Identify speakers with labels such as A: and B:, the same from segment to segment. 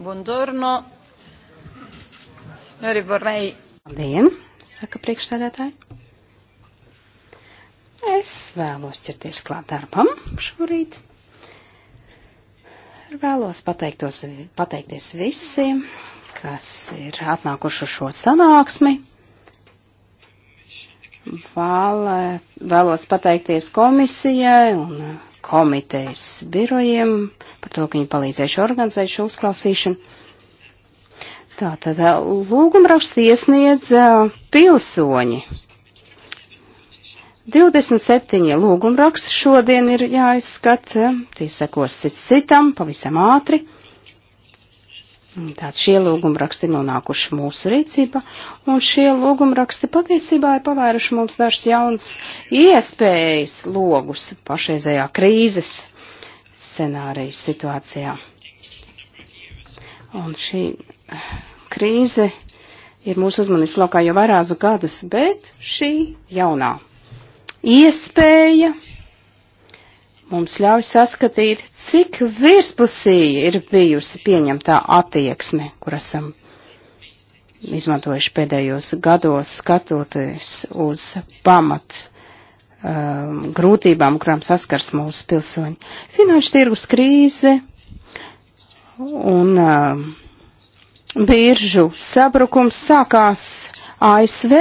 A: Buongiorno. Arī varēja.
B: Labdien, saka priekšsēdētāji. Es vēlos ķerties klāt darbam šorīt. Vēlos pateiktos, pateikties visiem, kas ir atnākuši uz šo sanāksmi. Vēl, vēlos pateikties komisijai un komitejas birojiem par to, ka viņi palīdzējuši organizēt šo uzklausīšanu. Tātad lūgumrakstu iesniedz pilsoņi. 27 lūgumraksti šodien ir jāizskata, tie sekos cits citam pavisam ātri. Tātad šie lūgumraksti nonākuši mūsu rīcība, un šie lūgumraksti patiesībā ir pavēruši mums dažs jauns iespējas logus pašreizējā krīzes scenārijas situācijā. Un šī krīze ir mūsu uzmanības lokā jau vairākus gadus, bet šī jaunā iespēja mums ļauj saskatīt, cik virspusīgi ir bijusi pieņemtā attieksme, kur esam izmantojuši pēdējos gados, skatoties uz pamat um, grūtībām, kurām saskars mūsu pilsoņi. Finanšu tirgus krīze un um, biržu sabrukums sākās ASV,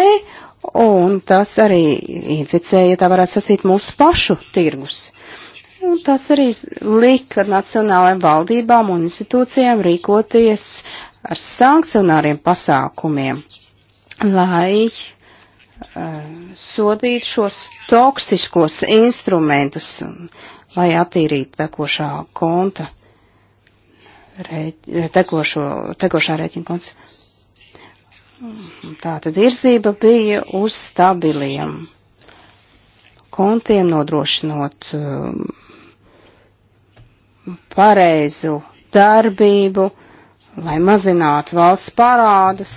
B: un tas arī inficēja, tā varētu sacīt, mūsu pašu tirgus. Un nu, tas arī lika nacionālajām valdībām un institūcijām rīkoties ar sankcionāriem pasākumiem, lai uh, sodītu šos toksiskos instrumentus un lai attīrītu tekošā konta, rēķ, tekošo, tekošā rēķina konts. Tā tad virzība bija uz stabiliem kontiem nodrošinot uh, pareizu darbību, lai mazinātu valsts parādus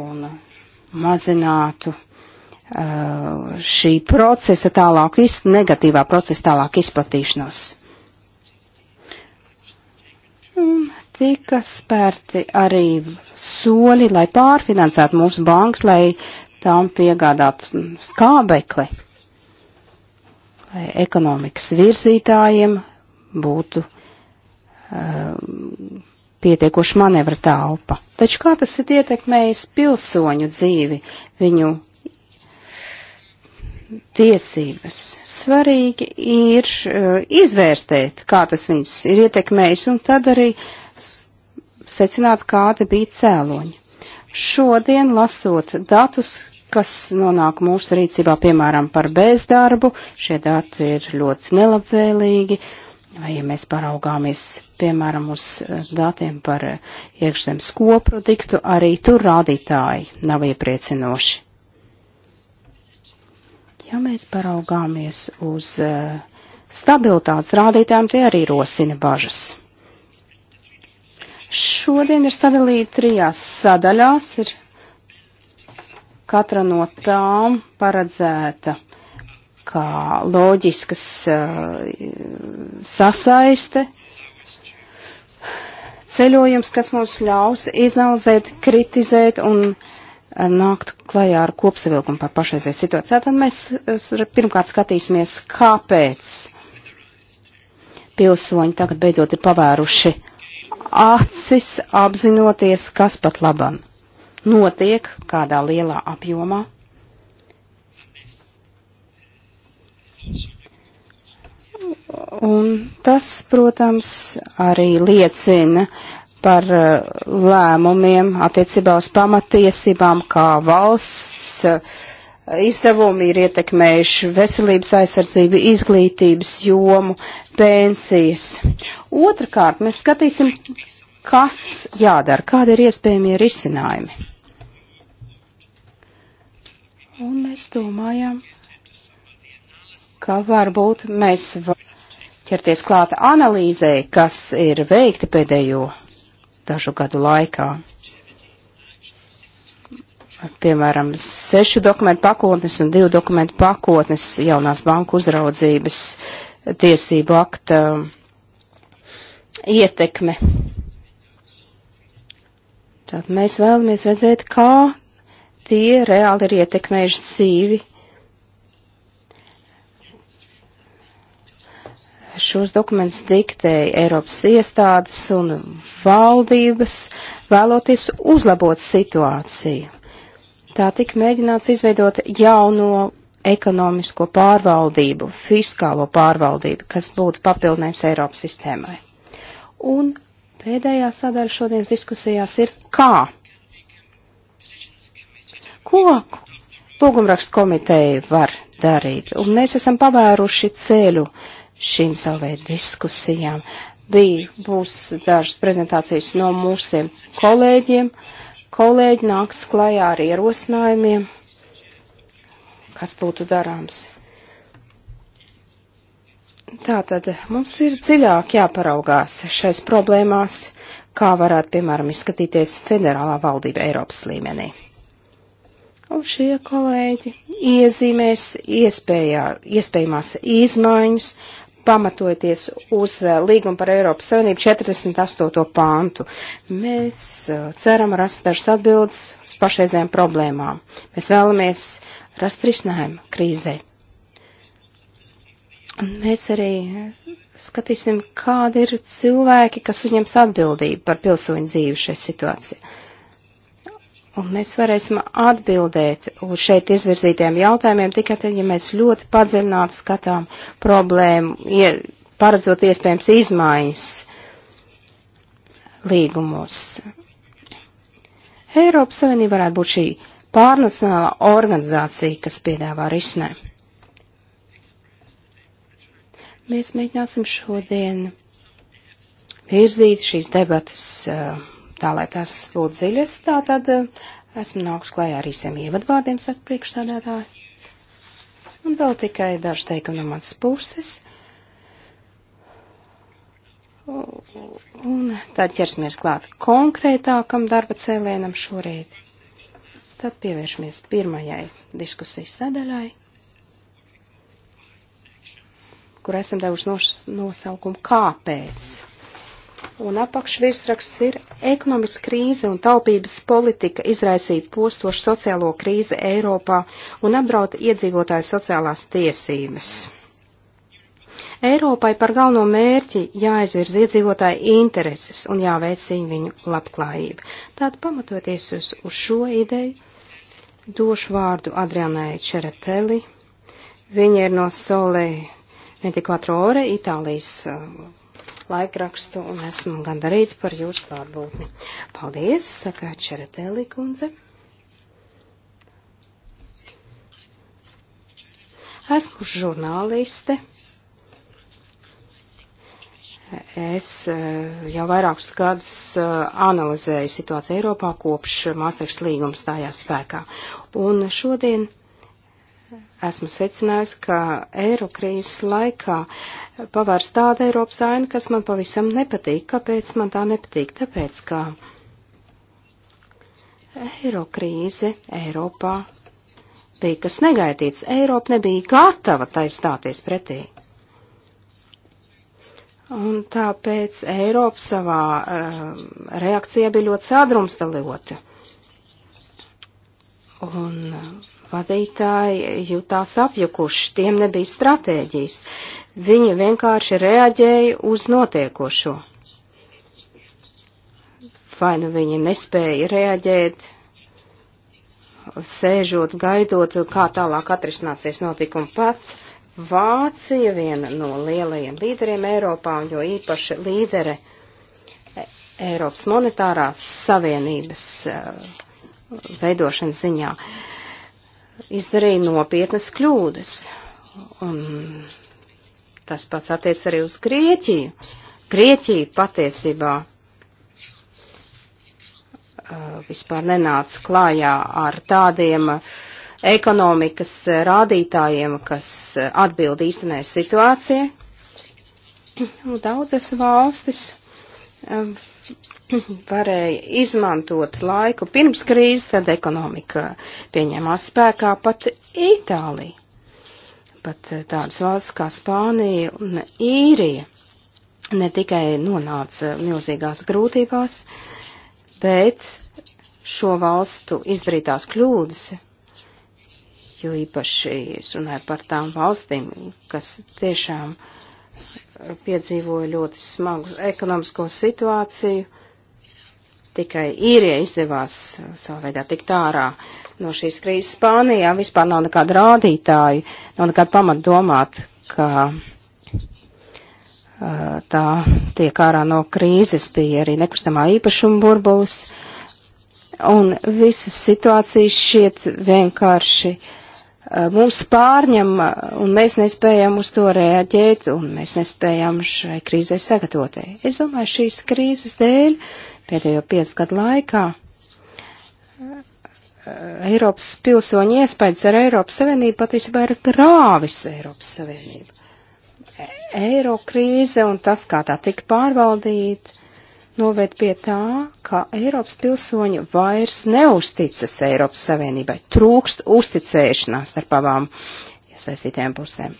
B: un mazinātu uh, šī procesa tālāk, negatīvā procesa tālāk izplatīšanos. Un tika spērti arī soļi, lai pārfinansētu mūsu bankas, lai tām piegādātu skābekli, lai ekonomikas virzītājiem būtu um, pietiekoši manevra telpa. Taču kā tas ir ietekmējis pilsoņu dzīvi, viņu tiesības? Svarīgi ir uh, izvērstēt, kā tas viņus ir ietekmējis, un tad arī secināt, kāda bija cēloņa. Šodien, lasot datus, kas nonāk mūsu rīcībā, piemēram, par bezdarbu, šie dati ir ļoti nelabvēlīgi. Uh, Vai, ja mēs paraugāmies, piemēram, uz eh, datiem par eh, iekšzemes koproduktu, arī tur rādītāji nav iepriecinoši. Ja mēs paraugāmies uz eh, stabilitātes rādītājiem, tie arī rosina bažas. Šodien ir sadalīti trijās sadaļās, ir katra no tām paredzēta kā loģiskas eh, sasaiste, ceļojums, kas mums ļaus izanalizēt, kritizēt un eh, nākt klajā ar kopsavilkumu par pašreizēju situāciju. Tad mēs eh, pirmkārt skatīsimies, kāpēc pilsoņi tagad beidzot ir pavēruši acis, apzinoties, kas pat labam notiek kādā lielā apjomā. Un tas, protams, arī liecina par uh, lēmumiem attiecībā uz pamatiesībām, kā valsts uh, izdevumi ir ietekmējuši veselības aizsardzību, izglītības jomu, pensijas. Otrakārt, mēs skatīsim, kas jādara, kādi ir iespējamie risinājumi. Un mēs domājam, ka varbūt mēs ķerties klāt analīzē, kas ir veikti pēdējo dažu gadu laikā. Piemēram, sešu dokumentu pakotnes un divu dokumentu pakotnes jaunās banku uzraudzības tiesību akta ietekme. Tātad mēs vēlamies redzēt, kā tie reāli ir ietekmējuši dzīvi šos dokumentus diktēja Eiropas iestādes un valdības, vēloties uzlabot situāciju. Tā tika mēģināts izveidot jauno ekonomisko pārvaldību, fiskālo pārvaldību, kas būtu papildinājums Eiropas sistēmai. Un pēdējā sadaļa šodienas diskusijās ir kā. Ko lūgumrakstu komiteja var darīt? Un mēs esam pavēruši ceļu uh, šīm saulēt diskusijām. Bija, būs dažas prezentācijas no mūsiem kolēģiem. Kolēģi nāks klajā ar ierosinājumiem, kas būtu darāms. Tātad mums ir dziļāk jāparaugās šais problēmās, kā varētu, piemēram, izskatīties federālā valdība Eiropas līmenī. Un šie kolēģi iezīmēs iespējā, iespējamās izmaiņas, pamatojoties uz eh, līgumu par Eiropas Savienību 48. pāntu. Mēs eh, ceram rast dažas atbildes uz pašreizējām problēmām. Mēs vēlamies rast risinājumu krīzē. Mēs arī skatīsim, kādi ir cilvēki, kas uzņems atbildību par pilsoņu dzīvi šajā situācijā. Un mēs varēsim atbildēt uz šeit izvirzītiem jautājumiem tikai tad, ja mēs ļoti padziļināti skatām problēmu, ja paredzot iespējams izmaiņas līgumos. Eiropas Savienība varētu būt šī pārnacionālā organizācija, kas piedāvā risinājumu. Mēs mēģināsim šodien virzīt šīs debatas. Uh, tā lai tās būtu dziļas, tā tad eh, esmu nākus klajā ar īsiem ievadvārdiem, saka priekšsādātāji. Un vēl tikai daži teikumi no manas puses. Un tad ķersimies klāt konkrētākam darba cēlienam šorīt. Tad pievēršamies pirmajai diskusijas sadaļai, kur esam devuši nosaukumu kāpēc un apakšvirsraksts ir ekonomiska krīze un taupības politika izraisīja postošu sociālo krīzi Eiropā un apdraud iedzīvotāju sociālās tiesības. Eiropai par galveno mērķi jāizvirz iedzīvotāju intereses un jāveicina viņu labklājība. Tātad pamatoties uz, uz šo ideju, došu vārdu Adrianai Čereteli. Viņa ir no Solē 24 ore Itālijas uh, laikrakstu, un esmu gandarīts par jūsu klātbūtni. Paldies, saka Čeretēlī kundze. Esmu žurnāliste. Es eh, jau vairākus gadus eh, analizēju situāciju Eiropā kopš Maastrichts līgums stājās spēkā. Un šodien esmu secinājis, ka eiro krīzes laikā pavērs tāda Eiropas aina, kas man pavisam nepatīk. Kāpēc man tā nepatīk? Tāpēc, ka eiro krīze Eiropā bija kas negaidīts. Eiropa nebija gatava tai stāties pretī. Un tāpēc Eiropa savā eh, reakcijā bija ļoti sadrumstalota. Un vadītāji jutās apjukuši, tiem nebija stratēģijas. Viņi vienkārši reaģēja uz notiekošo. Vai nu viņi nespēja reaģēt, sēžot, gaidot, kā tālāk atrisināsies notikumi pat. Vācija viena no lielajiem līderiem Eiropā, un jo īpaši līdere Eiropas monetārās savienības eh, veidošanas ziņā. Uh, izdarīja nopietnas kļūdas. Un tas pats attiec arī uz Grieķiju. Grieķija patiesībā vispār nenāca klājā ar tādiem ekonomikas rādītājiem, kas atbild īstenē situācijai. Daudzas valstis varēja izmantot laiku pirms krīzes, tad ekonomika pieņēmās spēkā pat Itālija, pat eh, tādas valsts kā Spānija un Īrija ne tikai nonāca milzīgās grūtībās, bet šo valstu izdarītās kļūdas, jo īpaši es runāju par tām valstīm, kas tiešām piedzīvoja ļoti smagu ekonomisko situāciju, Tikai īrie izdevās uh, savā veidā tikt ārā no šīs krīzes. Spānijā vispār nav nekāda rādītāja, nav nekāda pamata domāt, ka uh, tā tiek ārā no krīzes, bija arī nekustamā īpašuma burbulis, un visas situācijas šiet vienkārši uh, mums pārņem, un mēs nespējam uz to reaģēt, un mēs nespējam šai krīzē sagatavoties. Es domāju, šīs krīzes dēļ pēdējo piecu gadu laikā. Eiropas pilsoņu iespējas ar Eiropas Savienību patiesībā ir grāvis Eiropas Savienību. Eiro krīze un tas, kā tā tika pārvaldīta, noved pie tā, ka Eiropas pilsoņi vairs neusticas Eiropas Savienībai, trūkst uzticēšanās starp abām iesaistītajām pusēm.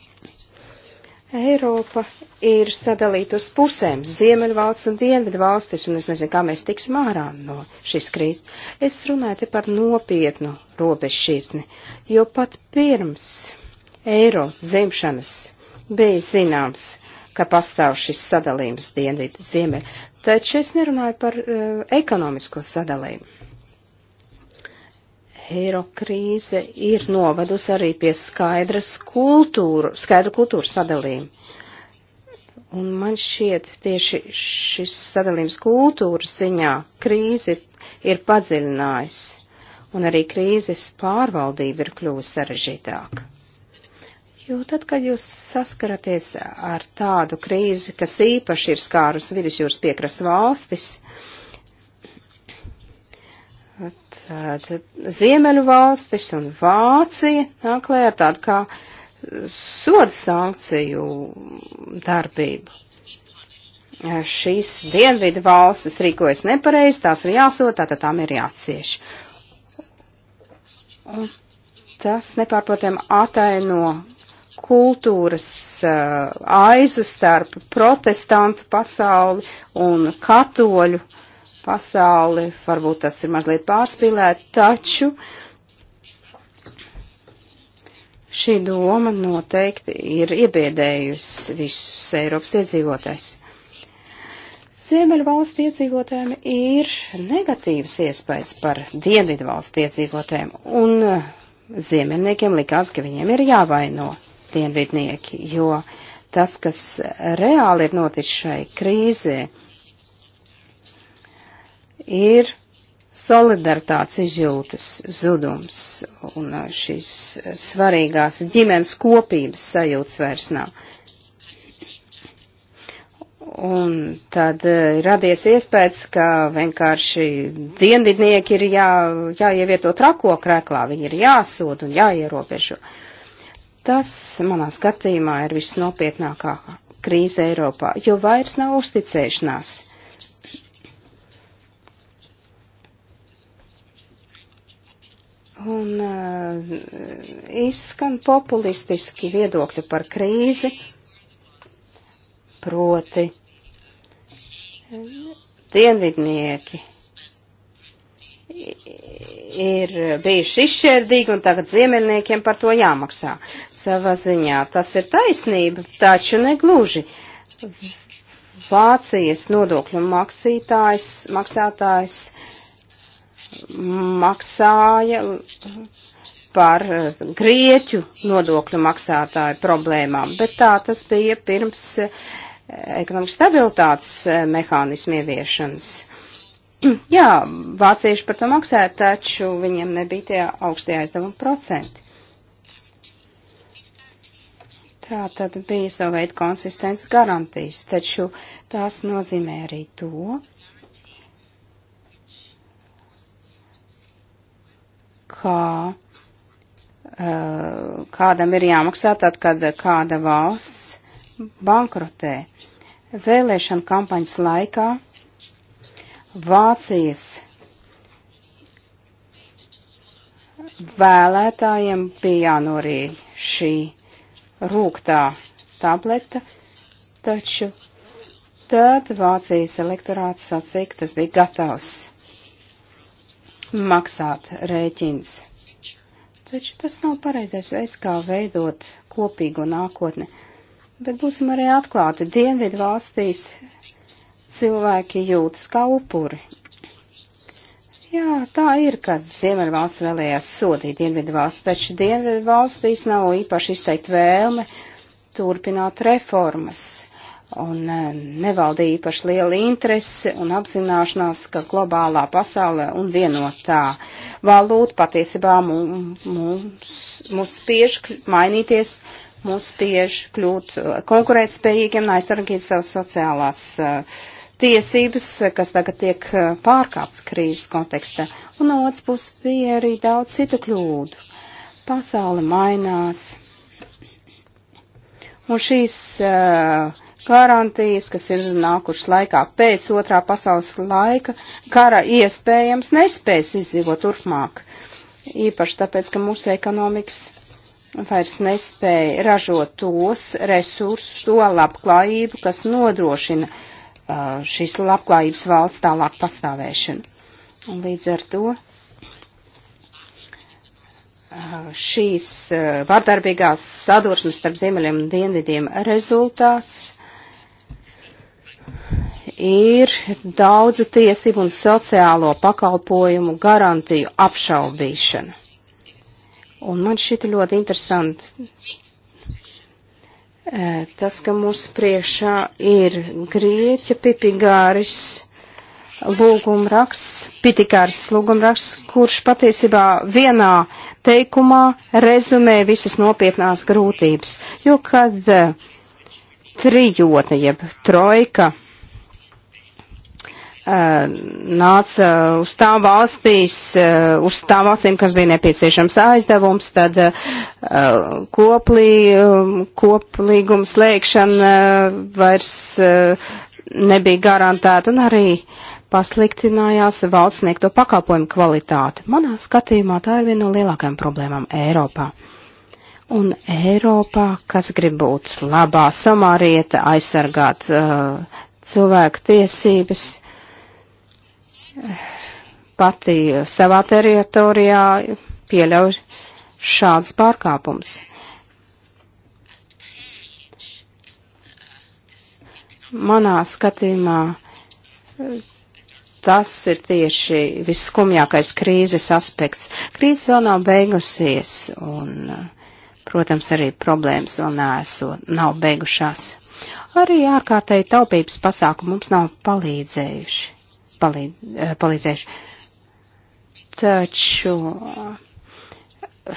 B: Eiropa ir sadalīta uz pusēm - Ziemeļvalsts un Dienvidvalstis, un es nezinu, kā mēs tiksim ārā no šīs krīzes. Es runāju te par nopietnu robežšķirtni, jo pat pirms eiro dzimšanas bija zināms, ka pastāv šis sadalījums Dienvidu Ziemeļ, taču es nerunāju par uh, ekonomisko sadalījumu eiro krīze ir novedusi arī pie skaidras kultūru, skaidra kultūras sadalījuma. Un man šķiet tieši šis sadalījums kultūras ziņā krīzi ir padziļinājis, un arī krīzes pārvaldība ir kļuvusi sarežģītāka. Jo tad, kad jūs saskaraties ar tādu krīzi, kas īpaši ir skārus vidusjūras piekras valstis, Tātad Ziemeļu valstis un Vācija nāk lē ar tādu kā sodu sankciju darbību. Šīs dienvidu valstis rīkojas nepareizi, tās ir jāsot, tātad tām ir jācieš. Un tas nepārprotam ataino kultūras uh, aizu starp protestantu pasauli un katoļu uh, pasauli, varbūt tas ir mazliet pārspīlēt, taču šī doma noteikti ir iebiedējusi visus Eiropas iedzīvotājs. Ziemeļvalstu iedzīvotājiem ir negatīvas iespējas par Dienvidvalstu iedzīvotājiem, un eh, ziemeļniekiem likās, ka viņiem ir jāvaino dienvidnieki, jo tas, kas reāli ir noticis šai krīzē, ir solidaritātes izjūtas zudums un šīs svarīgās ģimenes kopības sajūtas vairs nav. Un tad eh, radies iespējas, ka vienkārši dienvidnieki ir jā, jāievieto trako kreklā, viņi ir jāsūd un jāierobežo. Tas, manā skatījumā, ir visnopietnākā krīze Eiropā, jo vairs nav uzticēšanās Un uh, izskan populistiski viedokļi par krīzi, proti dienvidnieki ir bijuši izšķērdīgi un tagad ziemeļniekiem par to jāmaksā. Savā ziņā tas ir taisnība, taču negluži. Vācijas nodokļu maksītājs, maksātājs maksāja par eh, grieķu nodokļu maksātāju problēmām, bet tā tas bija pirms eh, ekonomikas stabilitātes eh, mehānismu ieviešanas. Jā, vācieši par to maksāja, taču viņiem nebija tie augstie aizdevuma procenti. Tā tad bija sava veida konsistences garantijas, taču tās nozīmē arī to, kā eh, kādam ir jāmaksā tad, kad kāda valsts bankrotē. Vēlēšana kampaņas laikā Vācijas vēlētājiem bija jānorīd šī rūktā tableta, taču tad Vācijas elektorāts sacīja, ka tas bija gatavs maksāt rēķins. Taču tas nav pareizais veids, kā veidot kopīgu nākotni. Bet būsim arī atklāti, dienvidu valstīs cilvēki jūtas kā upuri. Jā, tā ir, ka Ziemeļvalsts vēlējās sodīt Dienvidvalsts, taču Dienvidvalstīs nav īpaši izteikt vēlme turpināt reformas un e, nevaldīja īpaši liela interese un apzināšanās, ka globālā pasaule un vienotā valūta patiesībā mums, mums spiež mainīties, mums spiež kļūt e, konkurētspējīgiem un aizsargīt savas sociālās e, tiesības, kas tagad tiek pārkāptas krīzes kontekstā. Un no otras puses bija arī daudz citu kļūdu. Pasaule mainās. Un šīs uh, garantijas, kas ir nākušas laikā pēc otrā pasaules laika, kara iespējams nespēs izdzīvot turpmāk. Īpaši tāpēc, ka mūsu ekonomikas vairs nespēja ražot tos resursus, to labklājību, kas nodrošina uh, šīs labklājības valsts tālāk pastāvēšanu. Un līdz ar to uh, šīs uh, vardarbīgās sadursmes starp ziemeļiem un dienvidiem rezultāts ir daudzu tiesību un sociālo pakalpojumu garantiju apšaubīšana. Un man šķiet ļoti interesanti eh, tas, ka mūsu priekšā ir grieķa pipigāris lūgumraksts, pitikārs lūgumraksts, kurš patiesībā vienā teikumā rezumē visas nopietnās grūtības. Jo kad eh, trijota jeb trojka Uh, nāca uz tām valstīs, uh, uz tām valstīm, kas bija nepieciešams aizdevums, tad uh, koplī, um, koplīguma slēgšana vairs nebija garantēta un arī pasliktinājās valsts sniegto pakalpojumu kvalitāte. Manā skatījumā tā ir viena no lielākajām problēmām Eiropā. Un Eiropā, kas grib būt labā samarieta, aizsargāt uh, cilvēku tiesības, pati savā teritorijā pieļauj šādas pārkāpumus. Manā skatījumā eh, tas ir tieši visskumjākais krīzes aspekts. Krīze vēl nav beigusies un, protams, arī problēmas vēl nesot, nav beigušās. Arī ārkārtēji taupības pasākumi mums nav palīdzējuši palīd, eh, palīdzēšu. Taču eh,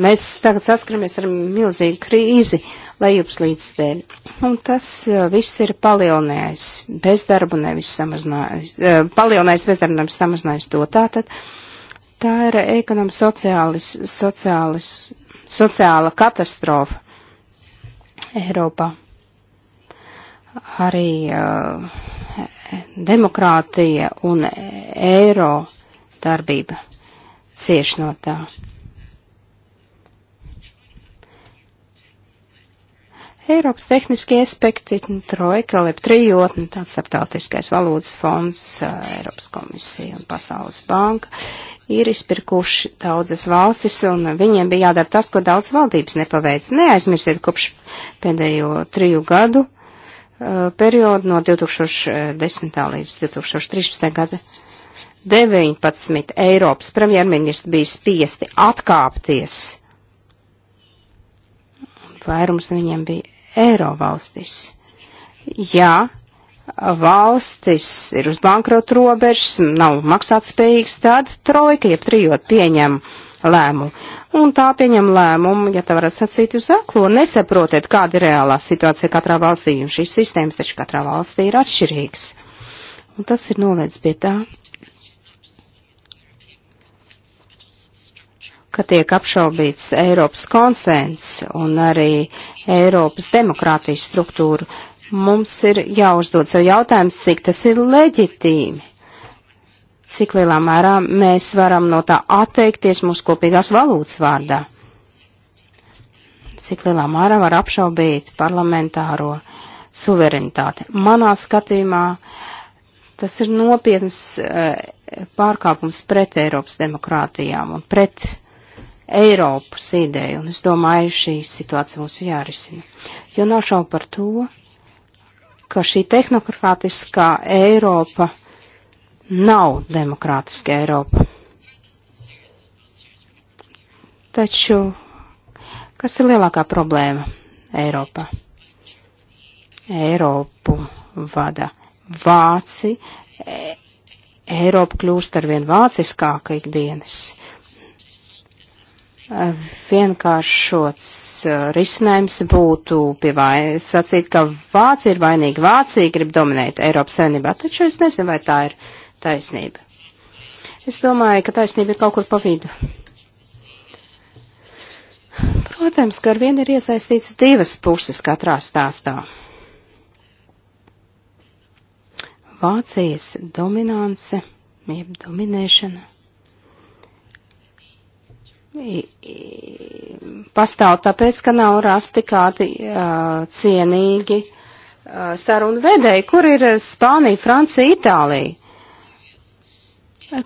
B: mēs tagad saskaramies ar milzīgu krīzi lejups līdz dēļ. Un tas eh, viss ir palielinājis bezdarbu, nevis samazinājis, palielinājis bezdarbu, nevis samazinājis to. Tātad tā ir ekonomis sociālis, sociālis, sociāla katastrofa Eiropā. Arī uh, demokrātija un eiro darbība cieši no tā. Eiropas tehniskie aspekti, nu, trojka, lep trijotne, tāds starptautiskais valūtas fonds, Eiropas komisija un Pasaules banka ir izpirkuši daudzas valstis, un viņiem bija jādara tas, ko daudz valdības nepaveic. Neaizmirstiet, kopš pēdējo triju gadu Eh, periodu no 2010. līdz 2013. gada 19 Eiropas premjerministri bija spiesti atkāpties. Vairums viņiem bija eiro valstis. Jā, valstis ir uz bankrotu robežas, nav maksātspējīgs, tad trojka, jeb trijot pieņem uh, lēmumu. Un tā pieņem lēmumu, ja tā varētu sacīt uz aklo, nesaprotiet, kāda ir reālā situācija katrā valstī, un šīs sistēmas taču katrā valstī ir atšķirīgas. Un tas ir novēdz pie tā, ka tiek apšaubīts Eiropas konsens un arī Eiropas demokrātijas struktūra. Mums ir jāuzdod sev jautājums, cik tas ir leģitīmi cik lielā mērā mēs varam no tā atteikties mūsu kopīgās valūtas vārdā. Cik lielā mērā var apšaubīt parlamentāro suverenitāti. Manā skatījumā tas ir nopietns eh, pārkāpums pret Eiropas demokrātijām un pret Eiropas ideju, un es domāju, šī situācija mums ir jārisina. Jo nav šaubu par to, ka šī tehnokrātiskā Eiropa nav demokrātiska Eiropa. Taču kas ir lielākā problēma Eiropā? Eiropu vada vāci, e, Eiropa kļūst arvien vāciskāka ikdienas vienkāršots e, risinājums būtu pievāj, sacīt, ka Vācija ir vainīga, Vācija grib dominēt Eiropas savienībā, taču es nezinu, vai tā ir taisnība. Es domāju, ka taisnība ir kaut kur pa vidu. Protams, ka ar vienu ir iesaistīts divas puses katrā stāstā. Vācijas dominance, jeb dominēšana. I, i, pastāv tāpēc, ka nav rasti kādi uh, cienīgi uh, sarunu vedēji, kur ir Spānija, Francija, Itālija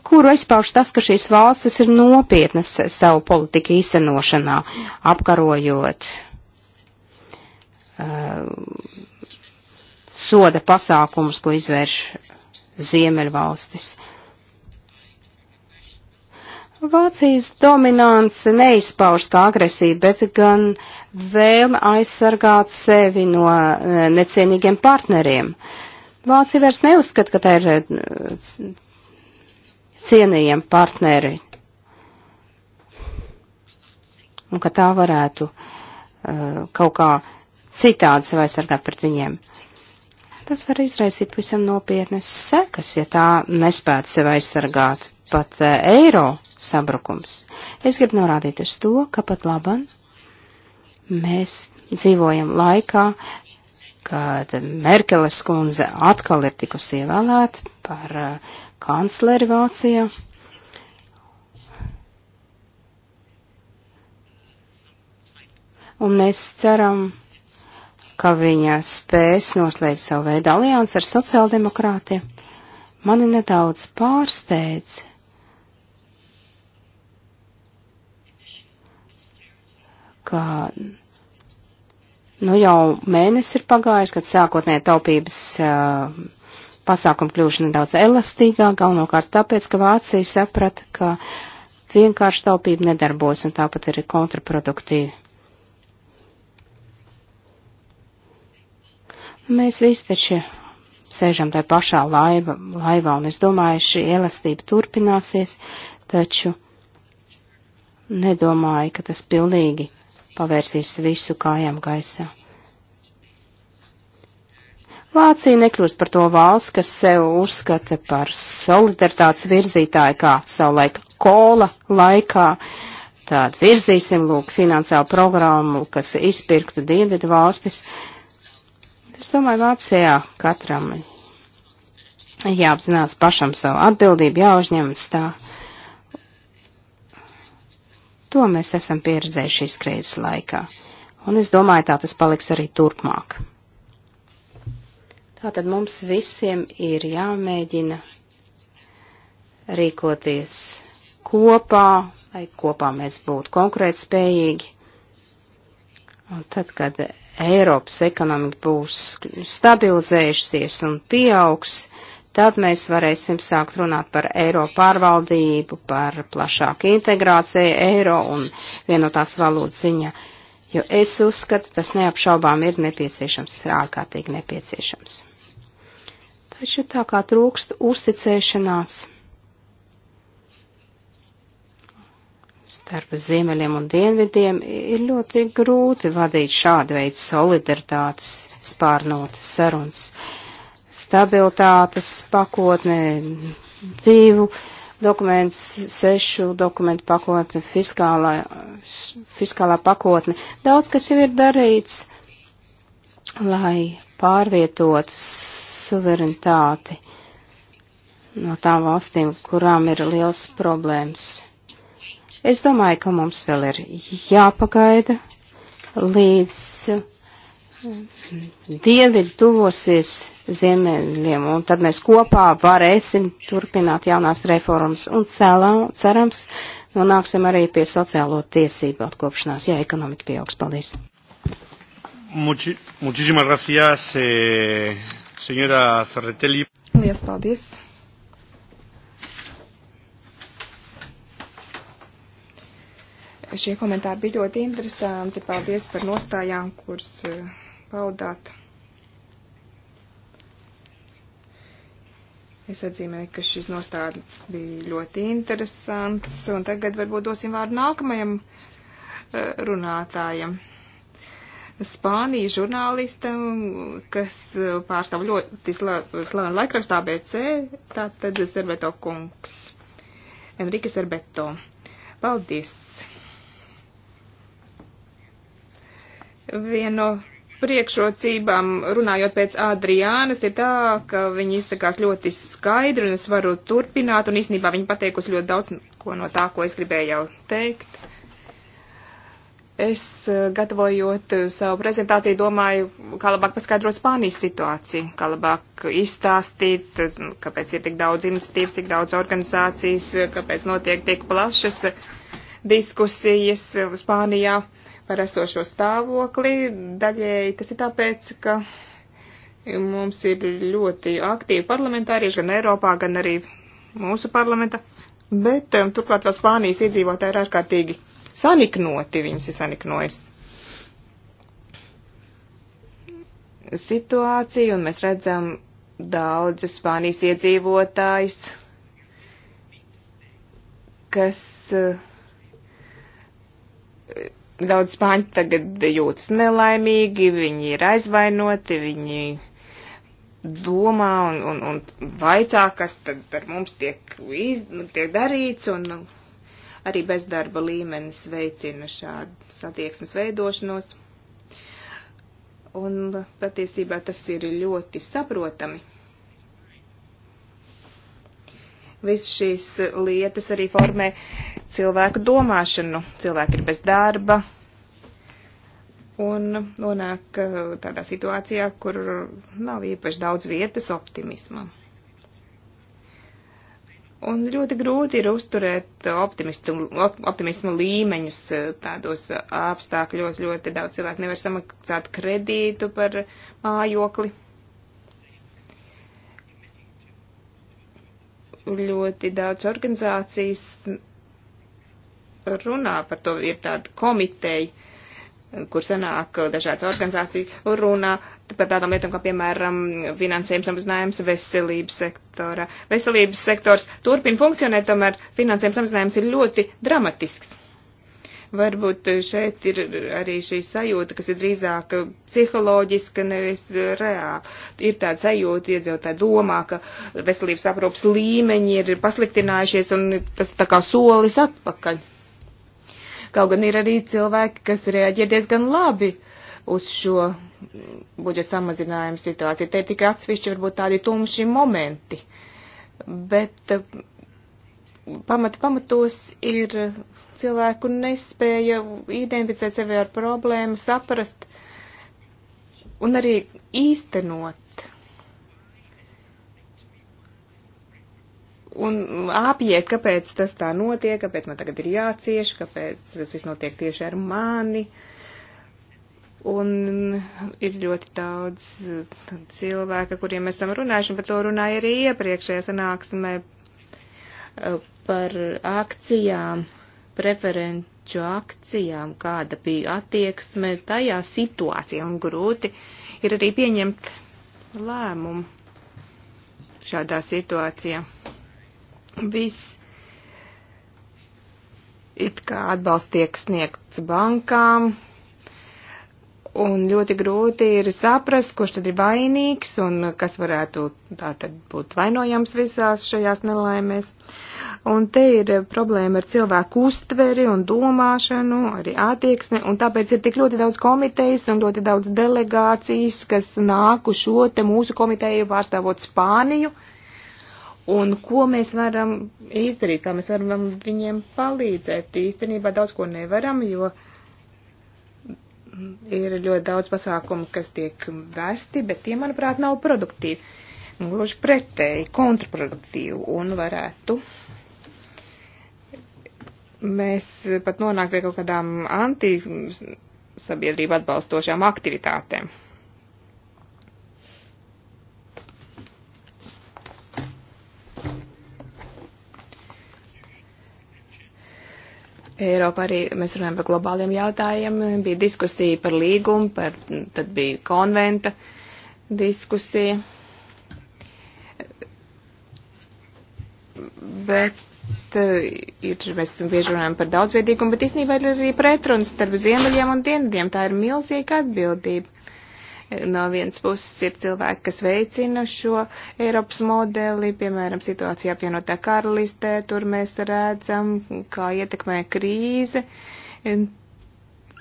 B: kuru aizpauž tas, ka šīs valstis ir nopietnas savu politiku īstenošanā, apkarojot uh, soda pasākumus, ko izvērš Ziemeļvalstis. Vācijas dominance neizpauž kā agresija, bet gan vēlme aizsargāt sevi no eh, necienīgiem partneriem. Vācija vairs neuzskata, ka tā ir eh, cienījami partneri. Un ka tā varētu uh, kaut kā citādi sev aizsargāt pret viņiem. Tas var izraisīt pavisam nopietnas sekas, ja tā nespētu sev aizsargāt pat uh, eiro sabrukums. Es gribu norādīt uz to, ka pat laban mēs dzīvojam laikā, kad Merkeles kundze atkal ir tikusi ievēlēta par uh, kancleri Vācijā. Un mēs ceram, ka viņa spēs noslēgt savu veidu aliansi ar sociāldemokrātiem. Mani nedaudz pārsteidz, ka nu jau mēnesis ir pagājis, kad sākotnē taupības uh, pasākumu kļuvuši nedaudz elastīgāk, galvenokārt tāpēc, ka Vācija saprata, ka vienkārši taupība nedarbos un tāpat ir kontraproduktīvi. Mēs visi taču sēžam tajā pašā laiva, laivā, un es domāju, šī elastība turpināsies, taču nedomāju, ka tas pilnīgi pavērsīs visu kājām gaisā. Vācija nekļūst par to valsts, kas sev uzskata par solidaritātes virzītāju, kā savulaik kola laikā. Tātad virzīsim, lūk, finansiālu programmu, kas izpirktu dienvidu valstis. Es domāju, Vācijā katram jāapzinās pašam savu atbildību, jāuzņemas tā. To mēs esam pieredzējuši šīs krīzes laikā. Un es domāju, tā tas paliks arī turpmāk. Tātad mums visiem ir jāmēģina rīkoties kopā, lai kopā mēs būtu konkurētspējīgi. Un tad, kad Eiropas ekonomika būs stabilizējusies un pieaugs, tad mēs varēsim sākt runāt par eiro pārvaldību, par plašāku integrāciju eiro un vienotās valūtas ziņā. Jo es uzskatu, tas neapšaubām ir nepieciešams, ārkārtīgi nepieciešams taču tā kā trūkst uzticēšanās starp ziemeļiem un dienvidiem, ir ļoti grūti vadīt šādu veidu solidaritātes spārnotas sarunas. Stabilitātes pakotne, divu dokumentu, sešu dokumentu pakotne, fiskālā, fiskālā pakotne. Daudz kas jau ir darīts, lai pārvietot suverenitāti no tām valstīm, kurām ir liels problēmas. Es domāju, ka mums vēl ir jāpagaida, līdz dieviļi tuvosies ziemeļiem, un tad mēs kopā varēsim turpināt jaunās reformas un celā, cerams, nonāksim arī pie sociālo tiesību atkopšanās, ja ekonomika pieaugs. Paldies!
C: Much, muchísimas gracias, eh, señora Zarretelli. Lielas paldies.
D: Šie komentāri bija ļoti interesanti. Paldies par nostājām, kuras eh, paudāt. Es atzīmēju, ka šis nostādes bija ļoti interesants. Un tagad varbūt dosim vārdu nākamajam eh, runātājam. Spānija žurnālista, kas pārstāv ļoti slavenu laikrakstu ABC, tātad Zerbeto kungs. Enrique Zerbeto. Paldies! Viena no priekšrocībām, runājot pēc Adriānas, ir tā, ka viņi izsakās ļoti skaidri, un es varu turpināt, un īstenībā viņi pateikusi ļoti daudz ko no tā, ko es gribēju jau teikt. Es, eh, gatavojot eh, savu prezentāciju, domāju, kā labāk paskaidrot Spānijas situāciju, kā labāk izstāstīt, eh, kāpēc ir tik daudz iniciatīvas, tik daudz organizācijas, kāpēc notiek tik plašas diskusijas Spānijā par esošo stāvokli. Daļēji tas ir tāpēc, ka mums ir ļoti aktīvi parlamentārieši gan Eiropā, gan arī mūsu parlamenta, bet turklāt vēl Spānijas iedzīvotāji ir ārkārtīgi saniknoti, viņus ir saniknojis situācija, un mēs redzam daudz Spānijas iedzīvotājs, kas eh, daudz spāņu tagad jūtas nelaimīgi, viņi ir aizvainoti, viņi domā un, un, un vaicā, kas tad ar mums tiek, iz, tiek darīts, un nu, Arī bezdarba līmenis veicina šādu satieksmes veidošanos. Un patiesībā tas ir ļoti saprotami. Viss šīs lietas arī formē cilvēku domāšanu. Cilvēki ir bez darba, un nonāk uh, tādā situācijā, kur nav īpaši daudz vietas optimismam. Un ļoti grūti ir uzturēt optimismu līmeņus e, tādos e, apstākļos. Ļoti daudz cilvēku nevar samaksāt kredītu par mājokli. Ļoti daudz organizācijas runā par to, ir tāda komiteja, kur sanāk dažādas organizācijas un runā par tādām lietām, kā piemēram finansējums samazinājums veselības sektora. Veselības sektors turpina funkcionēt, tomēr finansējums samazinājums ir ļoti dramatisks. Varbūt šeit ir arī šī sajūta, kas ir drīzāk psiholoģiska, nevis reāla. Ir tāda sajūta, iedzīvotāji domā, ka veselības aprūpas līmeņi ir pasliktinājušies un tas tā kā solis atpakaļ Kaut gan ir arī cilvēki, kas reaģē diezgan labi uz šo budžeta samazinājumu situāciju. Te ir tikai atsevišķi varbūt tādi tumši momenti, bet eh, pamat, pamatos ir cilvēku nespēja identificēt sevi ar problēmu, saprast un arī īstenot un apiet, kāpēc tas tā notiek, kāpēc man tagad ir jācieš, kāpēc tas viss notiek tieši ar mani. Un ir ļoti daudz uh, cilvēka, kuriem mēs esam runājuši, un par to runāja arī iepriekšējā sanāksmē uh, par akcijām, preferenču akcijām, kāda bija attieksme tajā situācijā, un grūti ir arī pieņemt lēmumu šādā situācijā. Viss it kā atbalsts tiek sniegts bankām, un ļoti grūti ir saprast, kurš tad ir vainīgs un kas varētu tā tad būt vainojams visās šajās nelaimēs. Un te ir problēma ar cilvēku uztveri un domāšanu, arī attieksmi, un tāpēc ir tik ļoti daudz komitejas un ļoti daudz delegācijas, kas nāk uz šo te mūsu komiteju pārstāvot Spāniju. Uh, un ko mēs varam izdarīt, kā mēs varam viņiem palīdzēt. Īstenībā daudz ko nevaram, jo ir ļoti daudz pasākumu, kas tiek vesti, bet tie, manuprāt, nav produktīvi. Nu, gluži pretēji, kontraproduktīvi un varētu. Mēs pat nonāk pie kaut kādām antisabiedrību atbalstošām aktivitātēm. Eiropa arī, mēs runājam par globāliem jautājumiem, bija diskusija par līgumu, par, tad bija konventa diskusija. Bet eh, ir, mēs bieži runājam par daudzveidīgumu, bet īstenībā ir arī pretruns starp ziemeļiem un dienvidiem. Tā ir milzīga atbildība. No vienas puses ir cilvēki, kas veicina šo Eiropas modeli, piemēram, situācijā apvienotā karalistē, tur mēs redzam, kā ietekmē krīze.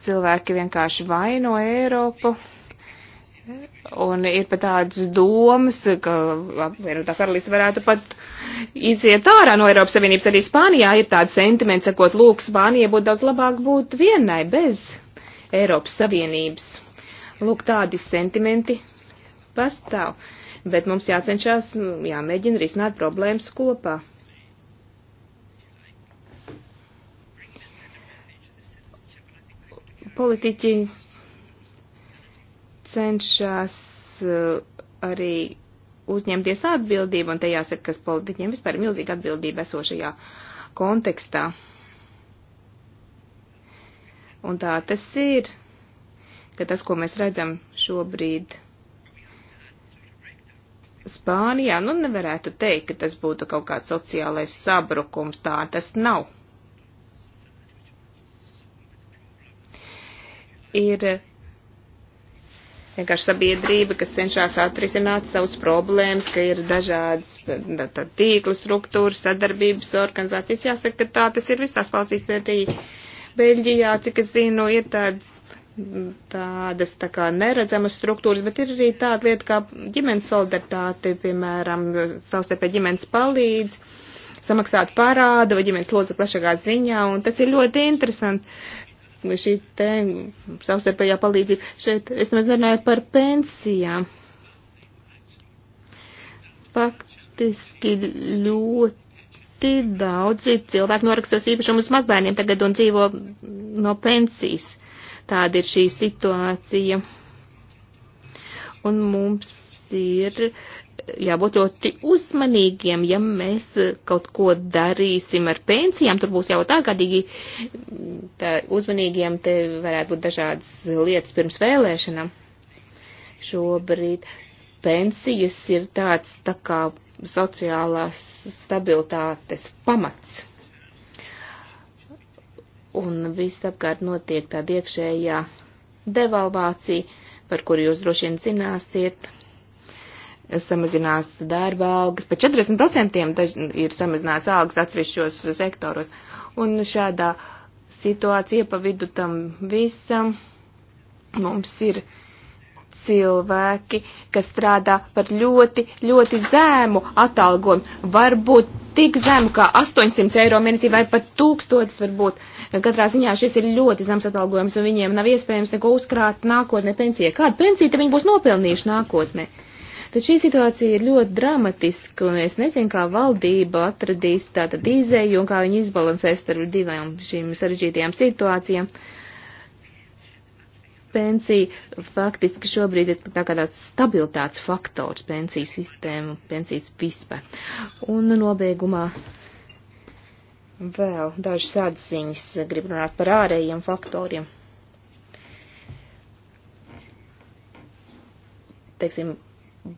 D: Cilvēki vienkārši vaino Eiropu. Un ir pat tādas domas, ka apvienotā karalīte varētu pat iziet ārā no Eiropas Savienības. Arī Spānijā ir tāds sentiments, sakot, lūk, Spānija būtu daudz labāk būt vienai bez Eiropas Savienības. Lūk, tādi sentimenti pastāv, bet mums jācenšas, mm, jāmēģina risināt problēmas kopā. Politiķi cenšas eh, arī uzņemties atbildību, un te jāsaka, kas politiķiem vispār ir milzīga atbildība esošajā kontekstā. Un tā tas ir ka tas, ko mēs redzam šobrīd Spānijā, nu nevarētu teikt, ka tas būtu kaut kāds sociālais sabrukums, tā tas nav. Ir vienkārši sabiedrība, kas cenšas atrisināt savus problēmas, ka ir dažādas tīklu struktūras, sadarbības organizācijas. Jāsaka, ka tā tas ir visās valstīs arī. Beļģijā, cik es zinu, ir tādas tādas tā kā neredzamas struktūras, bet ir arī tāda lieta kā ģimenes solidaritāte, piemēram, savstarpēji ģimenes palīdz, samaksāt parādu vai ģimenes lodzi plašākā ziņā, un tas ir ļoti interesanti. Šī te savstarpējā palīdzība. Šeit es nemaz nerunāju par pensijām. Faktiski ļoti ļoti daudzi cilvēki norakstās īpašumus mazbērniem tagad un dzīvo no pensijas. Tāda ir šī situācija. Un mums ir jābūt ļoti uzmanīgiem, ja mēs kaut ko darīsim ar pensijām, tur būs jābūt ārkārtīgi uzmanīgiem, te varētu būt dažādas lietas pirms vēlēšanām. Šobrīd pensijas ir tāds tā kā sociālās stabilitātes pamats un visapkārt notiek tāda iekšējā devalvācija, par kuru jūs droši vien zināsiet, samazinās darba algas, pa 40% ir samazināts algas atsevišķos sektoros. Un šādā situācija pa vidu tam visam mums ir cilvēki, kas strādā par ļoti, ļoti zēmu atalgojumu. Varbūt tik zemu kā 800 eiro mēnesī vai pat tūkstotis varbūt. Katrā ziņā šis ir ļoti zems atalgojums un viņiem nav iespējams neko uzkrāt nākotnē pensijai. Kādu pensiju te viņi būs nopelnījuši nākotnē? Tad šī situācija ir ļoti dramatiska un es nezinu, kā valdība atradīs tātad izēju un kā viņi izbalansēs starp divām šīm sarežģītajām situācijām. Uh, pensija faktiski šobrīd ir tā kā tāds stabilitātes faktors pensiju sistēmu, pensijas vispār. Un nobeigumā vēl dažas atziņas, gribu runāt par ārējiem faktoriem. Teiksim,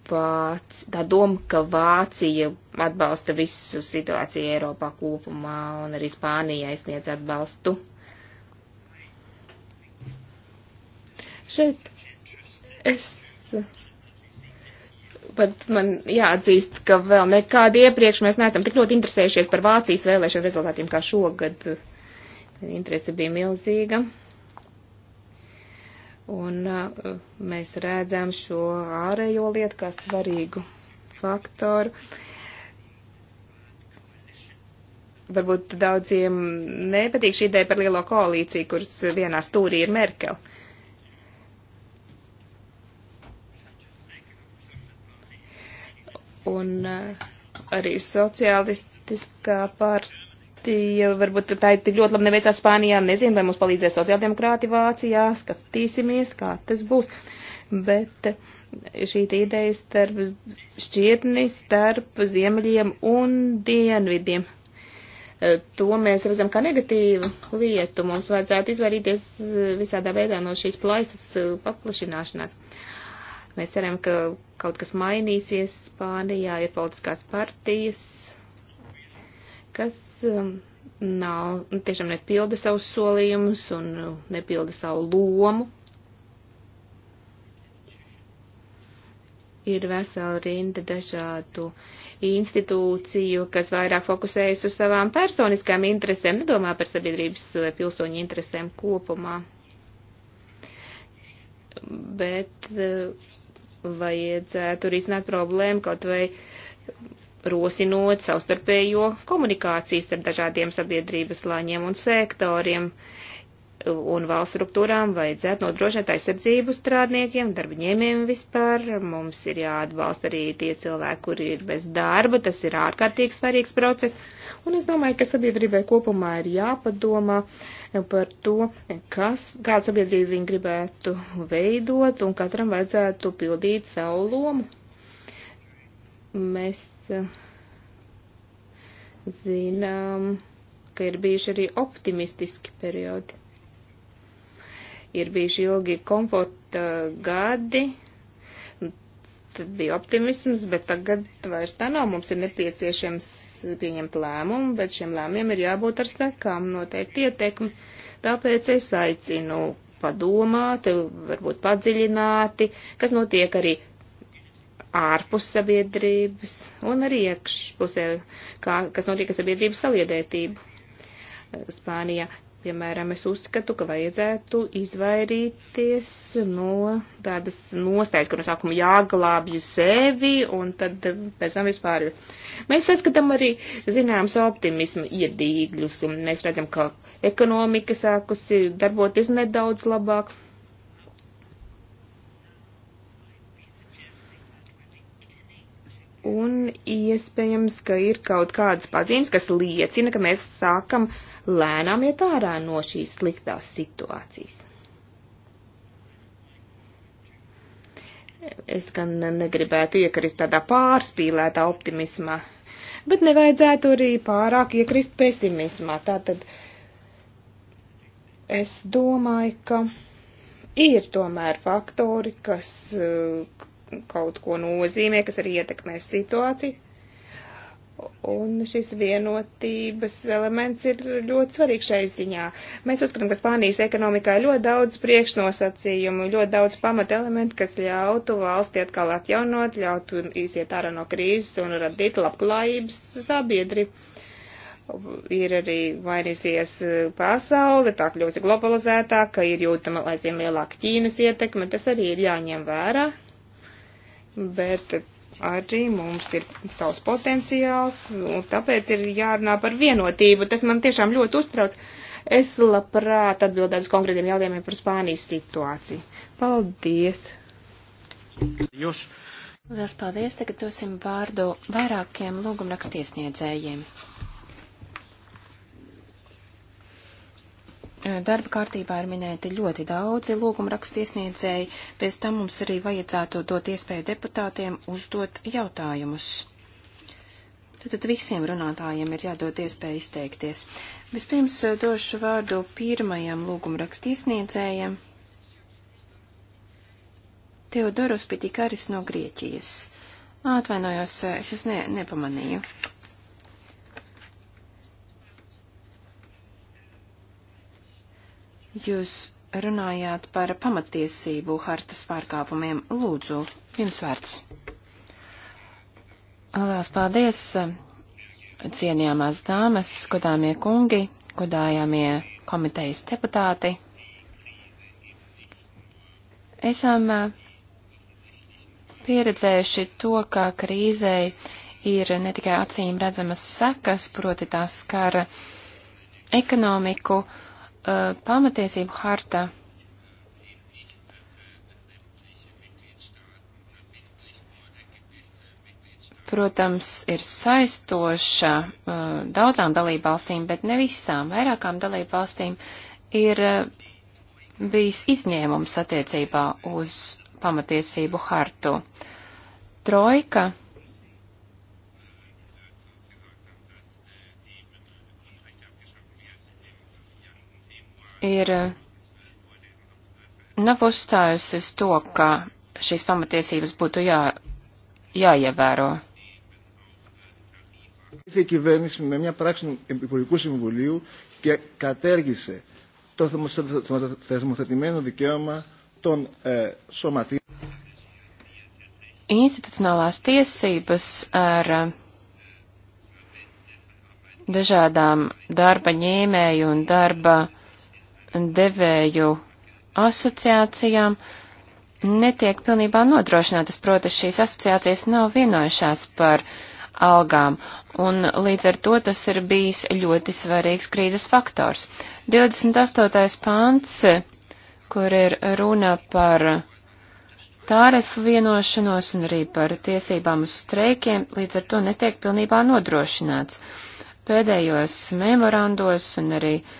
D: Vāc, tā doma, ka Vācija atbalsta visu situāciju Eiropā kopumā un arī Spānija aizniedz atbalstu Šeit es pat man jāatzīst, ka vēl nekādi iepriekš mēs neesam tik ļoti interesējušies par Vācijas vēlēšanu rezultātiem kā šogad. Interese bija milzīga. Un uh, mēs redzam šo ārējo lietu kā svarīgu faktoru. Varbūt daudziem nepatīk šī ideja par lielo koalīciju, kuras vienā stūrī ir Merkel. Uh, un eh, arī sociālistiskā partija, varbūt tā ir tik ļoti labi neveicās Spānijā, nezinu, vai mums palīdzēs sociāldemokrāti Vācijā, skatīsimies, kā tas būs. Bet eh, šī ideja starp šķirni starp ziemeļiem un dienvidiem. Eh, to mēs redzam kā negatīvu lietu. Mums vajadzētu izvairīties visādā veidā no šīs plaisas paplašināšanās. Uh, Mēs ceram, ka kaut kas mainīsies Spānijā, ir politiskās partijas, kas um, nav, nu, tiešām nepilda savus solījumus un uh, nepilda savu lomu. Ir vesela rinda dažādu institūciju, kas vairāk fokusējas uz savām personiskām interesēm, nedomā par sabiedrības vai pilsoņu interesēm kopumā. Bet uh, vajadzētu risināt problēmu kaut vai rosinot savstarpējo komunikācijas ar dažādiem sabiedrības slāņiem un sektoriem. Uh, un valsts struktūrām vajadzētu nodrošināt aizsardzību strādniekiem, darbaņēmiem vispār. Mums ir jāatbalsta arī tie cilvēki, kuri ir bez darba. Tas ir ārkārtīgi svarīgs process. Un es domāju, ka sabiedrībai kopumā ir jāpadomā par to, kas, kādu sabiedrību viņi gribētu veidot, un katram vajadzētu pildīt savu lomu. Mēs eh, zinām, ka ir bijuši arī optimistiski periodi ir bijuši ilgi komforta gadi, tad bija optimisms, bet tagad vairs tā nav. Mums ir nepieciešams pieņemt lēmumu, bet šiem lēmumiem ir jābūt ar sekām noteikti ietekmi. Tāpēc es aicinu padomāt, varbūt padziļināti, kas notiek arī ārpus sabiedrības un arī iekšpusē, kā, kas notiek ar sabiedrības saliedētību. Spānijā Piemēram, es uzskatu, ka vajadzētu izvairīties no tādas nostājas, kur no sākuma jāglābju sevi un tad eh, pēc tam vispār. Mēs saskatām arī zināms optimismu iedīgļus. Mēs redzam, ka ekonomika sākusi darboties nedaudz labāk. Un iespējams, ka ir kaut kādas pazīmes, kas liecina, ka mēs sākam uh, lēnām iet ārā no šīs sliktās situācijas. Es gan negribētu iekrist tādā pārspīlētā optimismā, bet nevajadzētu arī pārāk iekrist pesimismā. Tātad es domāju, ka ir tomēr faktori, kas eh, kaut ko nozīmē, kas arī ietekmē situāciju. Un šis vienotības elements ir ļoti svarīgs šai ziņā. Mēs uzskatām, ka Spānijas ekonomikā ir ļoti daudz priekšnosacījumu, ļoti daudz pamata elementu, kas ļautu valsti atkal atjaunot, ļautu iziet ārā no krīzes un radīt labklājības sabiedri. Ir arī mainīsies pasaule, tā kļūsi globalizētāka, ir jūtama aizvien lielāka Ķīnas ietekme, tas arī ir jāņem vērā. Bet arī mums ir savs potenciāls, un tāpēc ir jārunā par vienotību. Tas man tiešām ļoti uztrauc. Es labprāt atbildētu uz konkrētiem jautājumiem par Spānijas situāciju. Paldies!
E: Jūs!
F: Lielas paldies! Tagad dosim vārdu vairākiem lūgumrakstiesniedzējiem. Eh, darba kārtībā ir minēti ļoti daudzi lūguma rakstu iesniedzēji, pēc tam mums arī vajadzētu dot iespēju deputātiem uzdot jautājumus.
B: Tātad visiem runātājiem
F: ir jādod iespēja izteikties. Vispirms eh, došu vārdu pirmajam lūguma rakstu iesniedzējam. Teodoros Pitikaris no Grieķijas. Atvainojos, eh, es jūs ne, nepamanīju. Jūs runājāt par pamatiesību hartas pārkāpumiem. Lūdzu, jums vārds. Lielas paldies, cienījamās dāmas, godāmie kungi, godājamie komitejas deputāti. Esam pieredzējuši to, ka krīzei ir ne tikai acīm redzamas sekas, proti tās skar ekonomiku uh, pamatiesību harta protams, ir saistoša uh, daudzām dalībvalstīm, bet ne visām. Vairākām dalībvalstīm ir uh, bijis izņēmums attiecībā uz pamatiesību hartu. Trojka ir eh, nav uzstājusies to, ka šīs pamatiesības būtu jā, jāievēro.
A: Ήρθε η κυβέρνηση με μια πράξη του Υπουργικού Συμβουλίου και κατέργησε το θεσμοθετημένο δικαίωμα των ε, σωματείων.
F: Institucionālās tiesības ar dažādām darba ņēmēju un darba uh, devēju asociācijām netiek pilnībā nodrošinātas, proti šīs asociācijas nav vienojušās par algām, un līdz ar to tas ir bijis ļoti svarīgs krīzes faktors. 28. pāns, kur ir runa par tārefu vienošanos un arī par tiesībām uz streikiem, līdz ar to netiek pilnībā nodrošināts. Pēdējos memorandos un arī uh,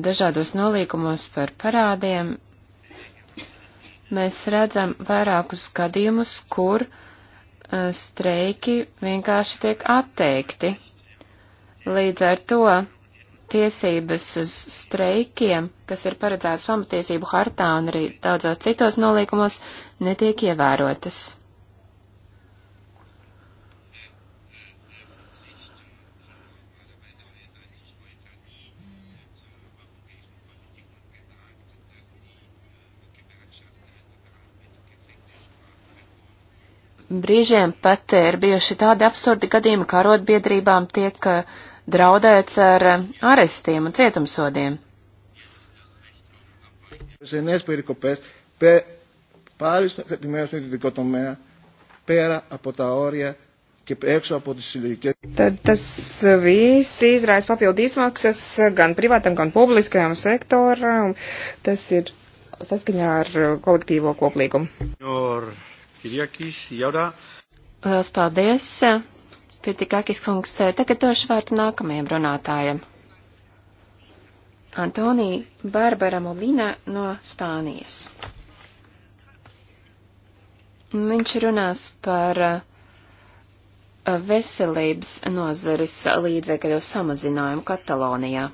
F: dažādos nolīkumos par parādiem, mēs redzam vairākus gadījumus, kur e, streiki vienkārši tiek atteikti. Līdz ar to tiesības uz streikiem, kas ir paredzētas pamatiesību hartā un arī daudzos citos nolīkumos, netiek ievērotas. Brīžiem pat ir bijuši tādi absurdi gadījumi, kā rotbiedrībām tiek eh, draudēts ar eh, arestiem un cietumsodiem.
A: Σε νέες περικοπές πάλι στο επιμέρους στον ιδιωτικό τομέα πέρα από τα όρια και έξω από τις συλλογικές. Tad tas
D: viss izraisa papildu izmaksas gan privātam, gan publiskajam sektoram. Tas ir saskaņā ar eh, kolektīvo koplīgumu.
C: Your... Kiriakis, Jaurā.
F: Lielas paldies, Pitikakis kungs. Tagad došu vārdu nākamajam runātājam. Antonija Barbara Molina no Spānijas. Viņš runās par uh, veselības nozares līdzekļu samazinājumu Katalonijā.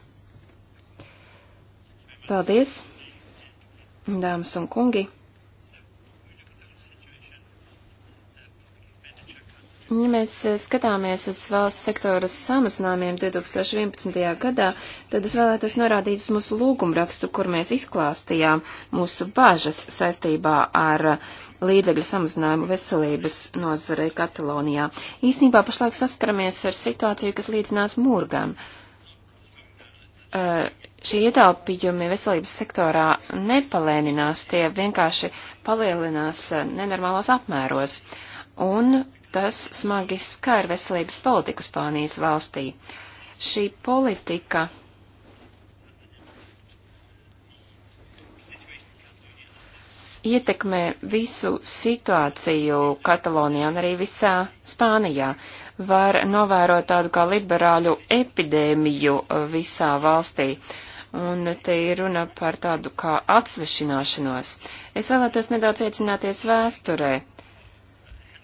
F: Paldies, dāmas un kungi! Ja mēs eh, skatāmies uz valsts sektora samazinājumiem 2011. gadā, tad es vēlētos norādīt uz mūsu lūgumrakstu, kur mēs izklāstījām mūsu bāžas saistībā ar eh, līdzekļu samazinājumu veselības nozarei Katalonijā. Īsnībā pašlaik saskaramies ar situāciju, kas līdzinās murgam. Uh, šie ietaupījumi veselības sektorā nepalēninās, tie vienkārši palielinās nenormālos apmēros. Un tas smagi skar veselības politiku Spānijas valstī. Šī politika ietekmē visu situāciju Katalonijā un arī visā Spānijā. Var novērot tādu kā liberāļu epidēmiju uh, visā valstī. Un te ir runa par tādu kā atsvešināšanos. Es vēlētos nedaudz iecināties vēsturē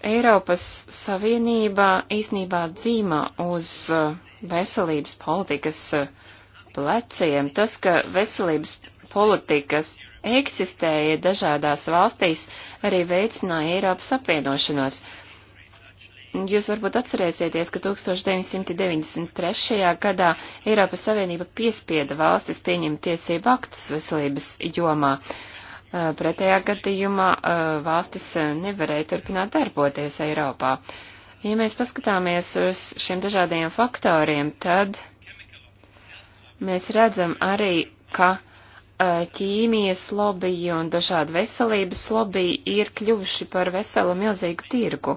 F: Eiropas Savienība īsnībā dzīmā uz uh, veselības politikas uh, pleciem. Tas, ka veselības politikas eksistēja dažādās valstīs, arī veicināja Eiropas apvienošanos. Jūs varbūt atcerēsieties, ka 1993. gadā Eiropas Savienība piespieda valstis pieņemt tiesību aktus veselības jomā. Uh, Eh, pretējā gadījumā eh, valstis eh, nevarēja turpināt darboties Eiropā. Ja mēs paskatāmies uz šiem dažādiem faktoriem, tad mēs redzam arī, ka ķīmijas lobby un dažādi veselības lobby ir kļuvuši par veselu milzīgu tirgu.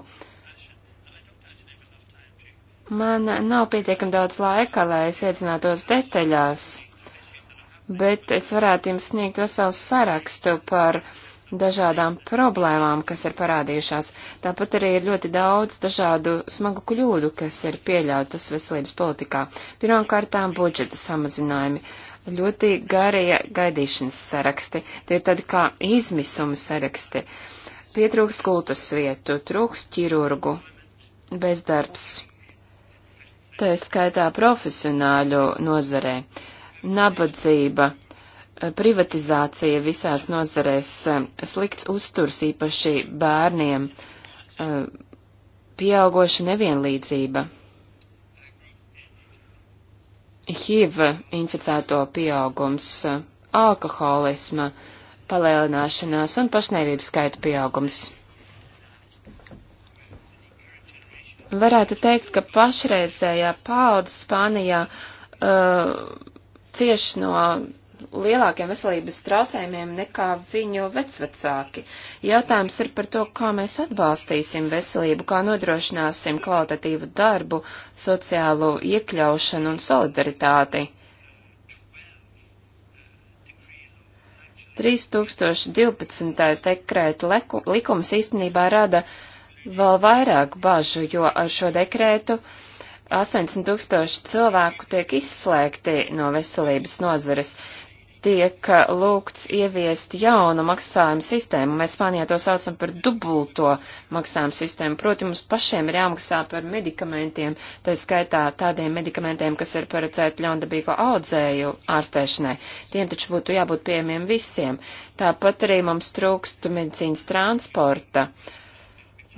F: Man nav pietiekami daudz laika, lai es iedzinātos detaļās bet es varētu jums sniegt veselu sarakstu par dažādām problēmām, kas ir parādījušās. Tāpat arī ir ļoti daudz dažādu smagu kļūdu, kas ir pieļautas veselības politikā. Pirmkārtām budžeta samazinājumi, ļoti garie gaidīšanas saraksti, tie ir tādi kā izmisuma saraksti. Pietrūkst kultus vietu, trūkst ķirurgu, bezdarbs. Tā ir skaitā profesionāļu nozarē. Nabadzība, eh, privatizācija visās nozarēs, eh, slikts uzturs īpaši bērniem, eh, pieaugoša nevienlīdzība. HIV inficēto pieaugums, alkoholisma palielināšanās un pašnēvības skaita pieaugums. Varētu teikt, ka pašreizējā paudze Spānijā uh, cieš no lielākiem veselības traucējumiem nekā viņu vecvecāki. Jautājums ir par to, kā mēs atbalstīsim veselību, kā nodrošināsim kvalitatīvu darbu, sociālu iekļaušanu un solidaritāti. 3012. dekrēta likums īstenībā rada vēl vairāk bažu, jo ar šo dekrētu uh, 80 tūkstoši cilvēku tiek izslēgti no veselības nozares, tiek uh, lūgts ieviest jaunu maksājumu sistēmu. Mēs Spānijā to saucam par dubulto maksājumu sistēmu. Proti, mums pašiem ir jāmaksā par medikamentiem, tā skaitā tādiem medikamentiem, kas ir paredzēti ļaundabīgo audzēju ārstēšanai. Tiem taču būtu jābūt pieejamiem visiem. Tāpat arī mums trūkst medicīnas transporta. Uh,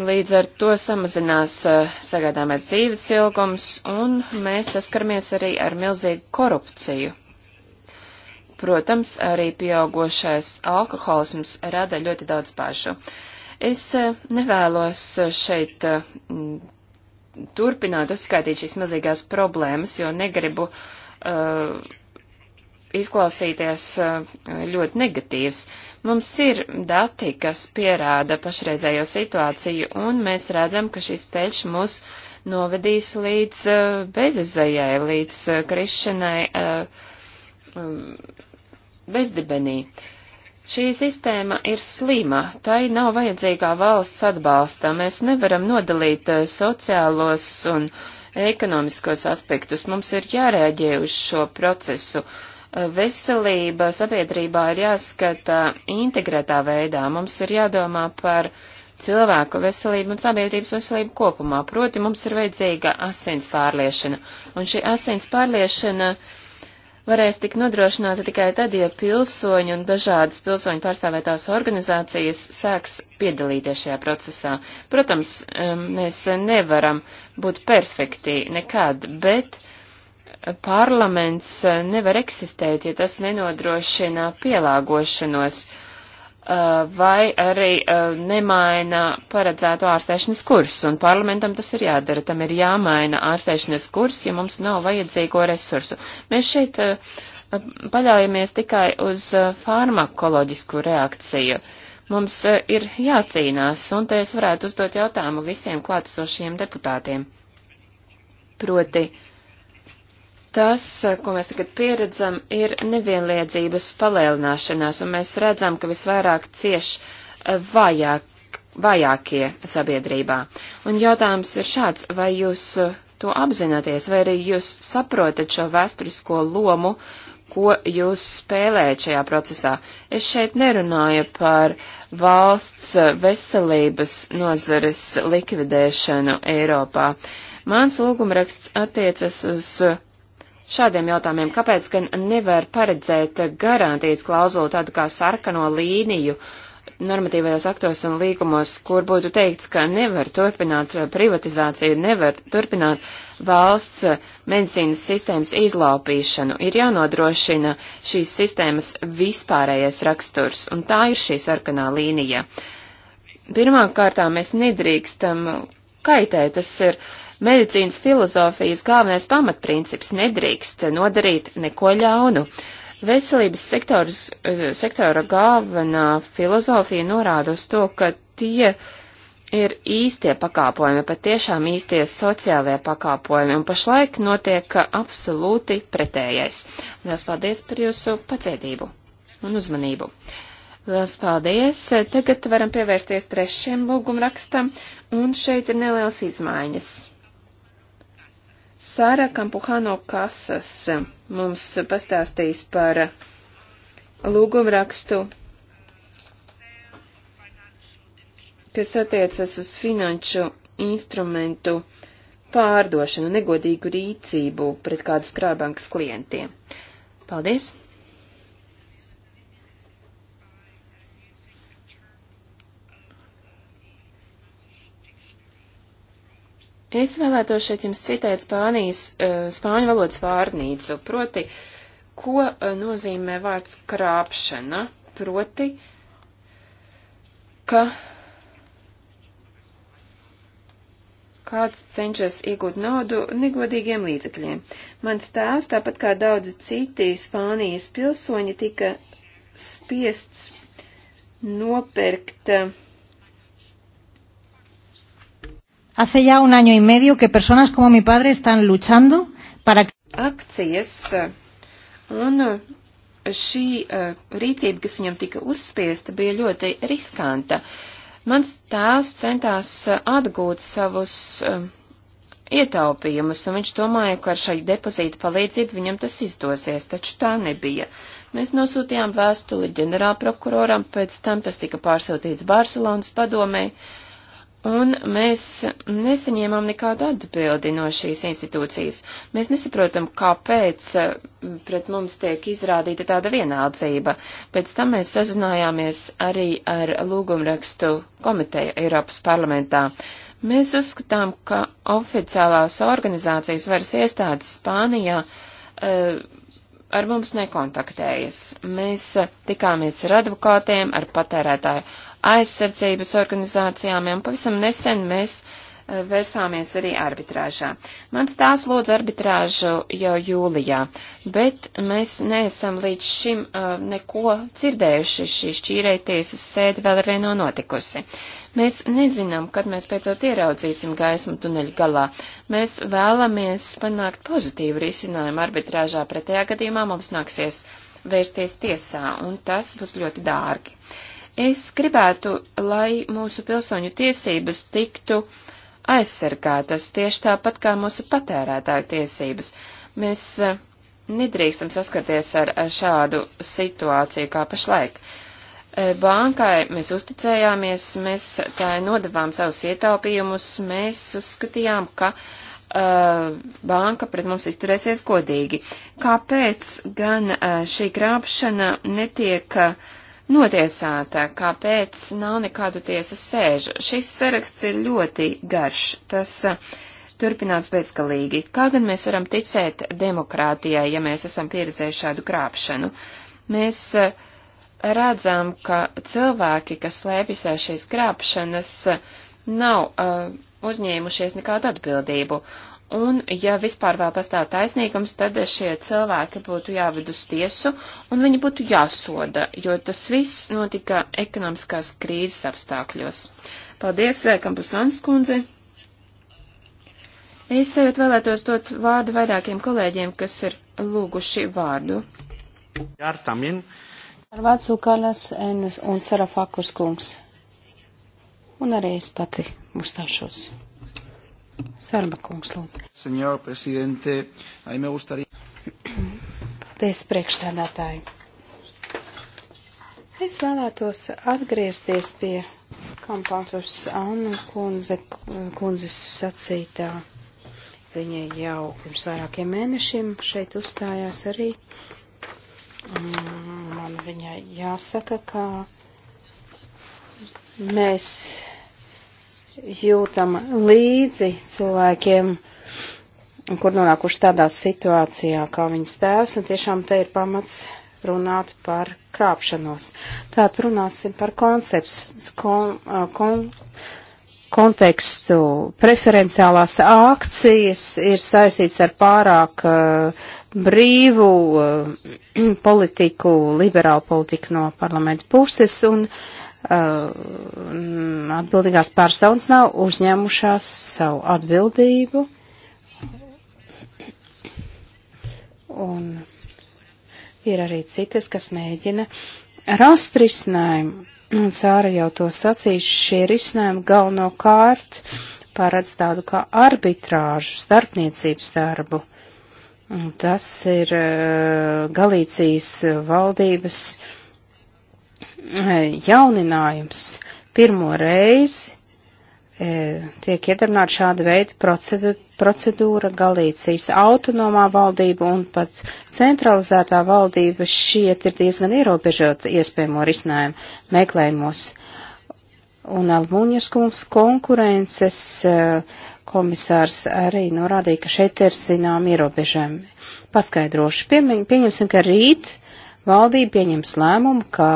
F: Līdz ar to samazinās eh, sagaidāmais dzīves ilgums, un mēs saskaramies arī ar milzīgu korupciju. Protams, arī pieaugošais alkoholisms rada ļoti daudz pašu. Es eh, nevēlos eh, šeit turpināt uzskaitīt šīs milzīgās problēmas, jo negribu uh, izklausīties uh, ļoti negatīvs. Uh, Mums ir dati, kas pierāda pašreizējo situāciju, un mēs redzam, ka šis ceļš mūs novedīs līdz eh, bezizējai, līdz eh, krišanai eh, um, bezdibenī. Šī sistēma ir slima, tai nav vajadzīgā valsts atbalsta, mēs nevaram nodalīt sociālos un ekonomiskos aspektus, mums ir jārēģē uz šo procesu, veselība sabiedrībā ir jāskata integrētā veidā. Mums ir jādomā par cilvēku veselību un sabiedrības veselību kopumā. Proti, mums ir vajadzīga asins pārliešana. Un šī asins pārliešana varēs tikt nodrošināta tikai tad, ja pilsoņi un dažādas pilsoņu pārstāvētās organizācijas sāks piedalīties šajā procesā. Protams, um, mēs nevaram būt perfekti nekad, bet parlaments eh, nevar eksistēt, ja tas nenodrošina pielāgošanos eh, vai arī eh, nemaina paredzēto ārstēšanas kursu, un parlamentam tas ir jādara, tam ir jāmaina ārstēšanas kurs, ja mums nav vajadzīgo resursu. Mēs šeit paļaujamies tikai uz farmakoloģisku reakciju. Mums ir jācīnās, un te es varētu uzdot jautājumu visiem klātesošiem deputātiem. Proti, uh, Tas, ko mēs tagad pieredzam, ir nevienliedzības palielināšanās, un mēs redzam, ka visvairāk cieš eh, vajāk, vajākie sabiedrībā. Un jautājums ir šāds, vai jūs eh, to apzināties, vai arī jūs saprotat šo vēsturisko lomu, ko jūs spēlējat šajā procesā. Es šeit nerunāju par valsts eh, veselības nozares likvidēšanu Eiropā. Mans lūgumraksts attiecas uz šādiem jautājumiem. Kāpēc gan nevar paredzēt garantijas klauzulu tādu kā sarkano līniju normatīvajos aktos un līgumos, kur būtu teikts, ka nevar turpināt privatizāciju, nevar turpināt valsts medicīnas sistēmas izlaupīšanu. Ir jānodrošina šīs sistēmas vispārējais raksturs, un tā ir šī sarkanā līnija. Pirmkārtām mēs nedrīkstam kaitēt, tas ir uh, medicīnas filozofijas galvenais pamatprincips nedrīkst nodarīt neko ļaunu. Veselības sektors, eh, sektora galvenā filozofija norāda uz to, ka tie ir īstie pakāpojumi, patiešām īstie sociālie pakāpojumi, un pašlaik notiek absolūti pretējais. Lielas paldies par jūsu pacietību un uzmanību. Lielas paldies! Tagad varam pievērsties trešiem lūgumrakstam, un šeit ir nelielas izmaiņas. Sāra Kampuhano Kasas mums pastāstīs par lūgumrakstu, kas attiecas uz finanšu instrumentu pārdošanu, negodīgu rīcību pret kādas krājbankas klientiem. Paldies! Es vēlētos šeit jums citēt Spānijas, eh, spāņu valodas vārnīcu, proti, ko eh, nozīmē vārds krāpšana, proti, ka kāds cenšas iegūt naudu negodīgiem līdzekļiem. Mans tēvs, tāpat kā daudzi citi Spānijas pilsoņi, tika spiests nopirkt uh,
A: Hace ya un año y medio que personas como mi padre están luchando para
F: akcijas eh, un eh, šī eh, rīcība, kas viņam tika uzspiesta, bija ļoti riskanta. Mans tēvs centās atgūt savus ietaupījumus, un viņš domāja, ka ar šai depozīta palīdzību viņam tas izdosies, taču tā nebija. Mēs nosūtījām vēstuli ģenerālprokuroram, pēc tam tas tika pārsūtīts Barcelonas padomē, uh, Un mēs nesaņēmām nekādu atbildi no šīs institūcijas. Mēs nesaprotam, kāpēc eh, pret mums tiek izrādīta tāda vienaldzība. Pēc tam mēs sazinājāmies arī ar lūgumrakstu komiteju Eiropas parlamentā. Mēs uzskatām, ka oficiālās organizācijas varas iestādes Spānijā uh, ar mums nekontaktējas. Mēs eh, tikāmies ar advokātiem, ar patērētāju aizsardzības organizācijām, un pavisam nesen mēs e, vērsāmies arī arbitrāžā. Mans tās lūdz arbitrāžu jau jūlijā, bet mēs neesam līdz šim uh, neko dzirdējuši. Šī šķīrētiesas sēde vēl ar vienu notikusi. Mēs nezinām, kad mēs pēcot ieraudzīsim gaismu tuneļu galā. Mēs vēlamies panākt pozitīvu risinājumu arbitrāžā, pretējā gadījumā mums nāksies vērsties tiesā, un tas būs ļoti dārgi. Uh, Es gribētu, lai mūsu pilsoņu tiesības tiktu aizsargātas tieši tāpat kā mūsu patērētāju tiesības. Mēs eh, nedrīkstam saskarties ar šādu situāciju kā pašlaik. Eh, bankai mēs uzticējāmies, mēs tā nodavām savus ietaupījumus, mēs uzskatījām, ka uh, banka pret mums izturēsies godīgi. Kāpēc gan uh, šī krāpšana netiek uh, notiesāta, kāpēc nav nekādu tiesas sēžu. Šis saraksts ir ļoti garš, tas uh, turpinās bezgalīgi. Kā gan mēs varam ticēt demokrātijai, ja mēs esam pieredzējuši šādu krāpšanu? Mēs uh, redzam, ka cilvēki, kas slēpjas aiz šīs krāpšanas, uh, nav uh, uzņēmušies nekādu atbildību, Un, ja vispār vēl pastāv taisnīgums, tad šie cilvēki būtu jāved uz tiesu un viņi būtu jāsoda, jo tas viss notika ekonomiskās krīzes apstākļos. Paldies, eh, Kampusons kundze! Es tagad vēlētos dot vārdu vairākiem kolēģiem,
B: kas ir lūguši vārdu. Ar Vācu Kalas, Enes un Sarafakus kungs. Un arī es pati uzstāšos. Sarba kungs, lūdzu.
C: Senjor prezidente, aime gustarī.
B: Paldies, priekšstādātāji. Es vēlētos atgriezties pie kampātors Annu kundze, kundzes sacītā. Viņa jau pirms vairākiem mēnešiem šeit uzstājās arī. Man viņai jāsaka, ka mēs jūtam līdzi cilvēkiem, kur nonākuši tādā situācijā, kā viņas tēvs, un tiešām te ir pamats runāt par krāpšanos. Tātad runāsim par koncepts, kon, kon, kontekstu. Preferenciālās akcijas ir saistīts ar pārāk uh, brīvu uh, politiku, liberālu politiku no parlamenta puses, un uh, Uh, atbildīgās personas nav uzņēmušās savu atbildību. Un ir arī citas, kas mēģina rast risinājumu. Un Sāra jau to sacīs, šie risinājumi galvenokārt paredz tādu kā arbitrāžu, starpniecības darbu. Un tas ir uh, Galīcijas valdības uh, jauninājums. Pirmo reizi e, tiek iedarbināta šāda veida procedūra, procedūra Galīcijas autonomā valdība un pat centralizētā valdība šiet ir diezgan ierobežot iespējamo risinājumu meklējumos. Un Almuņas kungs konkurences e, komisārs arī norādīja, ka šeit ir zinām ierobežojumi. Paskaidrošu, Pieņem, pieņemsim, ka rīt valdība pieņems lēmumu, ka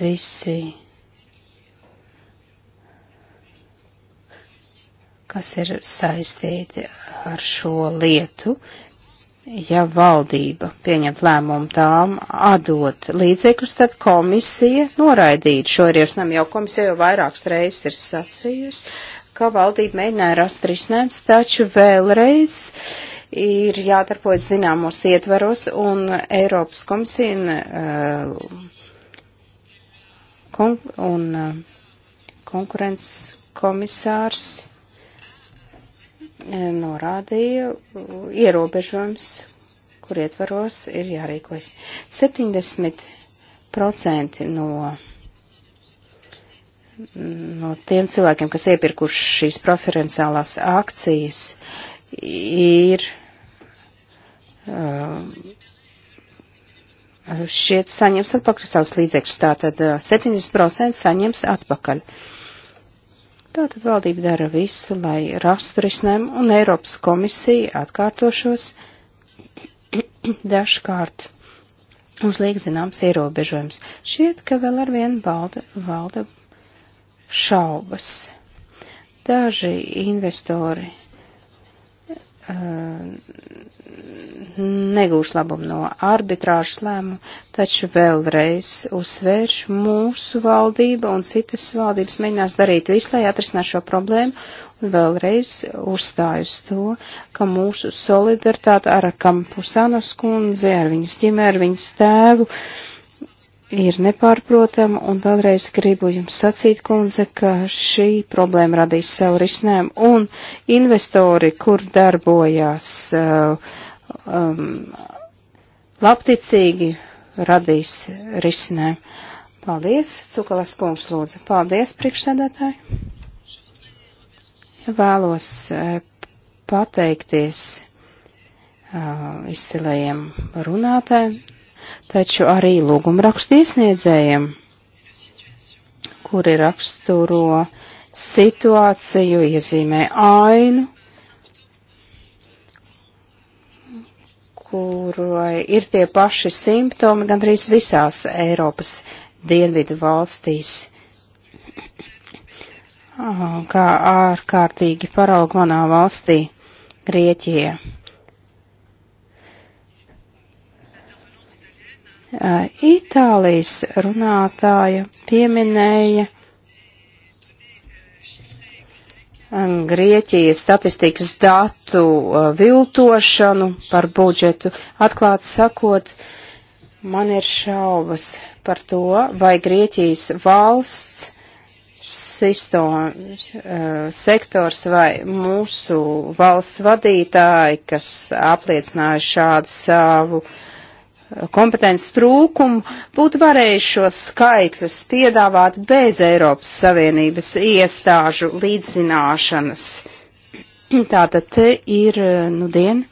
B: visi, kas ir saistīti ar šo lietu, ja valdība pieņem lēmumu tām atdot līdzekļus, tad komisija noraidītu šo ierosinājumu, jo komisija jau vairākas reizes ir sacījusi, ka valdība mēģināja rast risinājums, taču vēlreiz ir jātarpojas zināmos ietvaros, un Eiropas komisija un uh, kon un eh, konkurences komisārs eh, norādīja ierobežojums, kur ietvaros ir jārīkojas. 70% no, no tiem cilvēkiem, kas iepirkuši šīs preferenciālās akcijas, ir uh, šiet saņems atpakaļ savus līdzekļus, tātad 70% saņems atpakaļ. Tātad valdība dara visu, lai rastu risinājumu, un Eiropas komisija atkārtošos dažkārt uzliek zināms ierobežojums. Šiet, ka vēl arvien valda, valda šaubas. Daži investori negūs labumu no arbitrāžas lēmumu, taču vēlreiz uzsvērš mūsu valdība un citas valdības mēģinās darīt visu, lai atrisināt šo problēmu, un vēlreiz uzstājus to, ka mūsu solidaritāte ar Kampusānas kundzi, ar viņas ģimē, ar viņas tēvu, uh, ir nepārprotama, un vēlreiz gribu jums sacīt, kundze, ka šī problēma radīs savu risinājumu, un investori, kur darbojās uh, um, labticīgi, radīs risinājumu. Paldies, Cukalas kungs lūdzu. Paldies, priekšsēdētāji. Vēlos uh, pateikties uh, izcilējiem runātājiem taču arī lūguma rakstu iesniedzējiem, kuri raksturo situāciju, iezīmē ainu, kurai ir tie paši simptomi gandrīz visās Eiropas dienvidu valstīs kā ārkārtīgi parauga manā valstī, Grieķijā. Uh, Itālijas runātāja pieminēja um, Grieķijas statistikas datu uh, viltošanu par budžetu. Atklāt sakot, man ir šaubas par to, vai Grieķijas valsts sistons, uh, sektors vai mūsu valsts vadītāji, kas apliecināja šādu savu uh, kompetences trūkumu, būtu varējuši šos skaitļus piedāvāt bez Eiropas Savienības iestāžu līdzināšanas. Tātad te ir, nu, dien,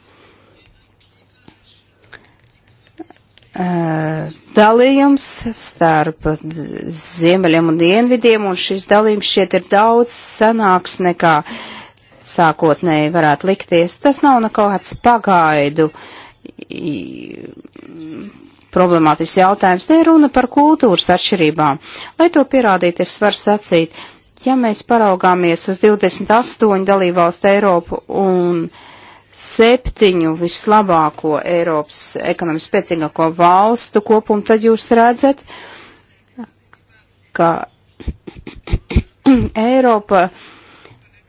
B: dalījums starp ziemeļiem un dienvidiem, un šis dalījums šeit ir daudz sanāks nekā sākotnēji varētu likties. Tas nav nekāds pagaidu uh, problemātisks jautājums. Te runa par kultūras atšķirībām. Lai to pierādītu, es varu sacīt, ja mēs paraugāmies uz 28 dalībvalstu Eiropu un septiņu vislabāko Eiropas ekonomiski spēcīgāko valstu kopumu, tad jūs redzat, ka Eiropa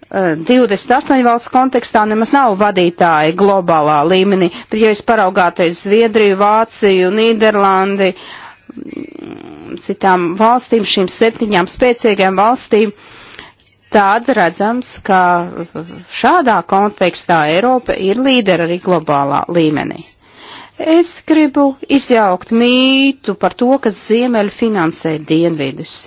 B: 28 eh, valsts kontekstā nemaz nav vadītāji globālā līmenī, bet ja es paraugāties Zviedriju, Vāciju, Nīderlandi, mm, citām valstīm, šīm septiņām spēcīgām valstīm, tad redzams, ka šādā kontekstā Eiropa ir līdera arī globālā līmenī. Es gribu izjaukt mītu par to, ka Ziemeļi finansē dienvidus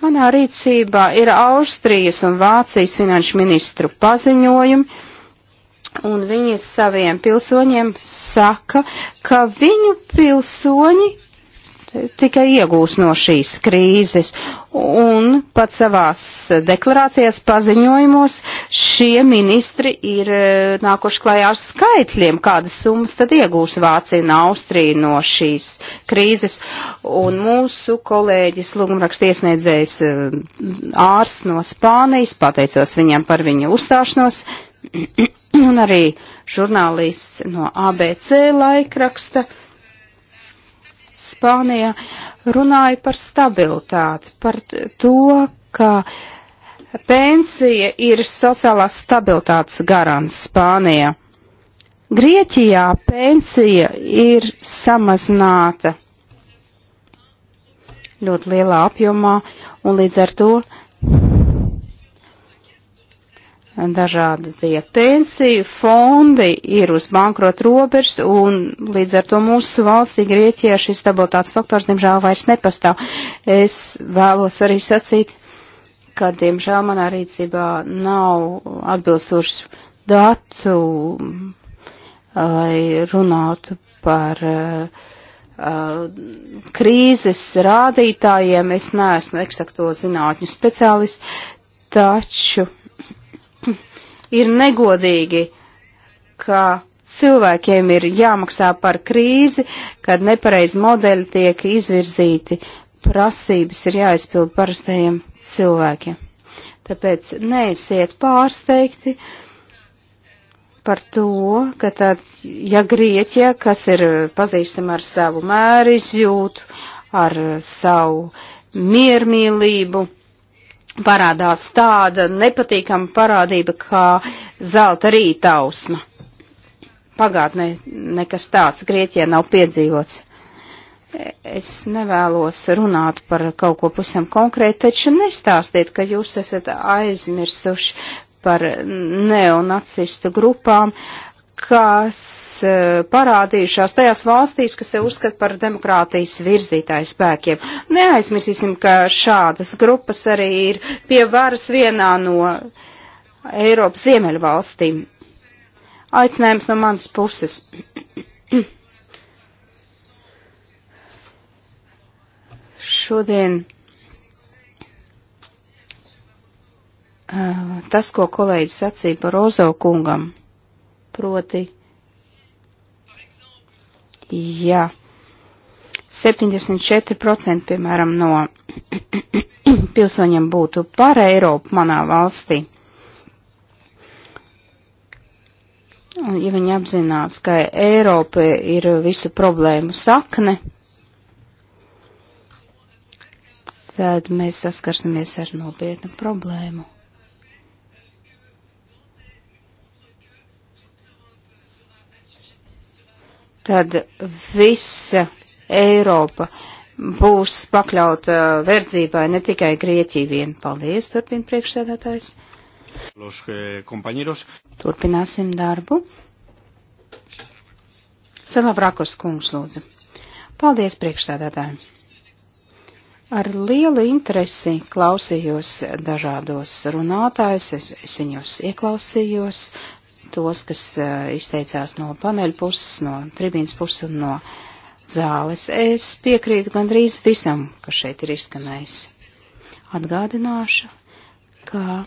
B: Manā rīcībā ir Austrijas un Vācijas finanšu ministru paziņojumi, un viņi saviem pilsoņiem saka, ka viņu pilsoņi tikai iegūs no šīs krīzes. Un pat savās deklarācijās paziņojumos šie ministri ir e, nākuši klajā ar skaitļiem, kādas summas tad iegūs Vācija un Austrija no šīs krīzes. Un mūsu kolēģis lūgumrakstiesniedzējs e, ārs no Spānijas, pateicos viņam par viņa uzstāšanos. un arī žurnālists no ABC laikraksta Spānijā runāja par stabilitāti, par to, ka pensija ir sociālās stabilitātes garants Spānijā. Grieķijā pensija ir samazināta ļoti lielā apjomā, un līdz ar to dažādi tie pensiju fondi ir uz bankrota robežas, un līdz ar to mūsu valstī Grieķijā šis stabilitātes faktors, diemžēl, vairs nepastāv. Es vēlos arī sacīt, ka, diemžēl, manā rīcībā nav atbilstošs datu, lai runātu par uh, uh, krīzes rādītājiem. Es neesmu eksakto zinātņu speciālists, taču Ir negodīgi, ka cilvēkiem ir jāmaksā par krīzi, kad nepareizi modeļi tiek izvirzīti, prasības ir jāizpild parastajiem cilvēkiem. Tāpēc neesiet pārsteigti par to, ka tad, ja Grieķija, kas ir pazīstama ar savu mēru izjūtu, ar savu miermīlību, parādās tāda nepatīkama parādība kā zelta rītausma. Pagātnē nekas tāds Grieķijā nav piedzīvots. Es nevēlos runāt par kaut ko pusam konkrēti, taču nestāstiet, ka jūs esat aizmirsuši par neonacistu grupām, uh, kas e, parādījušās tajās valstīs, kas sev uzskata par demokrātijas virzītāju spēkiem. Neaizmirsīsim, ka šādas grupas arī ir pie varas vienā no Eiropas ziemeļvalstīm. Aicinājums no manas puses. Šodien e, tas, ko kolēģis sacīja par Ozo kungam Proti, ja 74% piemēram no pilsoņiem būtu par Eiropu manā valstī, un ja viņi apzinās, ka Eiropa ir visu problēmu sakne, tad mēs saskarsimies ar nopietnu problēmu. tad visa Eiropa būs pakļauta verdzībai ne tikai Grieķija vien. Paldies, turpina priekšsēdētājs.
C: Eh,
B: Turpināsim darbu. Salavrakos kungs lūdzu. Paldies priekšsēdētājiem. Ar lielu interesi klausījos dažādos runātājus, es, es viņos ieklausījos, tos, kas eh, izteicās no paneļa puses, no tribīnas puses un no zāles. Es piekrītu gandrīz visam, kas šeit ir izskanējis. Atgādināšu, ka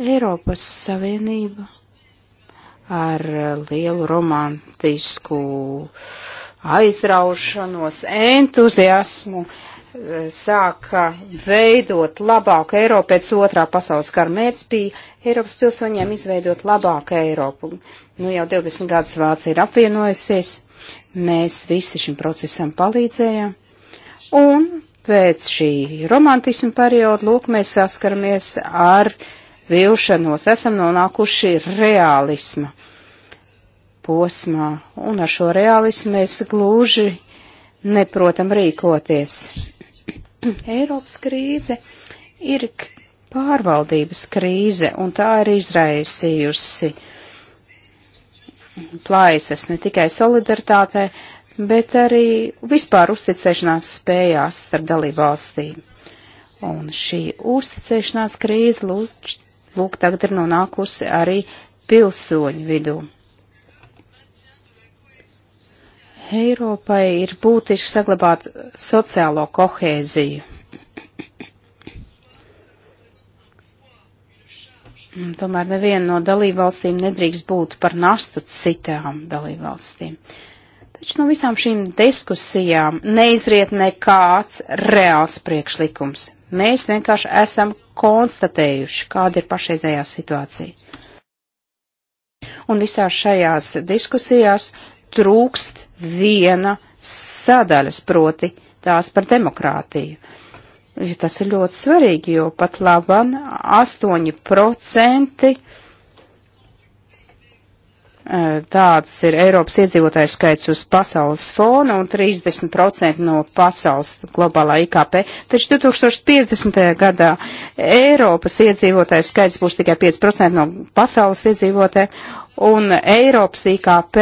B: Eiropas Savienība ar lielu romantisku aizraušanos, entuziasmu uh, sāka veidot labāku Eiropu pēc otrā pasaules kara mērķis bija Eiropas pilsoņiem izveidot labāku Eiropu. Nu jau 20 gadus Vācija ir apvienojusies, mēs visi šim procesam palīdzējām. Un pēc šī romantismu perioda, lūk, mēs saskaramies ar vilšanos, esam nonākuši realisma posmā, un ar šo realismu mēs gluži neprotam rīkoties. Eiropas krīze ir pārvaldības krīze, un tā ir izraisījusi plaisas ne tikai solidaritātei, bet arī vispār uzticēšanās spējās starp dalībvalstīm. Un šī uzticēšanās krīze, lūk, tagad ir nonākusi arī pilsoņu vidū. Eiropai ir būtiski saglabāt sociālo kohēziju. Tomēr neviena no dalībvalstīm nedrīkst būt par nastu citām dalībvalstīm. Taču no visām šīm diskusijām neizriet nekāds reāls priekšlikums. Mēs vienkārši esam konstatējuši, kāda ir pašreizējā situācija. Un visās šajās diskusijās trūkst viena sadaļas, proti tās par demokrātiju. Ja tas ir ļoti svarīgi, jo pat laban 8% e, tāds ir Eiropas iedzīvotājs skaits uz pasaules fona un 30% no pasaules globālā IKP. Taču 2050. gadā Eiropas iedzīvotājs skaits būs tikai 5% no pasaules iedzīvotāja un Eiropas IKP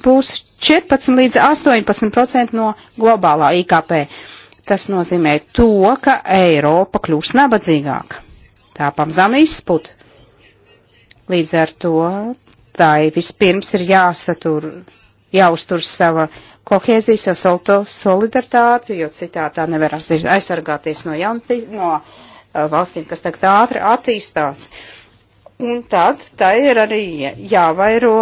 B: būs 14 līdz 18% no globālā IKP. Tas nozīmē to, ka Eiropa kļūs nabadzīgāka. Tā pamazām izsput. Līdz ar to tai vispirms ir jāsatur, jāuztur sava kohēzija, savu solidaritāti, jo citā tā nevar aizsargāties no, jaunti, no uh, valstīm, kas tagad ātri attīstās. Un tad tai ir arī jāvairo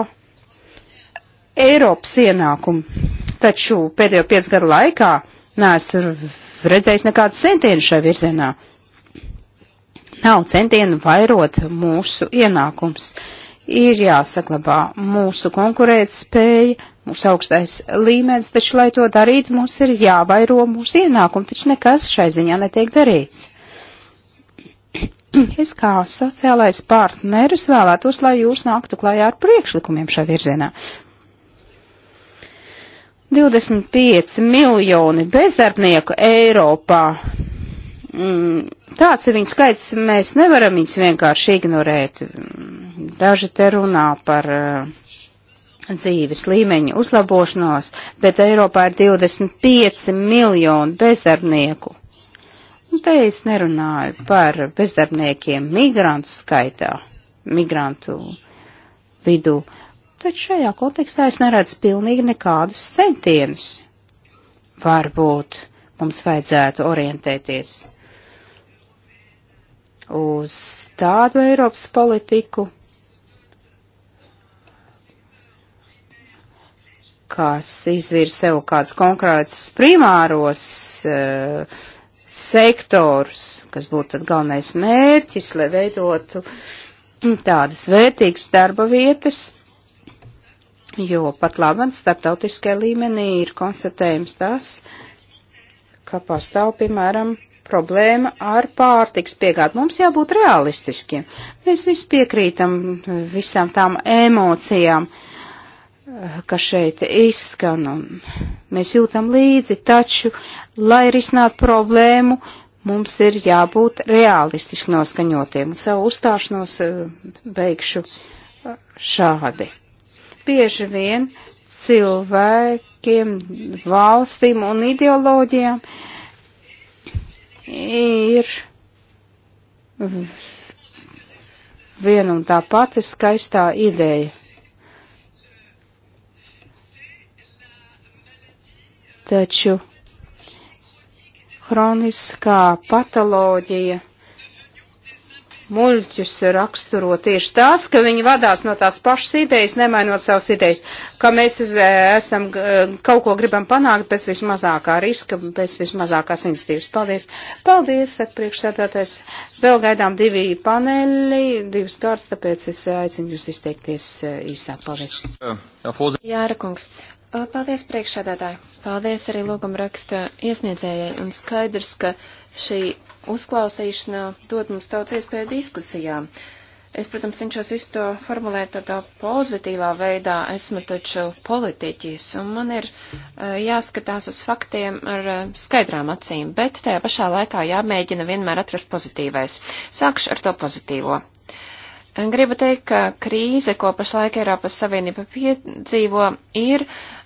B: Eiropas ienākumu. Taču pēdējo piecu gadu laikā neesmu redzējis nekādu centienu šai virzienā. Nav centienu vairot mūsu ienākums. Ir jāsaglabā mūsu konkurētspēja, mūsu augstais līmenis, taču, lai to darītu, mums ir jāvairo mūsu ienākumi, taču nekas šai ziņā netiek darīts. Es kā sociālais partneris vēlētos, lai jūs nāktu klājā ar priekšlikumiem šajā virzienā. 25 miljoni bezdarbnieku Eiropā. Mm, tāds ir viņa skaits, mēs nevaram viņus vienkārši ignorēt. Daži te runā par eh, dzīves līmeņa uzlabošanos, bet Eiropā ir 25 miljoni bezdarbnieku. Un te es nerunāju par bezdarbniekiem migrantu skaitā, migrantu vidū. Uh, taču šajā kontekstā es neredzu pilnīgi nekādus centienus. Varbūt mums vajadzētu orientēties uz tādu Eiropas politiku, kas izvir sev kāds konkrēts primāros uh, eh, sektors, kas būtu tad galvenais mērķis, lai veidotu mm, tādas vērtīgas darba vietas, jo pat labam starptautiskajā līmenī ir konstatējums tas, ka pastāv, piemēram, problēma ar pārtiks piegādu. Mums jābūt realistiskiem. Mēs visi piekrītam visām tām emocijām, eh, kas šeit izskan, un mēs jūtam līdzi, taču, lai risinātu problēmu, mums ir jābūt realistiski noskaņotiem. Un savu uzstāšanos beigšu eh, eh, šādi. Bieži vien cilvēkiem, valstīm un ideoloģijām ir viena un tā pati skaistā ideja. Taču hroniskā patoloģija muļķus raksturo tieši tās, ka viņi vadās no tās pašas idejas, nemainot savas idejas, ka mēs e, esam e, kaut ko gribam panākt bez vismazākā riska, bez vismazākās institīvas. Paldies! Paldies, saka priekšsēdētājs. Vēl gaidām divi paneļi, divas kārtas, tāpēc es e, aicinu jūs izteikties īsāk. Paldies! Jāra kungs.
F: Paldies priekšsēdētāji. Paldies arī lūgumraksta iesniedzējai. Un skaidrs, ka šī uzklausīšanā dod mums daudz iespēju diskusijām. Es, protams, cenšos visu to formulēt tādā pozitīvā veidā. Esmu taču politiķis, un man ir uh, jāskatās uz faktiem ar uh, skaidrām acīm, bet tajā pašā laikā jāmēģina vienmēr atrast pozitīvais. Sākšu ar to pozitīvo. Gribu teikt, ka krīze, ko pašlaik Eiropas Savienība piedzīvo, ir uh,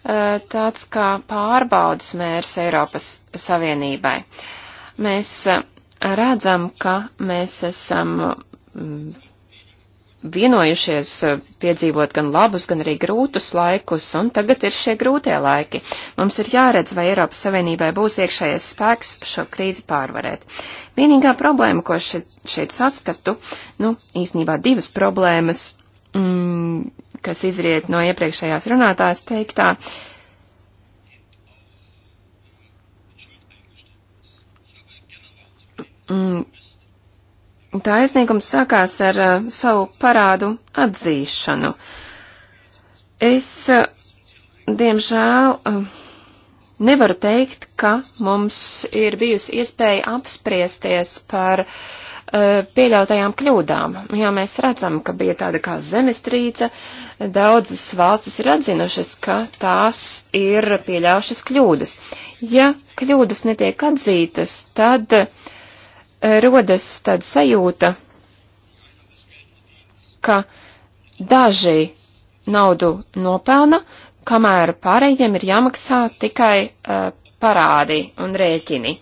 F: tāds kā pārbaudas mērs Eiropas Savienībai. Mēs uh, redzam, ka mēs esam mm, vienojušies piedzīvot gan labus, gan arī grūtus laikus, un tagad ir šie grūtie laiki. Mums ir jāredz, vai Eiropas Savienībai būs iekšējais spēks šo krīzi pārvarēt. Vienīgā problēma, ko šeit, šeit saskatu, nu, īsnībā divas problēmas, mm, kas izriet no iepriekšējās runātājas teiktā, uh, Mm. tā aizniegums sākās ar uh, savu parādu atzīšanu. Es, uh, diemžēl, uh, nevaru teikt, ka mums ir bijusi iespēja apspriesties par uh, pieļautajām kļūdām. Jā, mēs redzam, ka bija tāda kā zemestrīce, daudzas valstis ir atzinušas, ka tās ir pieļaušas kļūdas. Ja kļūdas netiek atzītas, tad uh, rodas tāda sajūta, ka daži naudu nopelna, kamēr pārējiem ir jāmaksā tikai uh, parādi un rēķini.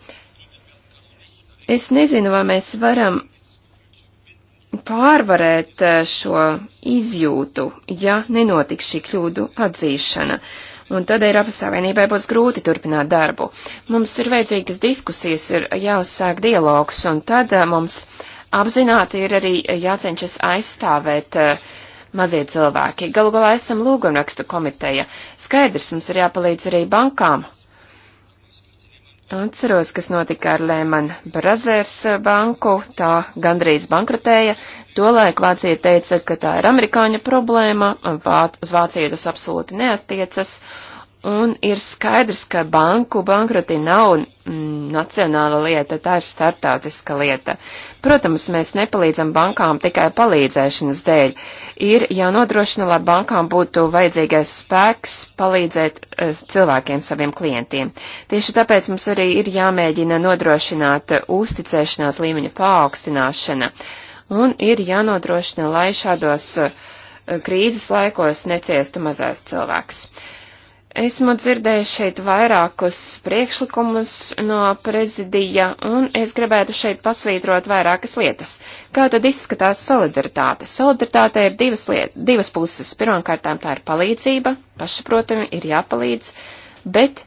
F: Es nezinu, vai mēs varam pārvarēt šo izjūtu, ja nenotiks šī kļūdu atzīšana. Uh, un tad Eiropas Savienībai būs grūti turpināt darbu. Mums ir vajadzīgas diskusijas, ir jāuzsāk dialogs, un tad eh, mums apzināti ir arī jācenšas aizstāvēt uh, mazie cilvēki. Galu galā esam lūgumrakstu komiteja. Skaidrs, mums ir jāpalīdz arī bankām Atceros, kas notika ar Lehman Brothers eh, banku, tā gandrīz bankrotēja. Tolaik Vācija teica, ka tā ir amerikāņu problēma, Vāc, uz Vāciju tas absolūti neatiecas, un ir skaidrs, ka banku bankroti nav mm, nacionāla lieta, tā ir startautiska lieta. Protams, mēs nepalīdzam bankām tikai palīdzēšanas dēļ. Ir jānodrošina, lai bankām būtu vajadzīgais spēks palīdzēt uh, cilvēkiem, saviem klientiem. Tieši tāpēc mums arī ir jāmēģina nodrošināt uzticēšanās līmeņa paaugstināšana. Un ir jānodrošina, lai šādos uh, krīzes laikos neciestu mazais cilvēks. Uh, Esmu dzirdējis šeit vairākus priekšlikumus no prezidija, un es gribētu šeit pasvītrot vairākas lietas. Kā tad izskatās solidaritāte? Solidaritāte ir divas, liet, divas puses. Pirmkārtām tā ir palīdzība, pašsaprotami ir jāpalīdz, bet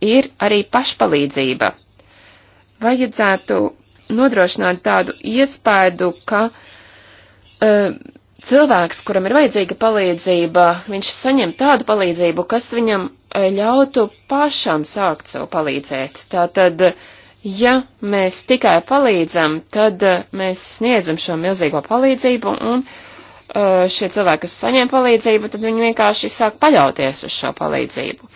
F: ir arī pašpalīdzība. Vajadzētu nodrošināt tādu iespēju, ka uh, cilvēks, kuram ir vajadzīga palīdzība, viņš saņem tādu palīdzību, kas viņam e, ļautu pašam sākt sev palīdzēt. Tātad, ja mēs tikai palīdzam, tad e, mēs sniedzam šo milzīgo palīdzību, un e, šie cilvēki, kas saņem palīdzību, tad viņi vienkārši sāk paļauties uz šo palīdzību.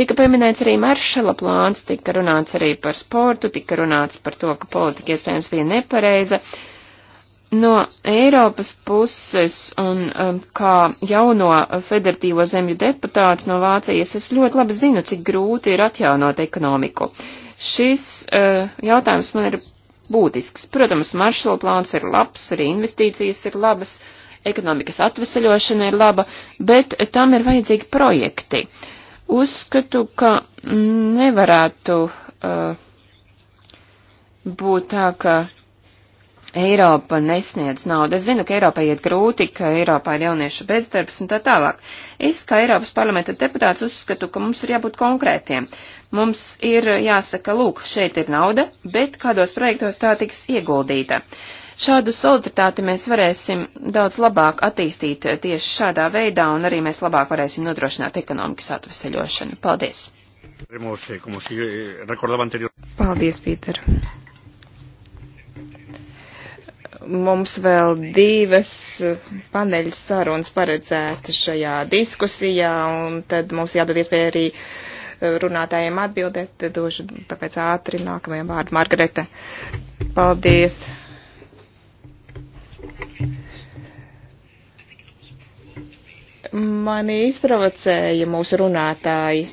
F: Tika pieminēts arī maršala plāns, tika runāts arī par sportu, tika runāts par to, ka politika iespējams bija nepareiza. Uh, No Eiropas puses un um, kā jauno federatīvo zemju deputāts no Vācijas, es ļoti labi zinu, cik grūti ir atjaunot ekonomiku. Šis uh, jautājums man ir būtisks. Protams, maršala plāns ir labs, arī investīcijas ir labas, ekonomikas atveseļošana ir laba, bet tam ir vajadzīgi projekti. Uzskatu, ka nevarētu uh, būt tā, ka Eiropa nesniedz naudu. Es zinu, ka Eiropai iet grūti, ka Eiropā ir jauniešu bezdarbs un tā tālāk. Es, kā Eiropas parlamenta deputāts, uzskatu, ka mums ir jābūt konkrētiem. Mums ir jāsaka, lūk, šeit ir nauda, bet kādos projektos tā tiks ieguldīta. Šādu solidaritāti mēs varēsim daudz labāk attīstīt tieši šādā veidā, un arī mēs labāk varēsim nodrošināt ekonomikas atveseļošanu. Paldies!
C: Eh, Paldies,
D: Pīter! Mums vēl divas paneļu sarunas paredzētas šajā diskusijā, un tad mums jādod iespēja arī runātājiem atbildēt. Došu tāpēc ātri nākamajam vārdu Margarete. Paldies! Mani izprovocēja mūsu runātāji,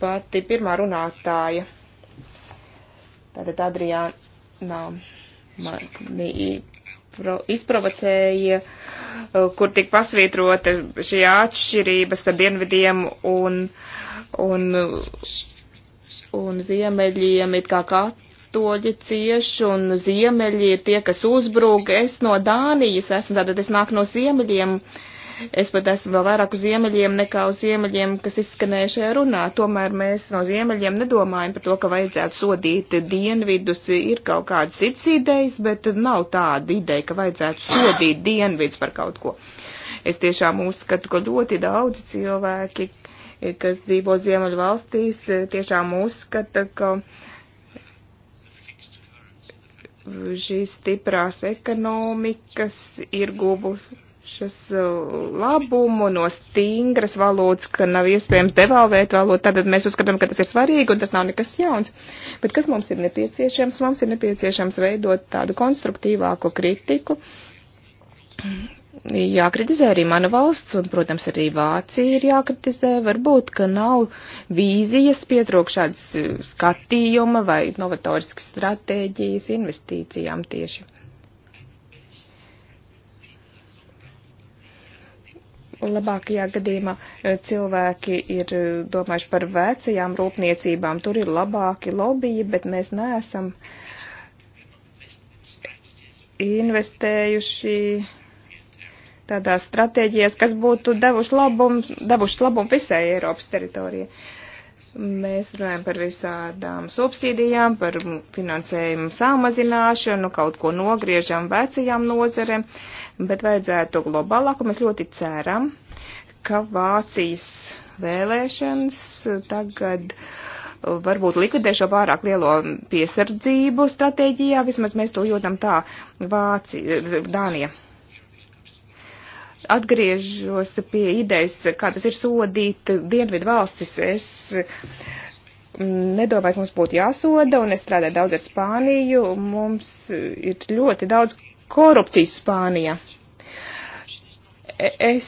D: pati pirmā runātāja, tātad Adriāna mani izprovocēja, uh, kur tika pasvītrota šī atšķirība starp dienvidiem un, un, un ziemeļiem, it kā katoļi cieši, un ziemeļi ir tie, kas uzbrūk. Es no Dānijas esmu, tātad es nāku no ziemeļiem. Uh, Es pat esmu vēl vairāk uz ziemeļiem nekā uz ziemeļiem, kas izskanēja šajā runā. Tomēr mēs no ziemeļiem nedomājam par to, ka vajadzētu sodīt dienvidus. Ir kaut kādas citas idejas, bet nav tāda ideja, ka vajadzētu sodīt dienvidus par kaut ko. Es tiešām uzskatu, ka ļoti daudzi cilvēki, kas dzīvo ziemeļu valstīs, tiešām uzskata, ka šīs stiprās ekonomikas ir guvusi šas uh, labumu no stingras valodas, ka nav iespējams devalvēt valodu, tad mēs uzskatām, ka tas ir svarīgi un tas nav nekas jauns. Bet kas mums ir nepieciešams? Mums ir nepieciešams veidot tādu konstruktīvāku kritiku. Jākritizē arī mana valsts, un, protams, arī Vācija ir jākritizē. Varbūt, ka nav vīzijas, pietrūk šādas skatījuma vai novatoriskas stratēģijas investīcijām tieši. Labākajā gadījumā eh, cilvēki ir eh, domājuši par vecajām rūpniecībām, tur ir labāki lobiji, bet mēs neesam investējuši tādās stratēģijās, kas būtu devuši labumu, devuši labumu visai Eiropas teritorijai. Mēs runājam par visādām subsīdijām, par finansējumu samazināšanu, kaut ko nogriežam vecajām nozarēm, bet vajadzētu globālāku. Mēs ļoti ceram, ka Vācijas vēlēšanas tagad uh, varbūt likvidē šo pārāk lielo piesardzību stratēģijā, vismaz mēs to jūtam tā Vācija, uh, Dānija atgriežos pie idejas, kā tas ir sodīt dienvidu valstis. Es mm, nedomāju, ka mums būtu jāsoda, un es strādāju daudz ar Spāniju. Mums ir ļoti daudz korupcijas Spānijā es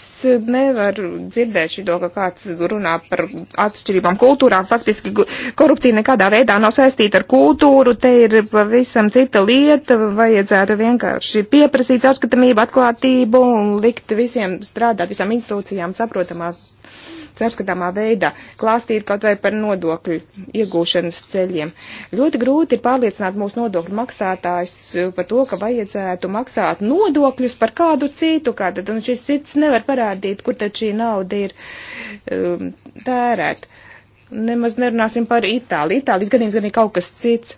D: nevaru dzirdēt šo, ka kāds runā par atšķirībām kultūrām. Faktiski korupcija nekādā veidā nav saistīta ar kultūru, te ir pavisam cita lieta. Vajadzētu vienkārši pieprasīt caurskatāmību, atklātību un likt visiem strādāt, visām institūcijām saprotamā caurskatāmā veidā, klāstīt kaut vai par nodokļu iegūšanas ceļiem. Ļoti grūti ir pārliecināt mūsu nodokļu maksātājus uh, par to, ka vajadzētu maksāt nodokļus par kādu citu, kā tad, un šis cits nevar parādīt, kur tad šī nauda ir um, tērēt. Nemaz nerunāsim par Itāliju. Itālijas gadījums gan ir kaut kas cits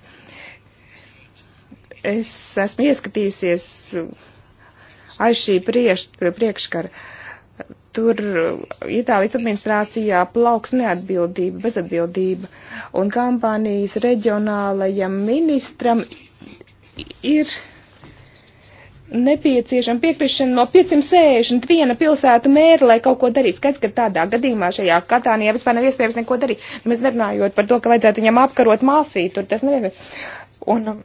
D: es esmu ieskatījusies aiz šī prieš, priekškara tur eh, Itālijas administrācijā plauks neatbildība, bezatbildība, un kampānijas reģionālajam ministram ir nepieciešama piekrišana no 561 pilsētu mēra, lai kaut ko darītu. Skaidrs, ka tādā gadījumā šajā Katānijā vispār nav iespējams neko darīt. Mēs nerunājot par to, ka vajadzētu viņam apkarot mafiju, tur tas nevienmēr. Un um,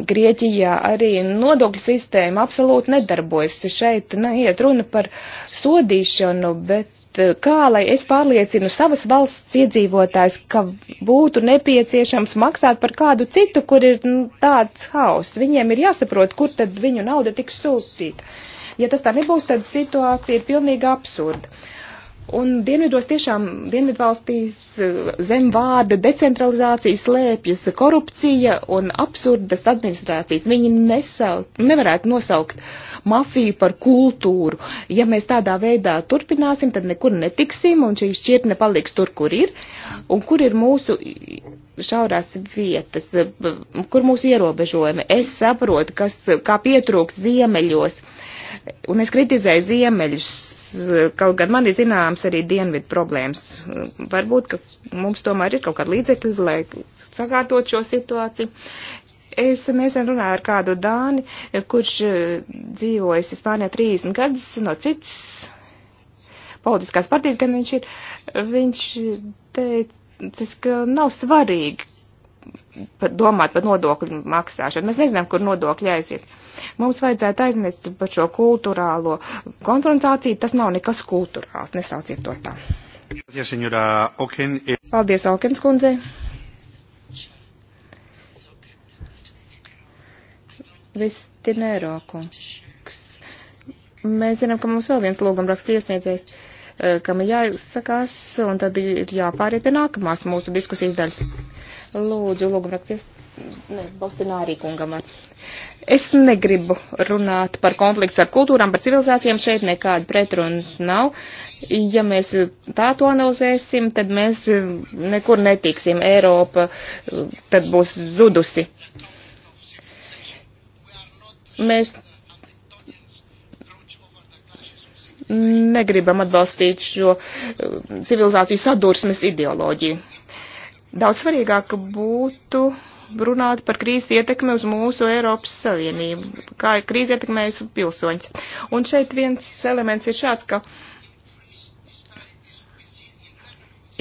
D: Grieķijā arī nodokļu sistēma absolūti nedarbojas. Šeit neiet runa par sodīšanu, bet eh, kā lai es pārliecinu savas valsts iedzīvotājs, ka būtu nepieciešams maksāt par kādu citu, kur ir nu, tāds hauss. Viņiem ir jāsaprot, kur tad viņu nauda tiks sūtīta. Ja tas tā nebūs, tad situācija ir pilnīgi absurda. Uh, Un dienvidos tiešām dienvidvalstīs eh, zem vārda decentralizācija slēpjas korupcija un absurdas administrācijas. Viņi nesau, nevarētu nosaukt mafiju par kultūru. Ja mēs tādā veidā turpināsim, tad nekur netiksim un šī šķirtne paliks tur, kur ir. Un kur ir mūsu šaurās vietas, kur mūsu ierobežojumi. Es saprotu, kas, kā pietrūks ziemeļos. Un es kritizēju ziemeļus kaut gan man ir zināms arī dienvidu problēmas. Varbūt, ka mums tomēr ir kaut kāda līdzekļa, lai sakārtot šo situāciju. Es nesen runāju ar kādu Dāni, kurš eh, dzīvojis Ispānijā 30 gadus no citas politiskās partijas, gan viņš ir, viņš teica, ka nav svarīgi, domāt par nodokļu maksāšanu. Mēs nezinām, kur nodokļi aiziet. Mums vajadzētu aizmirst par šo kultūrālo konfrontāciju. Tas nav nekas kultūrāls. Nesauciet to tā. Paldies, Alkins kundze. Vistinēro kungs. Mēs zinām, ka mums vēl viens lūgumraksts iesniedzējs eh, kam ir jāizsakās, un tad ir jāpāriet pie nākamās mūsu diskusijas daļas. Lūdzu, lūgumrakties. Ne, Bostinārī kungam. Es negribu runāt par konflikts ar kultūrām, par civilizācijām. Šeit nekāda pretrunas nav. Ja mēs tā to analizēsim, tad mēs nekur netiksim. Eiropa tad būs zudusi. Mēs negribam atbalstīt šo civilizāciju sadursmes ideoloģiju Daudz svarīgāk būtu runāt par krīzes ietekmi uz mūsu Eiropas Savienību, kā krīze ietekmējas pilsoņus. Un šeit viens elements ir šāds, ka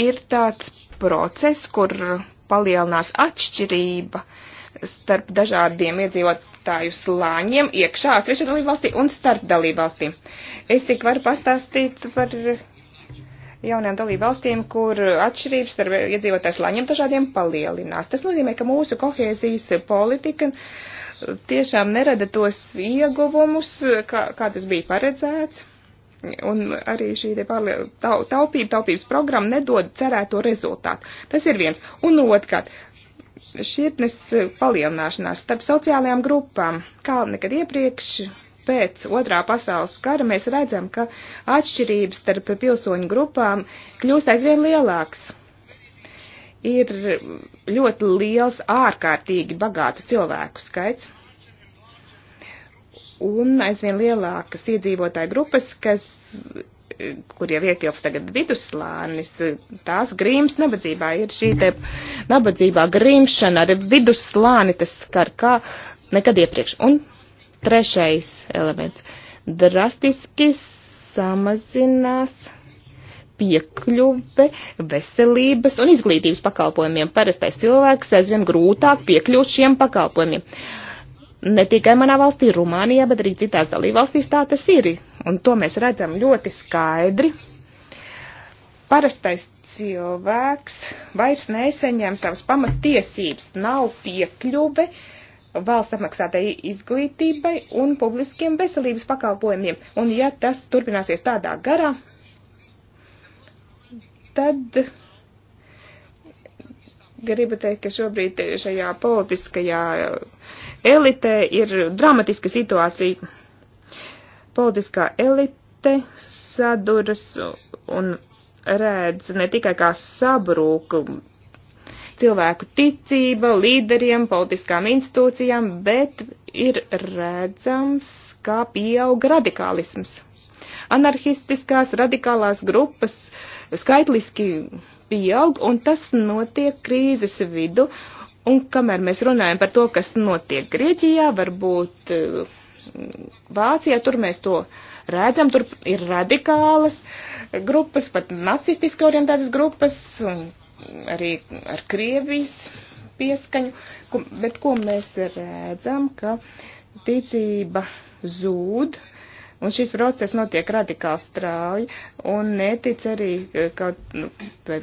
D: ir tāds process, kur palielinās atšķirība starp dažādiem iedzīvotāju slāņiem iekšā atsevišķa dalībvalstī un starp dalībvalstīm. Es tik varu pastāstīt par jaunajām dalībvalstīm, kur atšķirības starp iedzīvotājs laņiem dažādiem palielinās. Tas nozīmē, ka mūsu kohēzijas politika uh, tiešām nerada tos ieguvumus, kā, kā tas bija paredzēts. Un arī šī te taupība, taupības programma nedod cerēto rezultātu. Tas ir viens. Un otrkārt, šķirtnes palielināšanās starp sociālajām grupām, kā nekad iepriekš, pēc otrā pasaules kara mēs redzam, ka atšķirības starp pilsoņu grupām kļūst aizvien lielāks. Ir ļoti liels ārkārtīgi bagātu cilvēku skaits un aizvien lielākas iedzīvotāju grupas, kas kur jau ietilps tagad vidusslānis, tās grīms nabadzībā ir šī te nabadzībā grīmšana ar vidusslāni, tas skar kā nekad iepriekš. Un Trešais elements. Drastiski samazinās piekļuve veselības un izglītības pakalpojumiem. Parastais cilvēks aizvien grūtāk piekļūt šiem pakalpojumiem. Ne tikai manā valstī, Rumānijā, bet arī citās dalībvalstīs tā tas ir. Un to mēs redzam ļoti skaidri. Parastais cilvēks vairs neseņem savas pamatiesības, nav piekļuve uh, valsts apmaksātai izglītībai un publiskiem veselības pakalpojumiem. Un ja tas turpināsies tādā garā, tad gribu teikt, ka šobrīd šajā politiskajā elitē ir dramatiska situācija. Politiskā elite saduras un redz ne tikai kā sabrūk cilvēku ticība līderiem, politiskām institūcijām, bet ir redzams, kā pieaug radikālisms. Anarchistiskās radikālās grupas skaitliski pieaug, un tas notiek krīzes vidu. Un kamēr mēs runājam par to, kas notiek Grieķijā, varbūt eh, Vācijā, tur mēs to redzam, tur ir radikālas grupas, pat nacistiski orientētas grupas, un arī ar Krievijas pieskaņu, bet ko mēs redzam, ka ticība zūd, un šis process notiek radikāli strauji, un netic arī eh, kaut nu,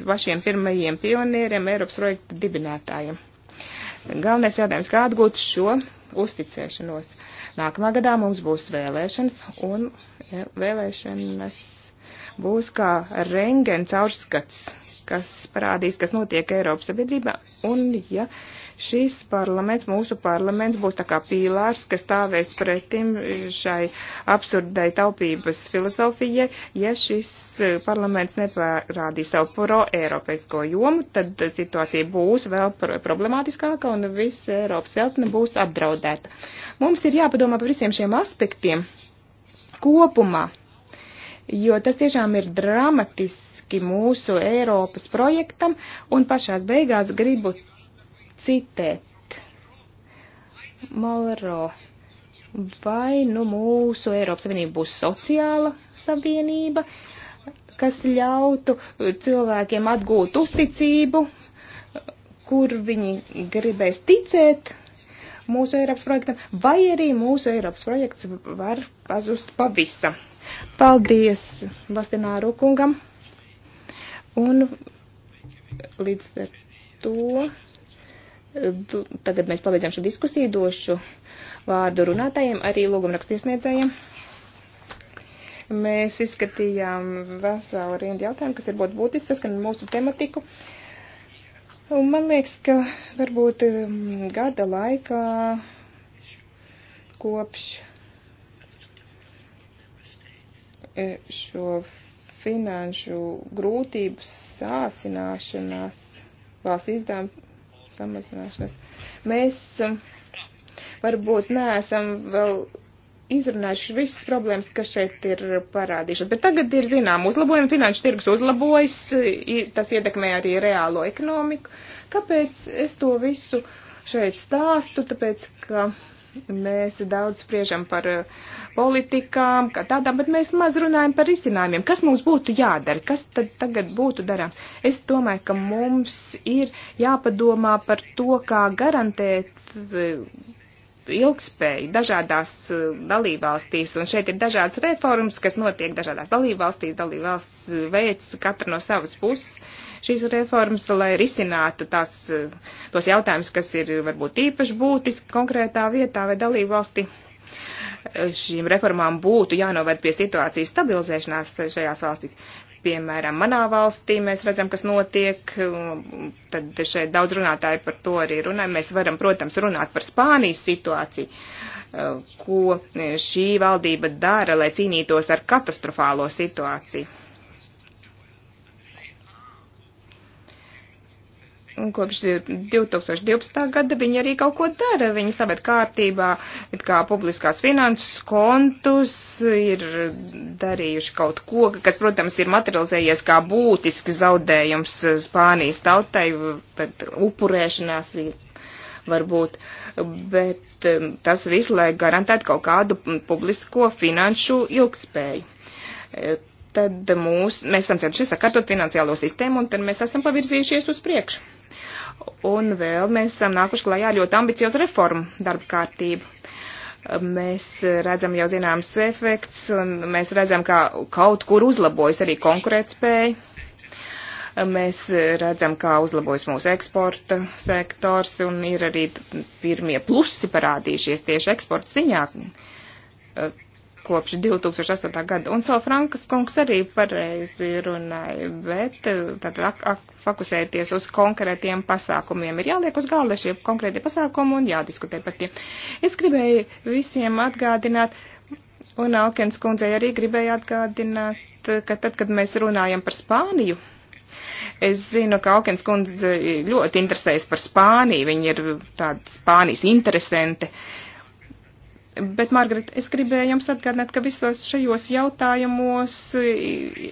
D: pašiem pirmajiem pionieriem, Eiropas projekta dibinātājiem. Galvenais jautājums, kā atgūt šo uzticēšanos. Nākamā gadā mums būs vēlēšanas, un vēlēšanas būs kā rengen caurskats kas parādīs, kas notiek Eiropas sabiedrībā, un ja šīs parlaments, mūsu parlaments būs tā kā pīlārs, kas stāvēs pretim šai absurdai taupības filozofijai, ja šis eh, parlaments nepārādīs savu pro-eiropeisko jomu, tad situācija būs vēl problemātiskāka un viss Eiropas celtne būs apdraudēta. Mums ir jāpadomā par visiem šiem aspektiem kopumā jo tas tiešām ir dramatiski mūsu Eiropas projektam, un pašās beigās gribu citēt Malro. Vai nu mūsu Eiropas Savienība būs sociāla savienība, kas ļautu cilvēkiem atgūt uzticību, kur viņi gribēs ticēt mūsu Eiropas projektam, vai arī mūsu Eiropas projekts var pazust pavisam. Paldies Bastināru kungam. Un līdz ar to tagad mēs pabeidzam šo diskusiju, došu vārdu runātājiem, arī lūgumrakstiesniedzējiem. Mēs izskatījām veselu rindu jautājumu, kas ir būtu būtisks, saskan mūsu tematiku. Uh, Un man liekas, ka varbūt um, gada laikā kopš e, šo finanšu grūtību sāsināšanās, valsts izdevuma samazināšanās, mēs um, varbūt neesam vēl izrunājuši visas problēmas, kas šeit ir parādījušās. Bet tagad ir zinām uzlabojumi, finanšu tirgus uzlabojas, tas ietekmē arī reālo ekonomiku. Kāpēc es to visu šeit stāstu? Tāpēc, ka mēs daudz spriežam par uh, politikām, kā tādām, bet mēs maz runājam par risinājumiem. Kas mums būtu jādara? Kas tad tagad būtu darāms? Es domāju, ka mums ir jāpadomā par to, kā garantēt uh, ilgspēju dažādās uh, dalībvalstīs, un šeit ir dažādas reformas, kas notiek dažādās dalībvalstīs, dalībvalsts uh, veids katra no savas puses šīs reformas, lai risinātu tās, uh, tos jautājumus, kas ir varbūt īpaši būtiski konkrētā vietā vai dalībvalstī. Šīm reformām būtu jānovērt pie situācijas stabilizēšanās šajās valstīs. Piemēram, manā valstī mēs redzam, kas notiek, tad šeit daudz runātāji par to arī runāja. Mēs varam, protams, runāt par Spānijas situāciju, ko šī valdība dara, lai cīnītos ar katastrofālo situāciju. kopš 2012. gada viņi arī kaut ko dara. Viņi saved kārtībā, it kā publiskās finanses kontus, ir darījuši kaut ko, kas, protams, ir materializējies kā būtiski zaudējums Spānijas tautai, tad upurēšanās ir varbūt, bet um, tas visu, lai garantētu kaut kādu publisko finanšu ilgspēju tad mūs, mēs esam cenšies sakārtot finansiālo sistēmu, un tad mēs esam pavirzījušies uz priekšu. Un vēl mēs esam nākuši klajā ļoti ambiciozu reformu darba kārtību. Mēs redzam jau zināms efekts, un mēs redzam, ka kaut kur uzlabojas arī konkurētspēja. Mēs redzam, kā uzlabojas mūsu eksporta sektors, un ir arī pirmie plusi parādījušies tieši eksporta ziņā kopš 2008. gada. Un Salfrankas kungs arī pareizi runāja, bet eh, tad fokusēties uz konkrētiem pasākumiem. Ir jāliek uz galda šie konkrētie pasākumi un jādiskutē par tiem. Es gribēju visiem atgādināt, un Alkens kundzei arī gribēju atgādināt, ka tad, kad mēs runājam par Spāniju, Es zinu, ka Aukens kundze ļoti interesējas par Spāniju, viņa ir tāda Spānijas interesente. Uh, Bet, Margaret, es gribēju jums atgādināt, ka visos šajos jautājumos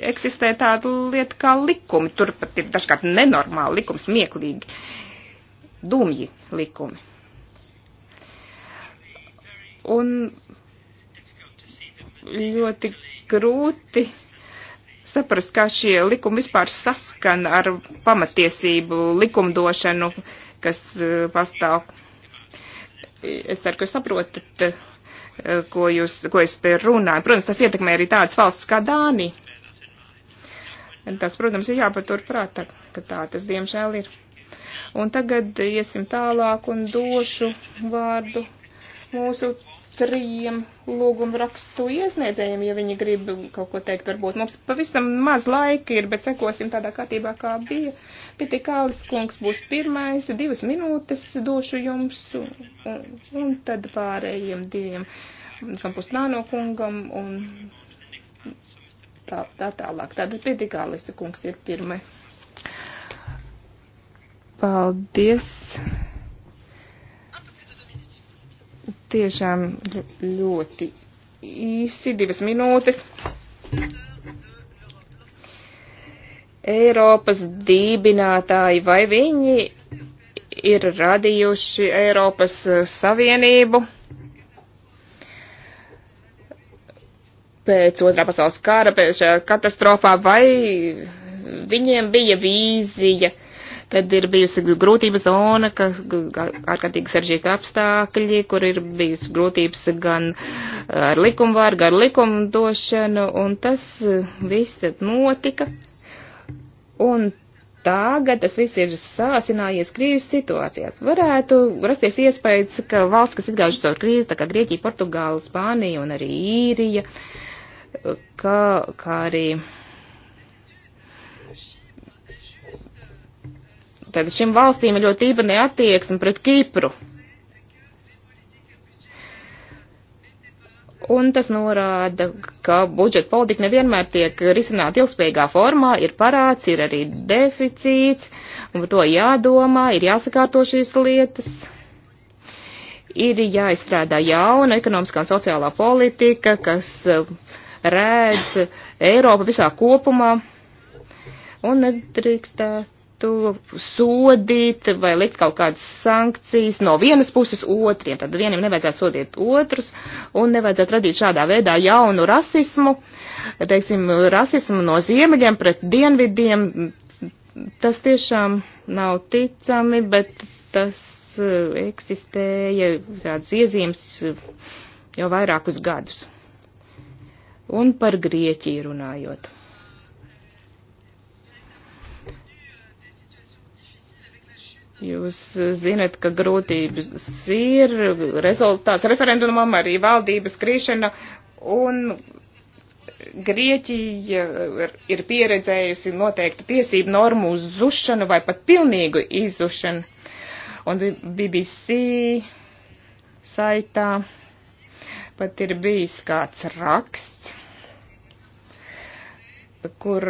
D: eksistē tāda lieta kā likumi. Turpat ir dažkārt nenormāli likumi, smieklīgi, dumji likumi. Un ļoti grūti saprast, kā šie likumi vispār saskan ar pamatiesību likumdošanu, kas eh, pastāv es ceru, ka jūs saprotat, ko, jūs, ko es te runāju. Protams, tas ietekmē arī tādas valsts kā Dānija. Tas, protams, ir jāpatur prātā, ka tā tas diemžēl ir. Un tagad iesim tālāk un došu vārdu mūsu trijiem lūgumu rakstu iesniedzējiem, ja viņi grib kaut ko teikt. Varbūt mums pavisam maz laika ir, bet sekosim tādā kārtībā, kā bija. Pitikālis kungs būs pirmais, divas minūtes došu jums, un, un tad pārējiem diviem, kam būs nāno kungam, un tā, tā tālāk. Tātad pitikālis kungs ir pirmais. Paldies. tiešām ļoti īsi, divas minūtes. Eiropas dibinātāji, vai viņi ir radījuši Eiropas eh, Savienību? Pēc otrā pasaules kara, pēc katastrofā, vai viņiem bija vīzija? Tad ir bijusi grūtības zona, kas ārkārtīgi saržīta apstākļi, kur ir bijusi grūtības gan eh, ar likumvārgu, gan ar likumdošanu, un tas eh, viss tad notika. Un tagad tas viss ir sāsinājies krīzes situācijā. Varētu rasties iespējas, ka valsts, kas izgājuši caur krīzi, tā kā Grieķija, Portugāla, Spānija un arī Īrija, kā, kā arī Tad šim valstīm ir ļoti īpatnē attieksme pret Kipru. Un tas norāda, ka budžeta politika nevienmēr tiek risināta ilgspējīgā formā, ir parāds, ir arī deficīts, un par to jādomā, ir jāsakārto šīs lietas, ir jāizstrādā jauna ekonomiskā un sociālā politika, kas eh, redz Eiropu visā kopumā, un nedrīkstētu varētu sodīt vai likt kaut kādas sankcijas no vienas puses otriem. Tad vieniem nevajadzētu sodīt otrus un nevajadzētu radīt šādā veidā jaunu rasismu, teiksim, rasismu no ziemeļiem pret dienvidiem. Tas tiešām nav ticami, bet tas eh, eksistēja tāds iezīmes eh, jau vairākus gadus. Un par Grieķiju runājot. Jūs zinat, ka grūtības ir, rezultāts referendumam arī valdības krīšana, un Grieķija ir pieredzējusi noteiktu tiesību normu zušanu vai pat pilnīgu izzušanu. Un BBC saitā pat ir bijis kāds raksts, kur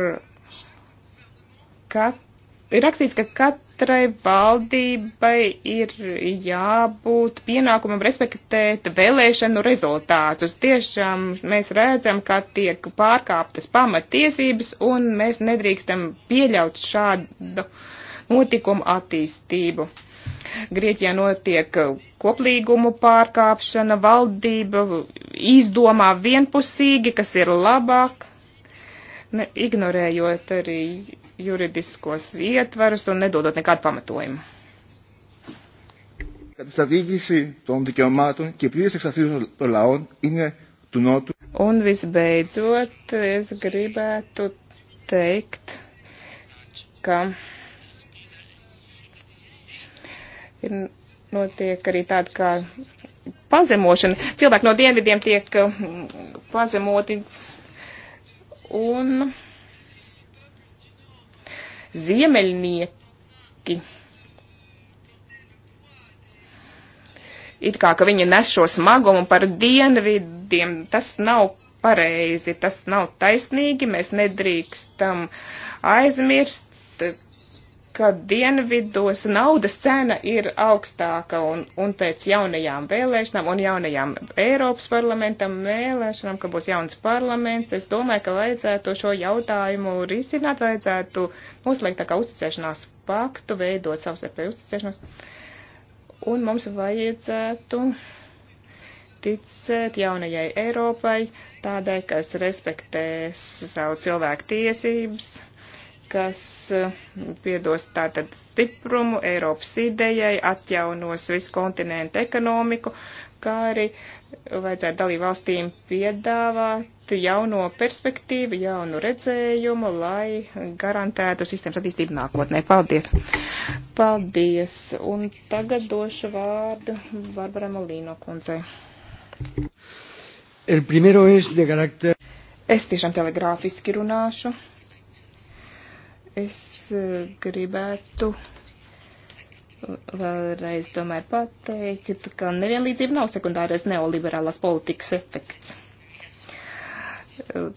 D: kat, ir rakstīts, ka kat katrai valdībai ir jābūt pienākumam respektēt vēlēšanu rezultātus. Tiešām mēs redzam, ka tiek pārkāptas pamatiesības un mēs nedrīkstam pieļaut šādu notikumu attīstību. Grieķijā notiek koplīgumu pārkāpšana, valdība izdomā vienpusīgi, kas ir labāk, ne, ignorējot arī juridiskos ietvarus un nedodot nekādu pamatojumu. Un visbeidzot, es gribētu teikt, ka ir notiek arī tāda kā pazemošana. Cilvēki no dienvidiem tiek mm, pazemoti un ziemeļnieki. It kā, ka viņi nes šo smagumu par dienvidiem, tas nav pareizi, tas nav taisnīgi, mēs nedrīkstam aizmirst, ka dienvidos naudas cena ir augstāka un, un pēc jaunajām vēlēšanām un jaunajām Eiropas parlamentam vēlēšanām, ka būs jauns parlaments, es domāju, ka vajadzētu šo jautājumu risināt, vajadzētu noslēgt tā kā uzticēšanās paktu, veidot savstarpēju uzticēšanos. Un mums vajadzētu ticēt jaunajai Eiropai, tādai, kas respektēs savu cilvēku tiesības kas eh, piedos tātad stiprumu Eiropas idejai, atjaunos visu kontinentu ekonomiku, kā arī vajadzētu dalību valstīm piedāvāt jauno perspektīvu, jaunu redzējumu, lai garantētu sistēmas attīstību nākotnē. Paldies! Paldies! Un tagad došu vārdu Barbara Molīno kundzei. Es tiešām telegrāfiski runāšu. Es eh, gribētu eh, vēlreiz tomēr pateikt, ka nevienlīdzība nav sekundārais neoliberālās politikas efekts. Eh,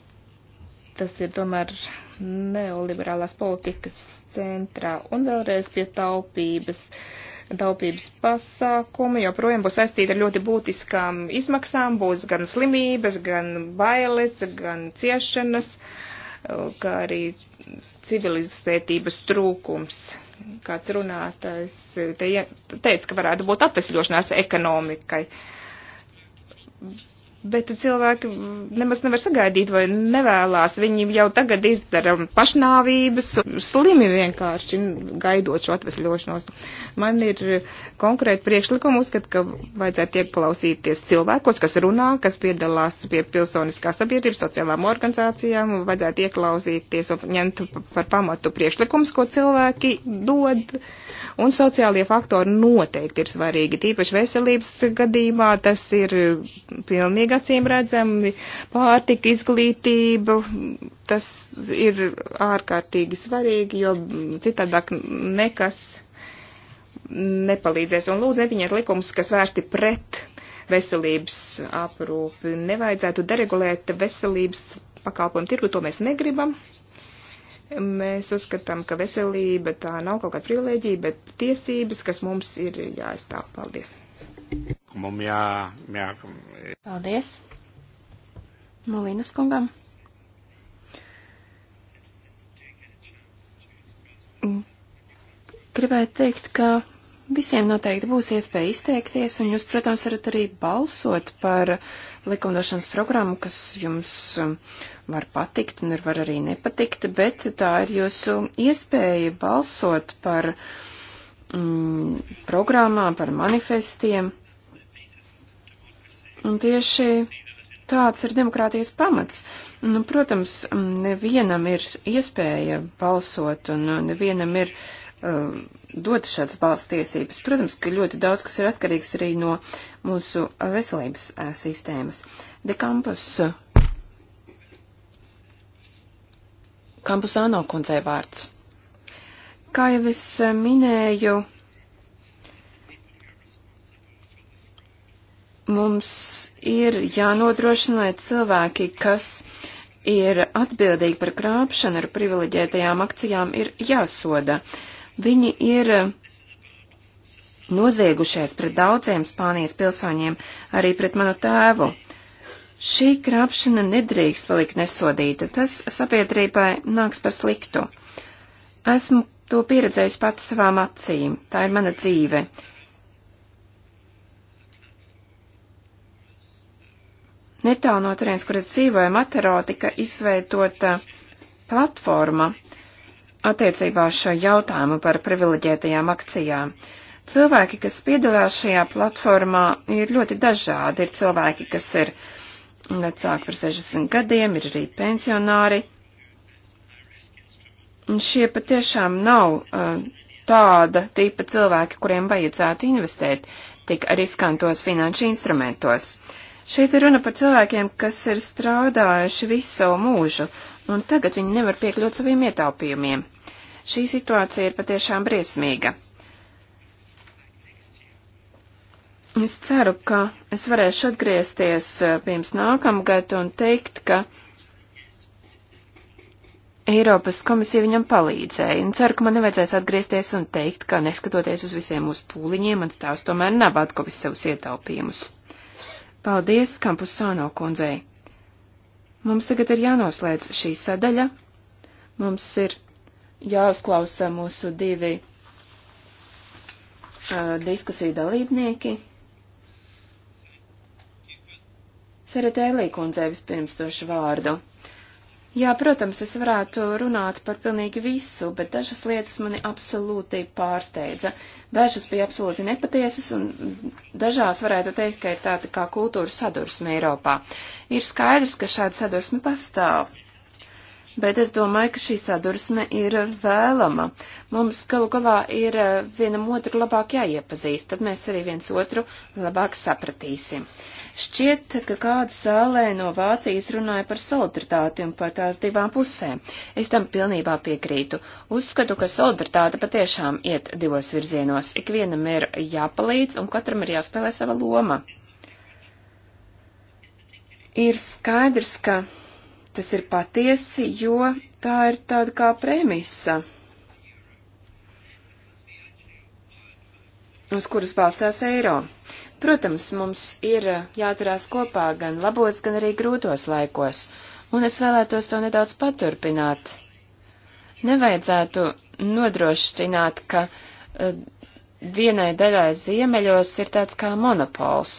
D: tas ir tomēr neoliberālās politikas centrā un vēlreiz pie taupības. Taupības pasākumi joprojām būs saistīti ar ļoti būtiskām izmaksām, būs gan slimības, gan bailes, gan ciešanas, kā arī civilizētības trūkums. Kāds runātājs te teica, ka varētu būt atvesļošanās ekonomikai. Bet cilvēki nemaz nevar sagaidīt vai nevēlās. Viņi jau tagad izdara pašnāvības, slimi vienkārši gaidot šo atvesļošanos. Man ir konkrēti priekšlikumi uzskat, ka vajadzētu ieklausīties cilvēkos, kas runā, kas piedalās pie pilsoniskās sabiedrības, sociālām organizācijām, vajadzētu ieklausīties un ņemt par pamatu priekšlikumus, ko cilvēki dod. Un sociālie faktori noteikti ir svarīgi, tīpaši veselības gadījumā tas ir pilnīgi pilnīgi acīm redzami. Pārtika, izglītība, tas ir ārkārtīgi svarīgi, jo citādāk nekas nepalīdzēs. Un lūdzu, nepieņiet likumus, kas vērsti pret veselības aprūpi. Nevajadzētu deregulēt veselības pakalpojumu tirgu, to mēs negribam. Mēs uzskatām, ka veselība tā nav kaut kāda privilēģija, bet tiesības, kas mums ir jāaizstāv. Paldies!
C: como me ha... Me ha... Eh,
D: Paldies. Molinas
F: kungam. Gribētu teikt, ka visiem noteikti būs iespēja izteikties, un jūs, protams, varat arī balsot par likumdošanas programmu, kas jums um, var patikt un var arī nepatikt, bet tā ir jūsu iespēja balsot par mm, programmām, par manifestiem. Un tieši tāds ir demokrātijas pamats. Nu, protams, nevienam ir iespēja balsot un uh, nevienam ir uh, dot šāds balss tiesības. Protams, ka ļoti daudz kas ir atkarīgs arī no mūsu veselības uh, sistēmas. De Campus. Campus Ano kundzei vārds. Kā jau es uh, minēju, Mums ir jānodrošina, lai cilvēki, kas ir atbildīgi par krāpšanu ar privileģētajām akcijām, ir jāsoda. Viņi ir noziegušies pret daudziem Spānijas pilsoņiem, arī pret manu tēvu. Šī krāpšana nedrīkst palikt nesodīta, tas sabiedrībai nāks par sliktu. Esmu to pieredzējis pats savām acīm, tā ir mana dzīve. Netālu no turienes, kur es dzīvoju, Matero tika izveidota platforma attiecībā uz šo jautājumu par privileģētajām akcijām. Cilvēki, kas piedalās šajā platformā, ir ļoti dažādi. Ir cilvēki, kas ir vecāki par 60 gadiem, ir arī pensionāri. Un šie patiešām nav uh, tāda tipa cilvēki, kuriem vajadzētu investēt tik riskantos finanšu instrumentos. Uh, Šeit ir runa par cilvēkiem, kas ir strādājuši visu savu mūžu, un tagad viņi nevar piekļūt saviem ietaupījumiem. Šī situācija ir patiešām briesmīga. Es ceru, ka es varēšu atgriezties eh, pirms nākamgad un teikt, ka Eiropas komisija viņam palīdzēja, un ceru, ka man nevajadzēs atgriezties un teikt, ka neskatoties uz visiem mūsu pūliņiem, man stāvs tomēr nav atkovis savus ietaupījumus. Paldies Kampusāno kundzei. Mums tagad ir jānoslēdz šī sadaļa. Mums ir jāuzklausa mūsu divi uh, diskusiju dalībnieki. Saretēlī kundzei vispirms došu vārdu. Jā, protams, es varētu runāt par pilnīgi visu, bet dažas lietas mani absolūti pārsteidza. Dažas bija absolūti nepatiesas, un dažās varētu teikt, ka ir tāda kā kultūra sadursme Eiropā. Ir skaidrs, ka šāda sadursme pastāv bet es domāju, ka šī sadursme ir vēlama. Mums galu galā ir eh, vienam otru labāk jāiepazīst, tad mēs arī viens otru labāk sapratīsim. Šķiet, ka kāda sālē no Vācijas runāja par solidaritāti un par tās divām pusēm. Es tam pilnībā piekrītu. Uzskatu, ka solidaritāte patiešām iet divos virzienos. Ikvienam ir jāpalīdz un katram ir jāspēlē sava loma. Ir skaidrs, ka tas ir patiesi, jo tā ir tāda kā premisa, uz kuras balstās eiro. Protams, mums ir jāturās kopā gan labos, gan arī grūtos laikos, un es vēlētos to nedaudz paturpināt. Nevajadzētu nodrošināt, ka uh, vienai daļai ziemeļos ir tāds kā monopols.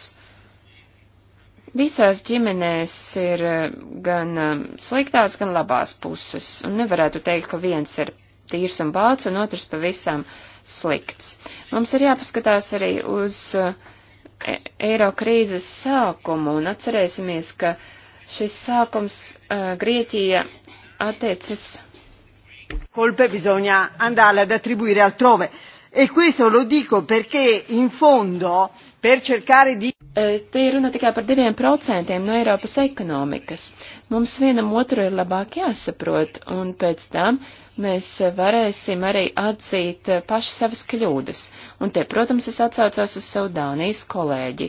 F: Visās ģimenēs ir eh, gan eh, sliktās, gan labās puses, un nevarētu teikt, ka viens ir tīrs un balts, un otrs pavisam slikts. Mums ir jāpaskatās arī uz eh, e eiro krīzes sākumu, un atcerēsimies, ka šis sākums
D: uh, Grieķija attiecas.
A: Colpe bisogna andarle ad attribuire altrove. E questo lo dico perché in fondo per
F: cercare di. E, te ir runa tikai par diviem procentiem no Eiropas ekonomikas. Mums vienam otru ir labāk jāsaprot, un pēc tam mēs varēsim arī atzīt paši savas kļūdas. Un te, protams, es atsaucos uz savu Dānijas kolēģi.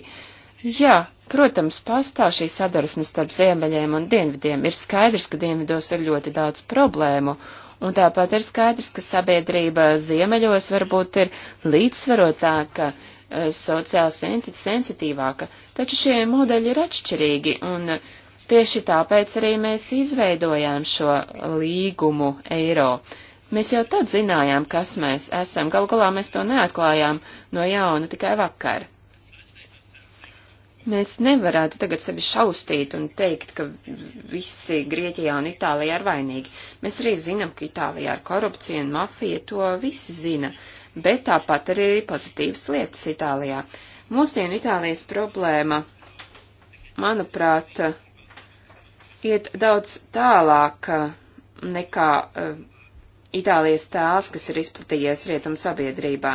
F: Jā, protams, pastāv šī sadarsme starp ziemeļiem un dienvidiem. Ir skaidrs, ka dienvidos ir ļoti daudz problēmu, un tāpat ir skaidrs, ka sabiedrība ziemeļos varbūt ir līdzsvarotāka Eh, sociāli sensitīvāka, taču šie modeļi ir atšķirīgi, un eh, tieši tāpēc arī mēs izveidojām šo līgumu eiro. Mēs jau tad zinājām, kas mēs esam, gal galā mēs to neatklājām no jauna tikai vakar. Mēs nevarētu tagad sevi šaustīt un teikt, ka visi Grieķijā un Itālijā ir vainīgi. Mēs arī zinām, ka Itālijā ir korupcija un mafija, to visi zina. Uh, bet tāpat arī ir pozitīvas lietas Itālijā. Mūsdienu Itālijas problēma, manuprāt, iet daudz tālāk uh, nekā uh, Itālijas tēls, kas ir izplatījies rietumu sabiedrībā.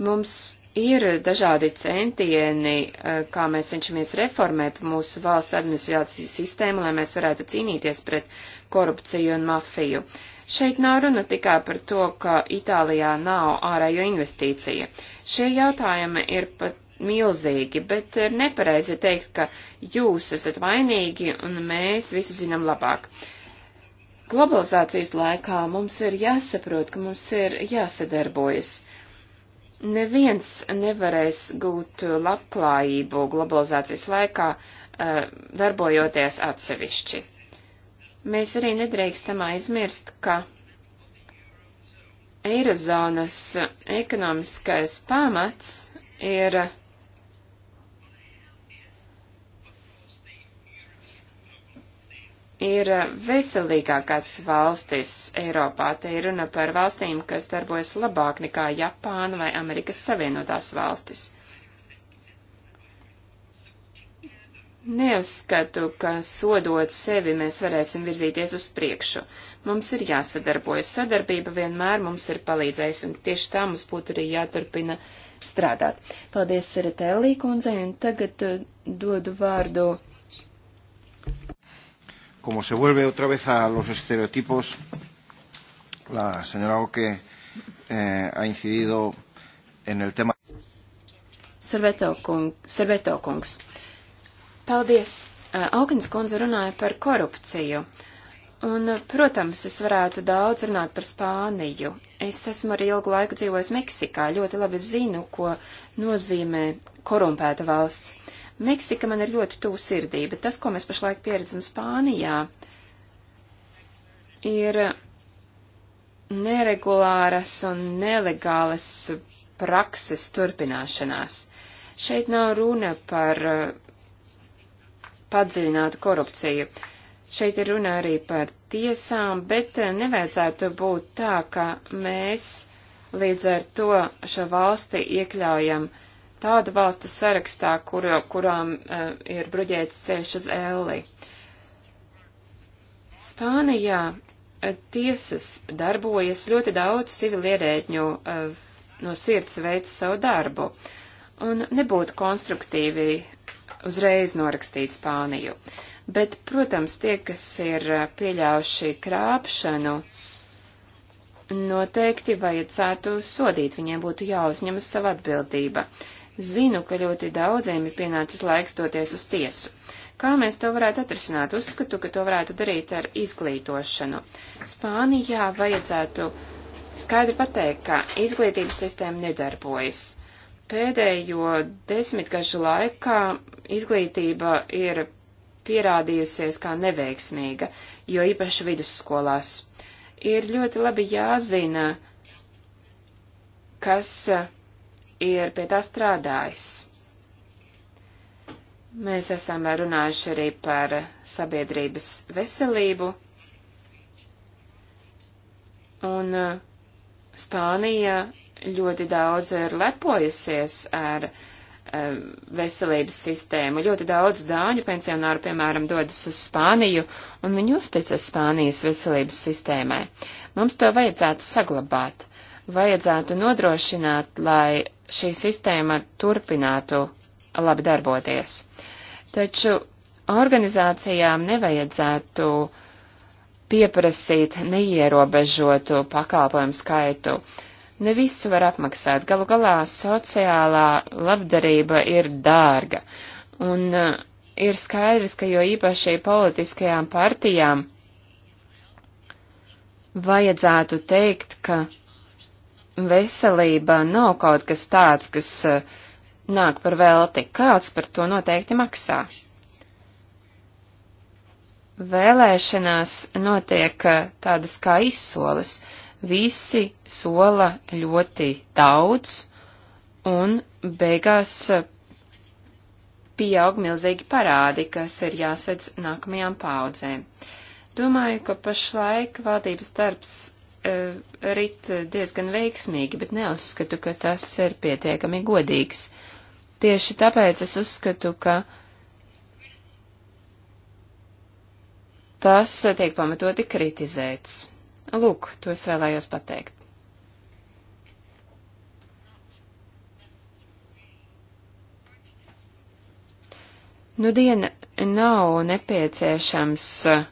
F: Mums ir dažādi centieni, uh, kā mēs cenšamies reformēt mūsu valsts administrācijas sistēmu, lai mēs varētu cīnīties pret korupciju un mafiju. Šeit nav runa tikai par to, ka Itālijā nav ārējo investīcija. Šie jautājumi ir pat milzīgi, bet ir nepareizi teikt, ka jūs esat vainīgi un mēs visu zinām labāk. Globalizācijas laikā mums ir jāsaprot, ka mums ir jāsadarbojas. Neviens nevarēs gūt labklājību globalizācijas laikā, eh, darbojoties atsevišķi. Mēs arī nedrīkstam aizmirst, ka Eirozonas ekonomiskais pamats ir ir veselīgākās valstis Eiropā. Te ir runa par valstīm, kas darbojas labāk nekā Japāna vai Amerikas Savienotās valstis. Neuzskatu, ka sodot sevi mēs varēsim virzīties uz priekšu. Mums ir jāsadarbojas. Sadarbība vienmēr mums ir palīdzējusi, un tieši tā mums būtu arī jāturpina strādāt. Paldies, Seretēlī kundzei, un tagad uh, dodu vārdu.
A: Como se vuelve otra vez a los estereotipos, la señora Oque eh, ha incidido en el tema.
F: Serveto kungs. Serveto kungs. Paldies! Uh, Augins kundze runāja par korupciju. Un, uh, protams, es varētu daudz runāt par Spāniju. Es esmu arī ilgu laiku dzīvojis Meksikā, ļoti labi zinu, ko nozīmē korumpēta valsts. Meksika man ir ļoti tuvu sirdī, bet tas, ko mēs pašlaik pieredzam Spānijā, ir neregulāras un nelegālas prakses turpināšanās. Šeit nav runa par uh, padziļināta korupcija. Šeit ir runa arī par tiesām, bet eh, nevajadzētu būt tā, ka mēs līdz ar to šo valsti iekļaujam tādu valstu sarakstā, kur, kurām uh, ir bruģēts ceļš uz elli. Spānijā eh, tiesas darbojas ļoti daudz civilierēģņu no sirds veic savu darbu, un nebūtu konstruktīvi uzreiz norakstīt Spāniju. Bet, protams, tie, kas ir pieļāvuši krāpšanu, noteikti vajadzētu sodīt, viņiem būtu jāuzņemas sava atbildība. Zinu, ka ļoti daudziem ir pienācis laiks doties uz tiesu. Kā mēs to varētu atrisināt? Uzskatu, ka to varētu darīt ar izglītošanu. Spānijā vajadzētu skaidri pateikt, ka izglītības sistēma nedarbojas. Pēdējo desmitgažu laikā izglītība ir pierādījusies kā neveiksmīga, jo īpaši vidusskolās. Ir ļoti labi jāzina, kas ir pie tā strādājis. Mēs esam runājuši arī par sabiedrības veselību, un uh, Spānija ļoti daudz ir lepojusies ar um, veselības sistēmu. Ļoti daudz dāņu pensionāru, piemēram, dodas uz Spāniju, un viņi uzticas Spānijas veselības sistēmai. Mums to vajadzētu saglabāt. Vajadzētu nodrošināt, lai šī sistēma turpinātu labi darboties. Taču organizācijām nevajadzētu pieprasīt neierobežotu pakalpojumu skaitu. Uh, Ne visu var apmaksāt. Galu galā sociālā labdarība ir dārga. Un eh, ir skaidrs, ka jo īpaši politiskajām partijām vajadzētu teikt, ka veselība nav kaut kas tāds, kas eh, nāk par velti. Kāds par to noteikti maksā? Vēlēšanās notiek eh, tādas kā izsoles. Visi sola ļoti daudz, un beigās pieaug milzīgi parādi, kas ir jāsedz nākamajām paudzēm. Domāju, ka pašlaik valdības darbs uh, rit diezgan veiksmīgi, bet neuzskatu, ka tas ir pietiekami godīgs. Tieši tāpēc es uzskatu, ka tas tiek pamatoti kritizēts. Lūk, to es vēlējos pateikt. Nu, diena nav nepieciešams uh,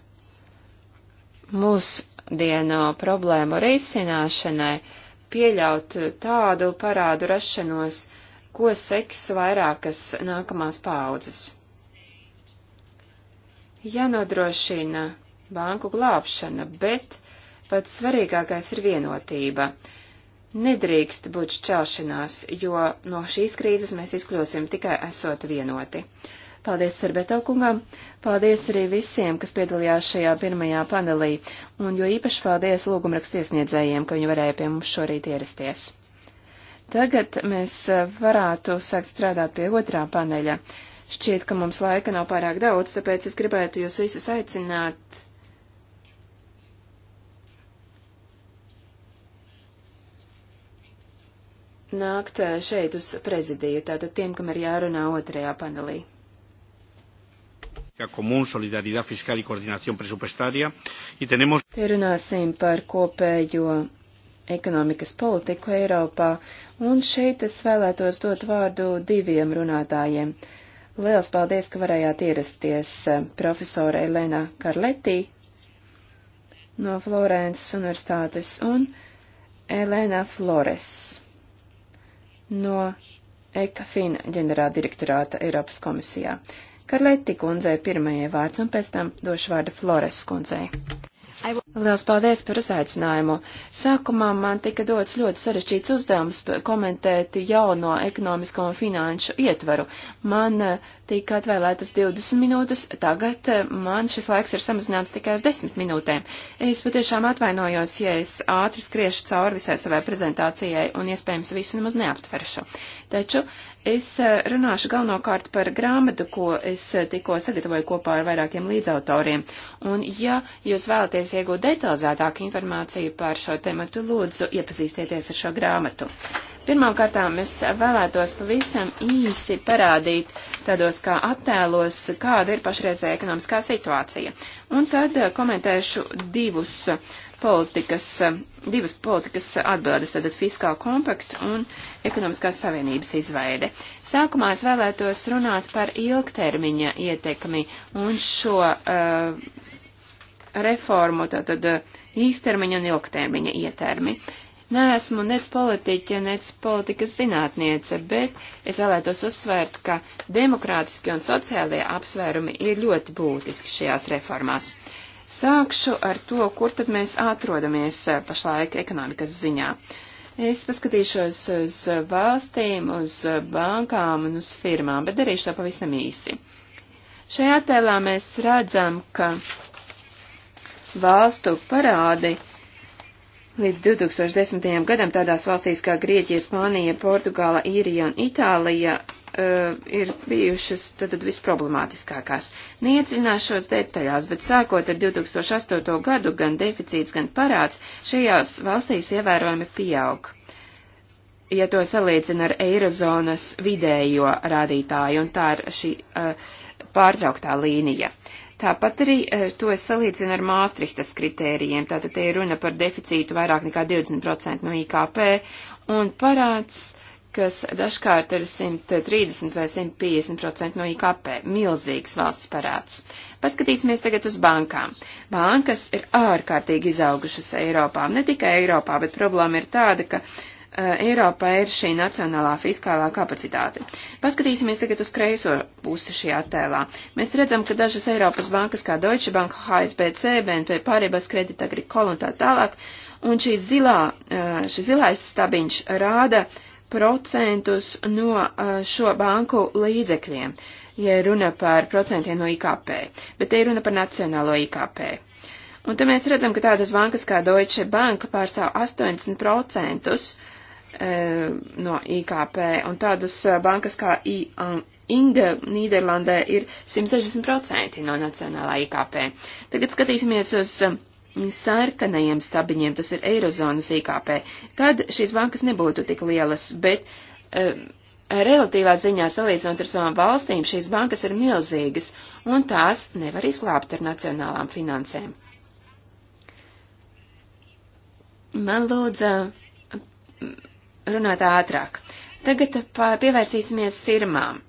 F: mūsdienu problēmu risināšanai pieļaut tādu parādu rašanos, ko seks vairākas nākamās paudzes. Jānodrošina banku glābšana, bet pats svarīgākais ir vienotība. Nedrīkst būt šķelšanās, jo no šīs krīzes mēs izkļūsim tikai esot vienoti. Paldies Sarbeto kungam, paldies arī visiem, kas piedalījās šajā pirmajā panelī, un jo īpaši paldies lūgumrakstiesniedzējiem, ka viņi varēja pie mums šorīt ierasties. Tagad mēs eh, varētu sākt strādāt pie otrā paneļa. Šķiet, ka mums laika nav pārāk daudz, tāpēc es gribētu jūs visus aicināt nākt eh, šeit uz prezidiju, tātad tiem, kam ir jārunā otrajā panelī.
C: Común, solidaridad fiscal y coordinación presupuestaria. Y tenemos...
F: Te runāsim par kopējo ekonomikas politiku Eiropā, un šeit es vēlētos dot vārdu diviem runātājiem. Liels paldies, ka varējāt ierasties eh, profesora Elena Karletī no Florences Universitātes un Elena Flores no ECAFIN ģenerāldirektorāta Eiropas komisijā. Karlēti kundzei pirmajai vārds un pēc tam došu vārdu Flores kundzei. Lielas paldies par uzaicinājumu. Sākumā man tika dots ļoti sarežģīts uzdevums komentēt jauno ekonomisko un finanšu ietvaru. Man eh, tika atvēlētas 20 minūtes, tagad eh, man šis laiks ir samazināts tikai uz 10 minūtēm. Es patiešām atvainojos, ja es ātri skriešu cauri visai savai prezentācijai un iespējams visu nemaz neaptveršu. Taču Es eh, runāšu galvenokārt par grāmatu, ko es eh, tikko sagatavoju kopā ar vairākiem līdzautoriem. Un, ja jūs vēlaties iegūt detalizētāku informāciju par šo tematu, lūdzu iepazīstieties ar šo grāmatu. Pirmkārtām es vēlētos pavisam īsi parādīt tādos kā attēlos, kāda ir pašreizēja ekonomiskā situācija. Un tad eh, komentēšu divus uh, politikas, divas politikas atbildes, tātad fiskāla kompakta un ekonomiskās savienības izveide. Sākumā es vēlētos runāt par ilgtermiņa ietekmi un šo uh, reformu, tātad eh, īstermiņa un ilgtermiņa ietermi. Neesmu nec politiķa, nec politikas zinātniece, bet es vēlētos uzsvērt, ka demokrātiskie un sociālie apsvērumi ir ļoti būtiski šajās reformās. Uh, Sākšu ar to, kur tad mēs atrodamies pašlaik ekonomikas ziņā. Es paskatīšos uz valstīm, uz bankām un uz firmām, bet darīšu to pavisam īsi. Šajā tēlā mēs redzam, ka valstu parādi Līdz 2010. gadam tādās valstīs kā Grieķija, Spānija, Portugāla, Īrija un Itālija Eh, ir bijušas tad, tad visproblemātiskākās. Neiedziļināšos detaļās, bet sākot ar 2008. gadu gan deficīts, gan parāds šajās valstīs ievērojami pieaug. Ja to salīdzina ar eirozonas vidējo rādītāju, un tā ir šī uh, pārtrauktā līnija. Tāpat arī uh, to es salīdzinu ar Māstrihtas kritērijiem, tātad te ir runa par deficītu vairāk nekā 20% no IKP, un parāds uh, kas dažkārt ir 130 vai 150% no IKP, milzīgs valsts parāds. Paskatīsimies tagad uz bankām. Bankas ir ārkārtīgi izaugušas Eiropā, ne tikai Eiropā, bet problēma ir tāda, ka uh, eh, Eiropā ir šī nacionālā fiskālā kapacitāte. Paskatīsimies tagad uz kreiso pusi šajā attēlā. Mēs redzam, ka dažas Eiropas bankas kā Deutsche Bank, HSBC, BNP Paribas, Credit Agricole un tā tālāk, un šī zilā, uh, šis zilais stabiņš rāda, uh, procentus no uh, šo banku līdzekļiem, ja runa par procentiem no IKP, bet te ir runa par nacionālo IKP. Un te mēs redzam, ka tādas bankas kā Deutsche Bank pārstāv 80% uh, no IKP, un tādas uh, bankas kā um, Inga Nīderlandē ir 160% no nacionālā IKP. Tagad skatīsimies uz um, sarkanajiem stabiņiem, tas ir eirozonas IKP, tad šīs bankas nebūtu tik lielas, bet um, relatīvā ziņā salīdzinot ar savām valstīm, šīs bankas ir milzīgas, un tās nevar izglābt ar nacionālām finansēm. Man lūdza mm, runāt ātrāk. Tagad pievērsīsimies firmām.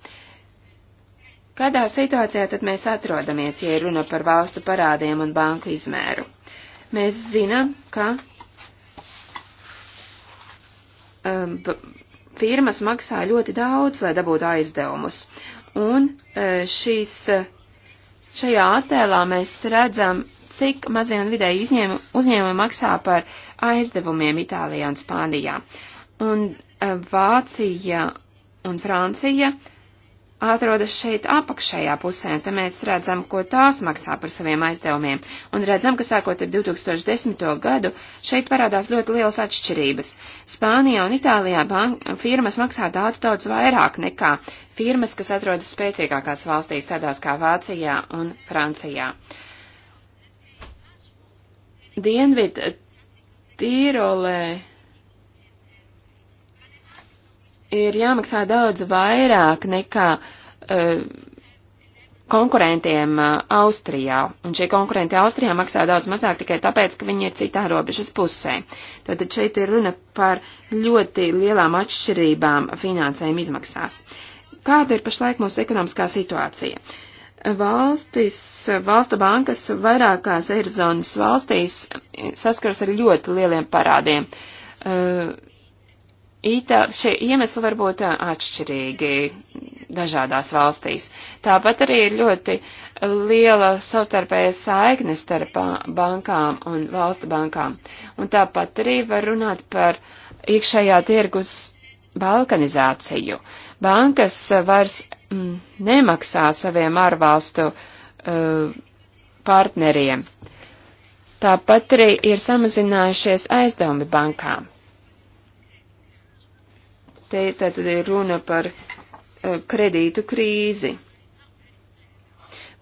F: Kādā situācijā tad mēs atrodamies, ja runa par valstu parādiem un banku izmēru? Mēs zinām, ka um, firmas maksā ļoti daudz, lai dabūtu aizdevumus. Un uh, šīs, uh, šajā attēlā mēs redzam, cik mazie un vidēji izņēmu, uzņēmumi maksā par aizdevumiem Itālijā un Spānijā. Un uh, Vācija un Francija atrodas šeit apakšējā pusē, un te mēs redzam, ko tās maksā par saviem aizdevumiem, un redzam, ka sākot ar 2010. gadu šeit parādās ļoti lielas atšķirības. Spānijā un Itālijā banka, firmas maksā daudz, daudz vairāk nekā firmas, kas atrodas spēcīgākās valstīs, tādās kā Vācijā un Francijā. Dienvid Tīrolē ir jāmaksā daudz vairāk nekā uh, konkurentiem uh, Austrijā, un šie konkurenti Austrijā maksā daudz mazāk tikai tāpēc, ka viņi ir citā robežas pusē. Tātad šeit ir runa par ļoti lielām atšķirībām finansējuma izmaksās. Kāda ir pašlaik mūsu ekonomiskā situācija? Valstis, valstu bankas vairākās Eirozonas valstīs saskaras ar ļoti lieliem parādiem. Uh, Itā, šie iemesli var būt uh, atšķirīgi dažādās valstīs. Tāpat arī ir ļoti liela savstarpēja saikne starp uh, bankām un valstu bankām. Un tāpat arī var runāt par iekšējā tirgus balkanizāciju. Bankas vairs mm, nemaksā saviem ārvalstu uh, partneriem. Tāpat arī ir samazinājušies aizdevumi bankām. Te tātad ir runa par eh, kredītu krīzi.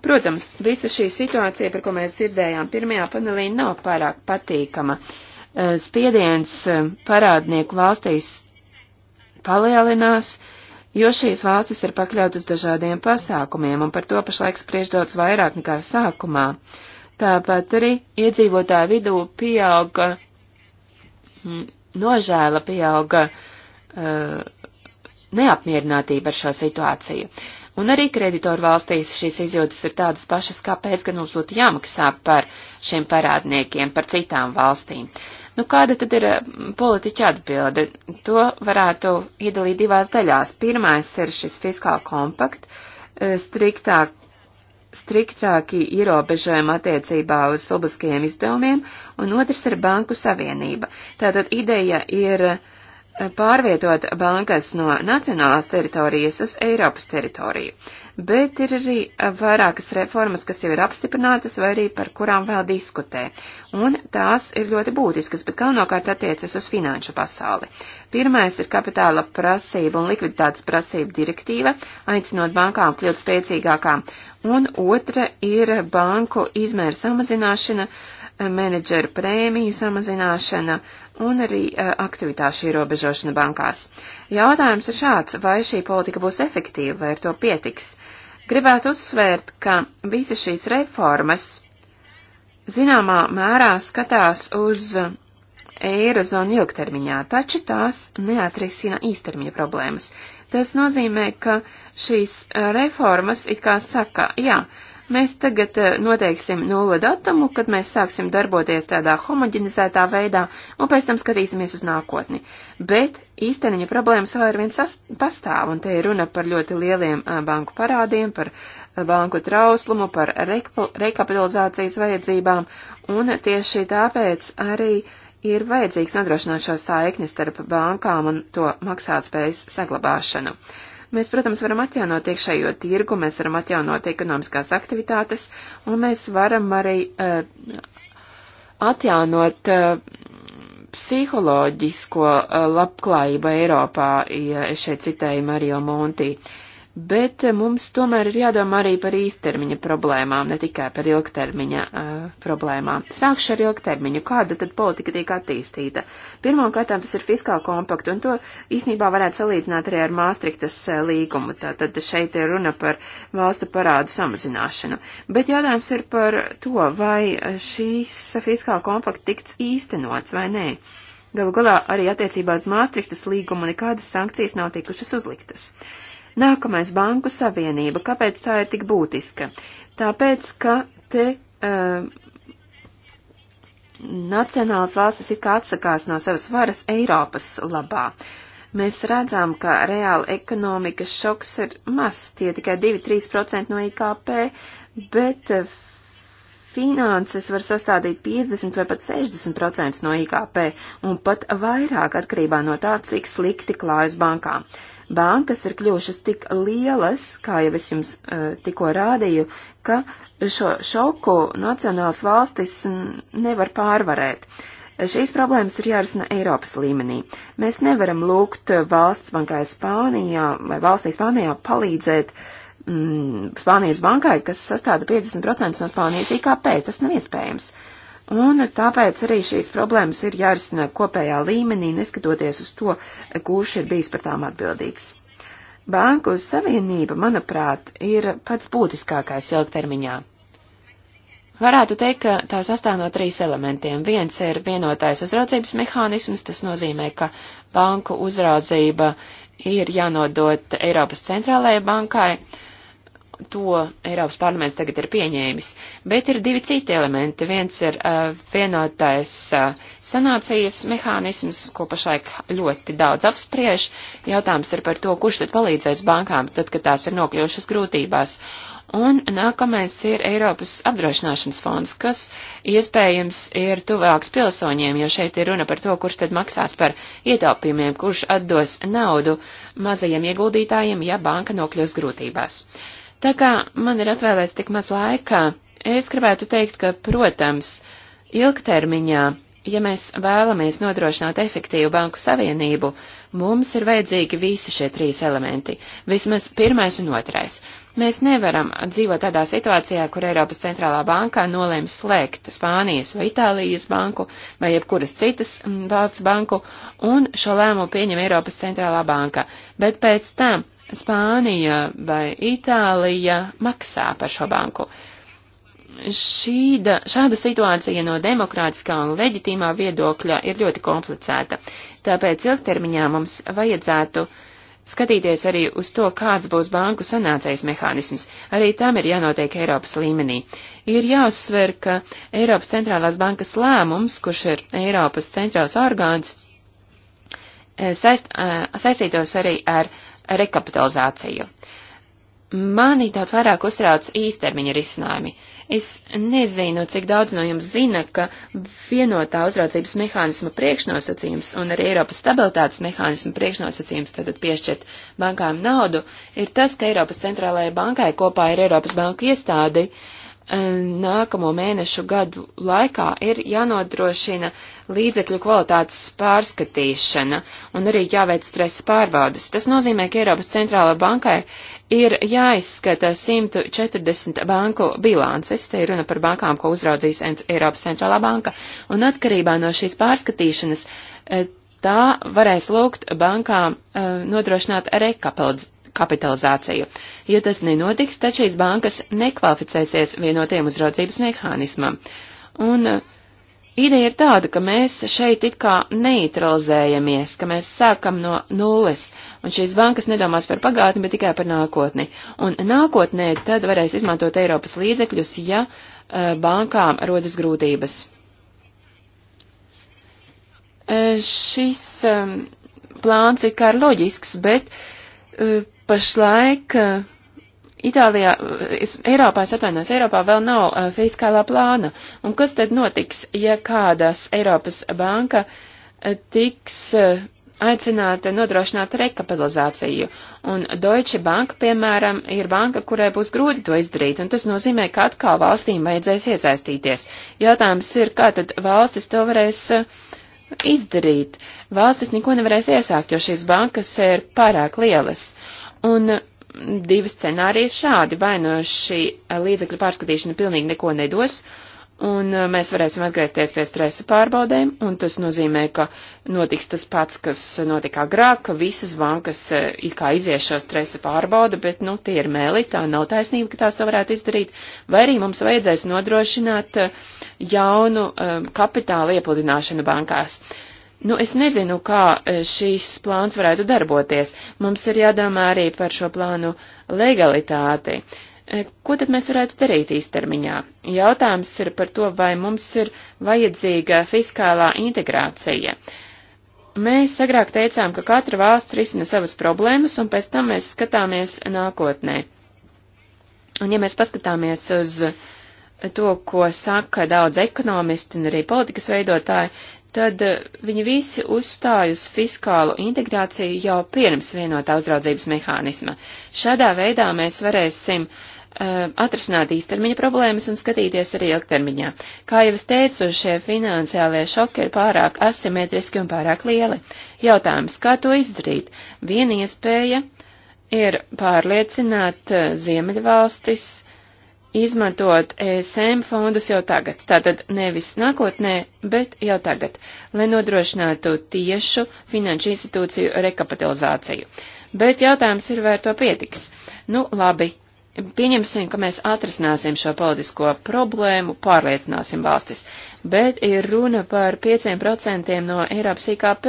F: Protams, visa šī situācija, par ko mēs dzirdējām pirmajā panelī, nav pārāk patīkama. Eh, spiediens eh, parādnieku valstīs palielinās, jo šīs valstis ir pakļautas dažādiem pasākumiem, un par to pašlaik spriež daudz vairāk nekā sākumā. Tāpat arī iedzīvotāju vidū pieauga mm, nožēla, pieauga uh, Uh, neapmierinātība ar šo situāciju. Un arī kreditoru valstīs šīs izjūtas ir tādas pašas, kāpēc gan mums būtu jāmaksā par šiem parādniekiem, par citām valstīm. Nu, kāda tad ir uh, politiķa atbilde? To varētu iedalīt divās daļās. Pirmais ir šis fiskāla kompakt, uh, striktāk, striktāki ierobežojumi attiecībā uz publiskajiem izdevumiem, un otrs ir banku savienība. Tātad ideja ir uh, pārvietot bankas no nacionālās teritorijas uz Eiropas teritoriju, bet ir arī vairākas reformas, kas jau ir apstiprinātas vai arī par kurām vēl diskutē, un tās ir ļoti būtiskas, bet galvenokārt attiecas uz finanšu pasauli. Pirmais ir kapitāla prasība un likviditātes prasība direktīva, aicinot bankām kļūt spēcīgākām, un otra ir banku izmēra samazināšana, uh, menedžeru prēmiju samazināšana un arī e, aktivitāšu ierobežošana bankās. Jautājums ir šāds, vai šī politika būs efektīva, vai ar to pietiks. Gribētu uzsvērt, ka visas šīs reformas zināmā mērā skatās uz eirozonu ilgtermiņā, taču tās neatrisina īstermiņa problēmas. Tas nozīmē, ka šīs e, reformas it kā saka, jā, Mēs tagad eh, noteiksim nulli datumu, kad mēs sāksim darboties tādā homoģenizētā veidā, un pēc tam skatīsimies uz nākotni. Bet īstermiņa problēmas vēl ir viens pastāv, un te ir runa par ļoti lieliem eh, banku parādiem, par eh, banku trauslumu, par rekapitalizācijas vajadzībām, un tieši tāpēc arī ir vajadzīgs nodrošināt šo saikni starp bankām un to maksātspējas saglabāšanu. Uh, Mēs, protams, varam atjaunot iekšējo tirgu, mēs varam atjaunot ekonomiskās aktivitātes, un mēs varam arī uh, atjaunot uh, psiholoģisko uh, labklājību Eiropā, ja šeit citēju Mario Monti. Uh, bet eh, mums tomēr ir jādomā arī par īstermiņa problēmām, ne tikai par ilgtermiņa uh, problēmām. Sākšu ar ilgtermiņu. Kāda tad politika tiek attīstīta? Pirmkārt, tas ir fiskāla kompakta, un to īsnībā varētu salīdzināt arī ar Māstriktas eh, līgumu. Tātad šeit ir runa par valstu parādu samazināšanu. Bet jautājums ir par to, vai šīs fiskāla kompakta tiks īstenots vai nē. Galu galā arī attiecībā uz Māstriktas līgumu nekādas sankcijas nav tikušas uzliktas. Uh, Nākamais - Banku savienība. Kāpēc tā ir tik būtiska? Tāpēc, ka te. Uh, Nacionālas valstis it kā atsakās no savas varas Eiropas labā. Mēs redzam, ka reāla ekonomikas šoks ir mazs, tie tikai 2-3% no IKP, bet eh, finanses var sastādīt 50 vai pat 60% no IKP un pat vairāk atkarībā no tā, cik slikti klājas bankām. Uh, bankas ir kļuvušas tik lielas, kā jau es jums uh, tikko rādīju, ka šo šoku nacionālas valstis nevar pārvarēt. Šīs problēmas ir jārisina Eiropas līmenī. Mēs nevaram lūgt valsts bankai Spānijā vai valstī Spānijā palīdzēt mm, Spānijas bankai, kas sastāda 50% no Spānijas IKP. Tas nav iespējams. Uh, Un tāpēc arī šīs problēmas ir jārisina kopējā līmenī, neskatoties uz to, kurš ir bijis par tām atbildīgs. Banku savienība, manuprāt, ir pats būtiskākais ilgtermiņā. Varētu teikt, ka tā sastāv no trīs elementiem. Viens ir vienotais uzraudzības mehānisms, tas nozīmē, ka banku uzraudzība ir jānodot Eiropas centrālajai bankai. Uh, to Eiropas parlaments tagad ir pieņēmis, bet ir divi citi elementi. Viens ir uh, vienotais uh, sanācijas mehānisms, ko pašlaik ļoti daudz apspriež. Jautājums ir par to, kurš tad palīdzēs bankām, tad, kad tās ir nokļuvušas grūtībās. Un nākamais ir Eiropas apdrošināšanas fonds, kas iespējams ir tuvāks pilsoņiem, jo šeit ir runa par to, kurš tad maksās par ietaupījumiem, kurš atdos naudu mazajiem ieguldītājiem, ja banka nokļūs grūtībās. Uh, Tā kā man ir atvēlēts tik maz laikā, es gribētu teikt, ka, protams, ilgtermiņā, ja mēs vēlamies nodrošināt efektīvu banku savienību, mums ir vajadzīgi visi šie trīs elementi, vismaz pirmais un otrais. Mēs nevaram dzīvot tādā situācijā, kur Eiropas centrālā bankā nolēma slēgt Spānijas vai Itālijas banku vai jebkuras citas mm, valsts banku, un šo lēmumu pieņem Eiropas centrālā banka, bet pēc tam Spānija vai Itālija maksā par šo banku. Šīda, šāda situācija no demokrātiskā un leģitīmā viedokļa ir ļoti komplicēta, tāpēc ilgtermiņā mums vajadzētu skatīties arī uz to, kāds būs banku sanācējs mehānisms. Arī tam ir jānotiek Eiropas līmenī. Ir jāuzsver, ka Eiropas centrālās bankas lēmums, kurš ir Eiropas centrāls orgāns, e, saist, e, saistītos arī ar rekapitalizāciju. Mani daudz vairāk uztrauc īstermiņa risinājumi. Es nezinu, cik daudz no jums zina, ka vienotā uzraudzības mehānisma priekšnosacījums un arī Eiropas stabilitātes mehānisma priekšnosacījums, tātad piešķirt bankām naudu, ir tas, ka Eiropas centrālajai bankai kopā ar Eiropas banku iestādi uh, Eh, nākamo mēnešu gadu laikā ir jānodrošina līdzekļu kvalitātes pārskatīšana un arī jāveic stresa pārbaudas. Tas nozīmē, ka Eiropas centrāla bankai ir jāizskata 140 banku bilances, te ir runa par bankām, ko uzraudzīs Eiropas centrālā banka, un atkarībā no šīs pārskatīšanas eh, tā varēs lūgt bankām eh, nodrošināt rekapitalizāciju kapitalizāciju. Ja tas nenotiks, tad šīs bankas nekvalificēsies vienotiem uzraudzības mehānismam. Un uh, ideja ir tāda, ka mēs šeit it kā neutralizējamies, ka mēs sākam no nulles, un šīs bankas nedomās par pagātni, bet tikai par nākotni. Un nākotnē tad varēs izmantot Eiropas līdzekļus, ja uh, bankām rodas grūtības. Uh, šis um, plāns ir kā loģisks, bet uh, Pašlaik eh, Itālijā, eh, es, Eiropā, es atvainojos, Eiropā vēl nav uh, fiskālā plāna. Un kas tad notiks, ja kādas Eiropas banka uh, tiks uh, aicināta nodrošināt rekapitalizāciju? Un Deutsche Bank, piemēram, ir banka, kurai būs grūti to izdarīt, un tas nozīmē, ka atkal valstīm vajadzēs iesaistīties. Jautājums ir, kā tad valstis to varēs uh, izdarīt? Valstis neko nevarēs iesākt, jo šīs bankas ir pārāk lielas. Uh, Un mm, divi scenāriji ir šādi. Vai no nu šī līdzekļu pārskatīšana pilnīgi neko nedos, un mm, mēs varēsim atgriezties pie stresa pārbaudēm, un tas nozīmē, ka notiks tas pats, kas notika agrāk, ka visas bankas e, it kā izies šo stresa pārbaudu, bet, nu, tie ir mēli, tā nav taisnība, ka tās to varētu izdarīt, vai arī mums vajadzēs nodrošināt e, jaunu um, kapitāla iepludināšanu bankās. Uh, Nu, es nezinu, kā e, šīs plāns varētu darboties. Mums ir jādomā arī par šo plānu legalitāti. E, ko tad mēs varētu darīt īstermiņā? Jautājums ir par to, vai mums ir vajadzīga fiskālā integrācija. Mēs agrāk teicām, ka katra valsts risina savas problēmas, un pēc tam mēs skatāmies nākotnē. Un ja mēs paskatāmies uz to, ko saka daudz ekonomisti un arī politikas veidotāji, tad eh, viņi visi uzstāj uz fiskālu integrāciju jau pirms vienotā uzraudzības mehānisma. Šādā veidā mēs varēsim uh, eh, atrasināt īstermiņa problēmas un skatīties arī ilgtermiņā. Kā jau es teicu, šie finansiālie šoki ir pārāk asimetriski un pārāk lieli. Jautājums, kā to izdarīt? Viena iespēja ir pārliecināt eh, Ziemeļvalstis izmantot ESM fondus jau tagad, tātad nevis nākotnē, bet jau tagad, lai nodrošinātu tiešu finanšu institūciju rekapitalizāciju. Bet jautājums ir, vai to pietiks. Nu, labi, pieņemsim, ka mēs atrisināsim šo politisko problēmu, pārliecināsim valstis, bet ir runa par 5% no Eiropas IKP,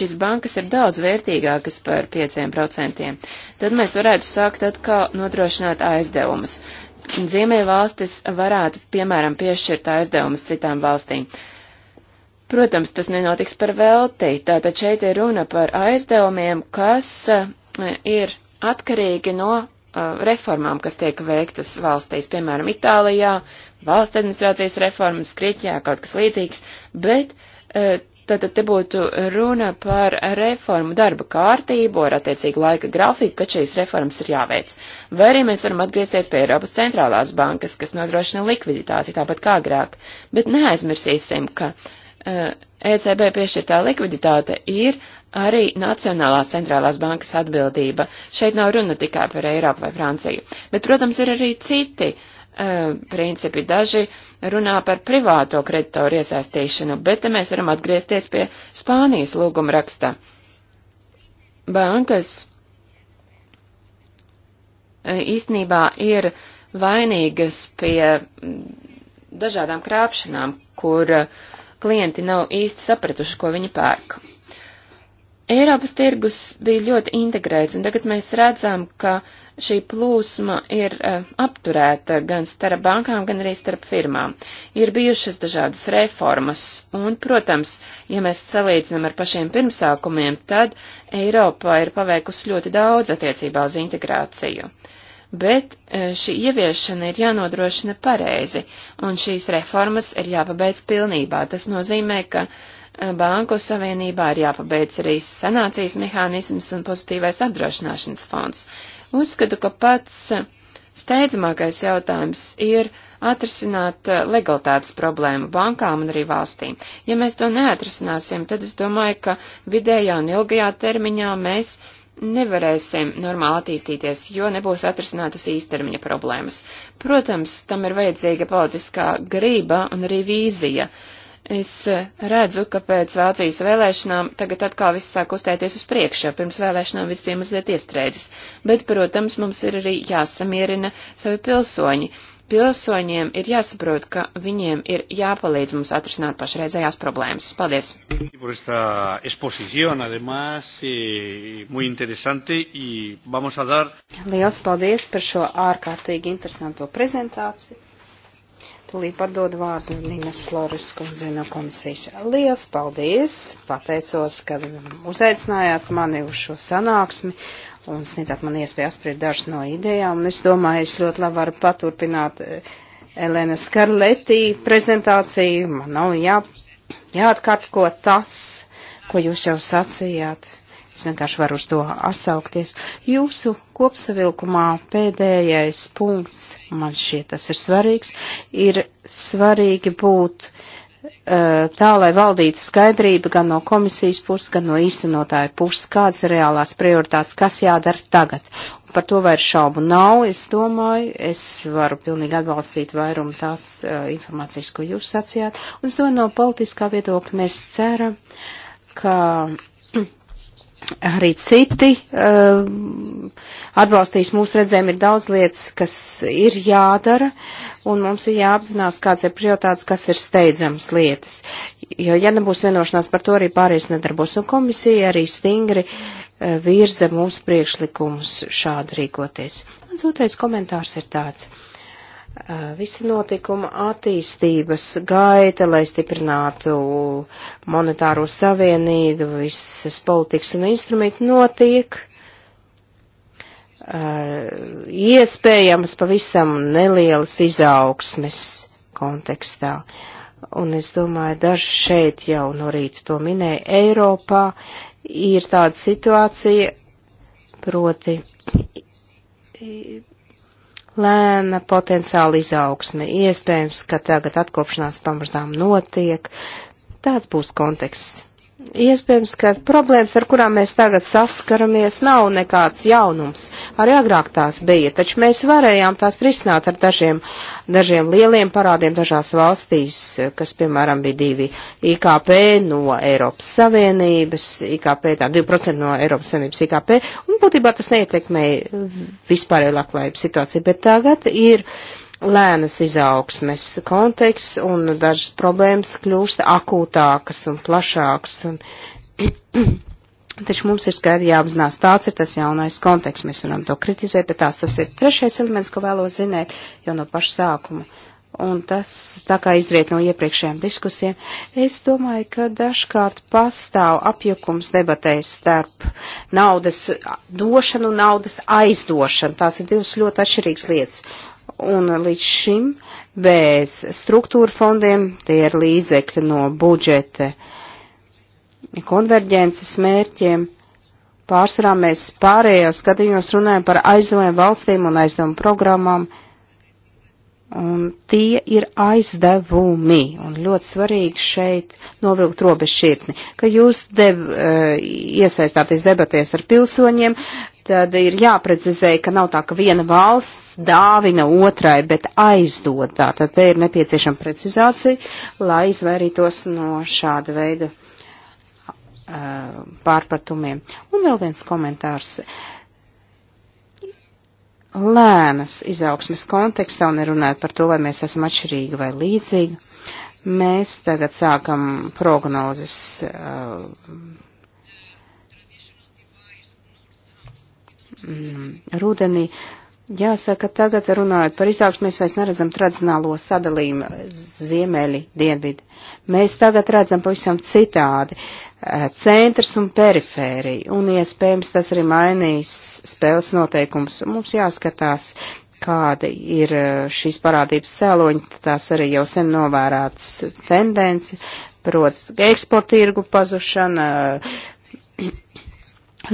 F: šīs bankas ir daudz vērtīgākas par 5%. Tad mēs varētu sākt atkal nodrošināt aizdevumus. Ziemeļvalstis varētu, piemēram, piešķirt aizdevumus citām valstīm. Protams, tas nenotiks par velti, tātad šeit ir runa par aizdevumiem, kas eh, ir atkarīgi no eh, reformām, kas tiek veiktas valstīs, piemēram, Itālijā, valsts administrācijas reformas, Grieķijā, kaut kas līdzīgs, bet eh, Tātad te būtu runa par reformu darba kārtību ar attiecīgu laika grafiku, ka šīs reformas ir jāveic. Vai arī mēs varam atgriezties pie Eiropas centrālās bankas, kas nodrošina likviditāti tāpat kā agrāk. Bet neaizmirsīsim, ka uh, eh, ECB piešķirtā likviditāte ir arī Nacionālās centrālās bankas atbildība. Šeit nav runa tikai par Eiropu vai Franciju. Bet, protams, ir arī citi uh, E, principi. Daži runā par privāto kreditoru iesaistīšanu, bet te mēs varam atgriezties pie Spānijas lūguma raksta. Bankas e, īstenībā ir vainīgas pie dažādām krāpšanām, kur klienti nav īsti sapratuši, ko viņi pērk. Eiropas tirgus bija ļoti integrēts, un tagad mēs redzam, ka uh, šī plūsma ir uh, apturēta gan starp bankām, gan arī starp firmām. Ir bijušas dažādas reformas, un, protams, ja mēs salīdzinām ar pašiem pirmsākumiem, tad Eiropa ir paveikusi ļoti daudz attiecībā uz integrāciju. Bet uh, šī ieviešana ir jānodrošina pareizi, un šīs reformas ir jāpabeidz pilnībā. Tas nozīmē, ka uh, Banku savienībā ir jāpabeidz arī sanācijas mehānisms un pozitīvais apdrošināšanas fonds Uzskatu, ka pats steidzamākais jautājums ir atrisināt eh, legalitātes problēmu bankām un arī valstīm. Ja mēs to neatrisināsim, tad es domāju, ka vidējā un ilgajā termiņā mēs nevarēsim normāli attīstīties, jo nebūs atrisinātas īstermiņa problēmas. Protams, tam ir vajadzīga politiskā grība un arī vīzija. Uh, Es e, redzu, ka pēc Vācijas vēlēšanām tagad atkal viss sāk uzstāties uz priekšu, jo pirms vēlēšanām viss bija mazliet iestrēdzis. Bet, protams, mums ir arī jāsamierina savi pilsoņi. Pilsoņiem ir jāsaprot, ka viņiem ir jāpalīdz mums atrisināt pašreizējās problēmas. Paldies!
B: Liels paldies par šo ārkārtīgi interesanto prezentāciju! Tūlīt pat dod vārdu Nīnas Flores kundzei no komisijas. Lielas paldies! Pateicos, ka uzaicinājāt mani uz šo sanāksmi un sniedzāt man iespēju apspriest dažas no idejām. Un es domāju, es ļoti labi varu paturpināt eh, Elēnas Karletī prezentāciju. Man nav jā, jāatkārt, ko tas, ko jūs jau sacījāt. Es vienkārši varu uz to atsaukties. Jūsu kopsavilkumā pēdējais punkts, man šķiet tas ir svarīgs, ir svarīgi būt eh, tā, lai valdītu skaidrība gan no komisijas puses, gan no īstenotāja puses, kādas ir reālās prioritātes, kas jādara tagad. Un par to vairs šaubu nav, es domāju, es varu pilnīgi atbalstīt vairumu tās uh, informācijas, ko jūs sacījāt. Un es domāju, no politiskā viedokļa mēs ceram, ka arī citi uh, atbalstīs mūsu redzējumu. Ir daudz lietas, kas ir jādara, un mums ir jāapzinās, kāds ir prioritāts, kas ir steidzams lietas. Jo, ja nebūs vienošanās par to, arī pārējais nedarbos, un komisija arī stingri uh, virza mūsu priekšlikumus šādi rīkoties. Mans otrais komentārs ir tāds. Uh, Eh, visa notikuma attīstības gaita, lai stiprinātu monetāro savienību, visas politikas un instrumenti notiek. Uh, eh, iespējams pavisam nelielas izaugsmes kontekstā. Un es domāju, daži šeit jau no rīta to minēja, Eiropā ir tāda situācija, proti lēna potenciāla izaugsme. Iespējams, ka tagad atkopšanās pamazām notiek. Tāds būs konteksts. Iespējams, ka problēmas, ar kurām mēs tagad saskaramies, nav nekāds jaunums. Arī agrāk tās bija, taču mēs varējām tās risināt ar dažiem, dažiem lieliem parādiem dažās valstīs, kas, piemēram, bija divi IKP no Eiropas Savienības, IKP tā 2% no Eiropas Savienības IKP, un būtībā tas neietekmēja vispārējo laklājības situāciju, bet tagad ir. Uh, lēnas izaugsmes konteksts un dažas problēmas kļūst akūtākas un plašākas. Un Taču mums ir skaidri jāapzinās, tāds ir tas jaunais konteksts. Mēs varam to kritizēt, bet tās tas ir trešais elements, ko vēlos zināt jau no paša sākuma. Un tas tā kā izriet no iepriekšējām diskusijām. Es domāju, ka dažkārt pastāv apjukums debatēs starp naudas došanu un naudas aizdošanu. Tās ir divas ļoti atšķirīgas lietas. Un līdz šim bez struktūra fondiem tie ir līdzekļi no budžeta konverģences mērķiem. Pārsvarā mēs pārējos skatījumos runājam par aizdevumu valstīm un aizdevumu programmām. Un tie ir aizdevumi. Un ļoti svarīgi šeit novilkt robežu šķirtni, ka jūs dev, eh, iesaistāties debatēs ar pilsoņiem, tad ir jāprecizē, ka nav tā, ka viena valsts dāvina otrai, bet aizdod tā. Tad te ir nepieciešama precizācija, lai izvairītos no šāda veida uh, pārpratumiem. Un vēl viens komentārs. Lēnas izaugsmes kontekstā, un runājot par to, vai mēs esam atšķirīgi vai līdzīgi, mēs tagad sākam prognozes. Uh, mm, rudenī. Jāsaka, tagad runājot par izaugsmu, mēs vairs neredzam tradicionālo sadalījumu eh, ziemeļi, dienvidi. Mēs tagad redzam pavisam citādi eh, centrs un perifērija, un iespējams tas arī mainīs spēles noteikums. Mums jāskatās, kāda ir eh, šīs parādības cēloņi, tās arī jau sen novērātas tendenci, protams, eksporta tirgu pazušana,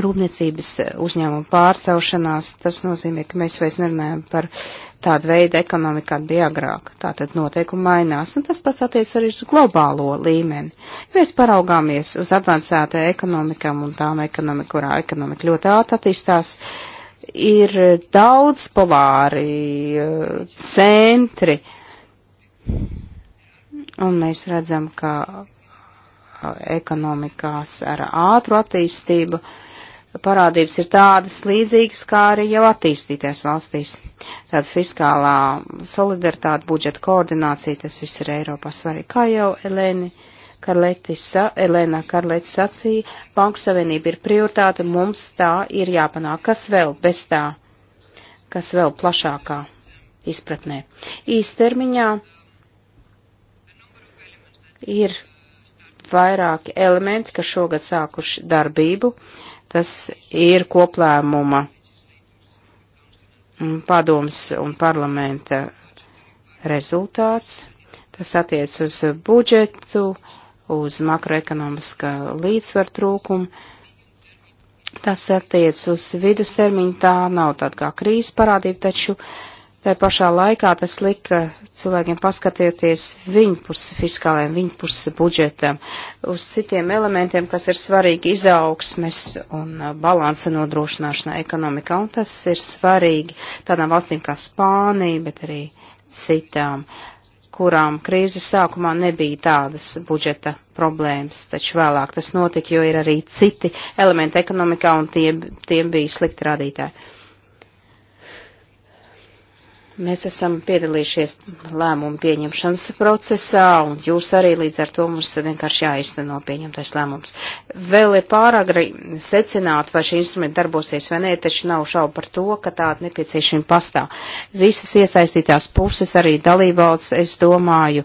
B: rūpniecības eh, uzņēmumu pārcelšanās, tas nozīmē, ka mēs vairs nerunājam par tādu veidu ekonomiku, kāda bija agrāk. Tātad noteikumi mainās, un tas pats attiec arī uz globālo līmeni. Ja mēs paraugāmies uz advancētajām ekonomikām un tām ekonomikām, kurā ekonomika ļoti ātri attīstās, ir daudz polāri eh, centri, un mēs redzam, ka eh, ekonomikās ar ātru attīstību, uh, parādības ir tādas līdzīgas, kā arī jau attīstīties valstīs. Tāda fiskālā solidaritāte, budžeta koordinācija, tas viss ir Eiropā svarīgi. Kā jau Elēni Karletis, Elēna Karletis sacīja, Banku Savienība ir prioritāte, mums tā ir jāpanāk. Kas vēl bez tā? Kas vēl plašākā izpratnē? Īstermiņā ir vairāki elementi, kas šogad sākuši darbību. Uh, Tas ir koplēmuma padoms un parlamenta rezultāts. Tas attiec uz budžetu, uz makroekonomiskā līdzsvaru trūkumu. Tas attiec uz vidustermiņu, tā nav tāda kā krīzes parādība, taču uh, Tā pašā laikā tas lika cilvēkiem paskatīties viņpus fiskāliem, viņpus budžetam, uz citiem elementiem, kas ir svarīgi izaugsmes un uh, balansa nodrošināšanā ekonomikā. Un tas ir svarīgi tādām valstīm kā Spānija, bet arī citām, kurām krīzes sākumā nebija tādas budžeta problēmas, taču vēlāk tas notika, jo ir arī citi elementi ekonomikā un tie, tiem bija slikti rādītāji. Mēs esam piedalījušies lēmumu pieņemšanas procesā, un jūs arī līdz ar to mums vienkārši jāizteno pieņemtais lēmums. Vēl ir pāragri secināt, vai šī instrumenta darbosies vai nē, taču nav šaubu par to, ka tāda nepieciešama pastāv. Visas iesaistītās puses, arī dalībvalsts, es domāju,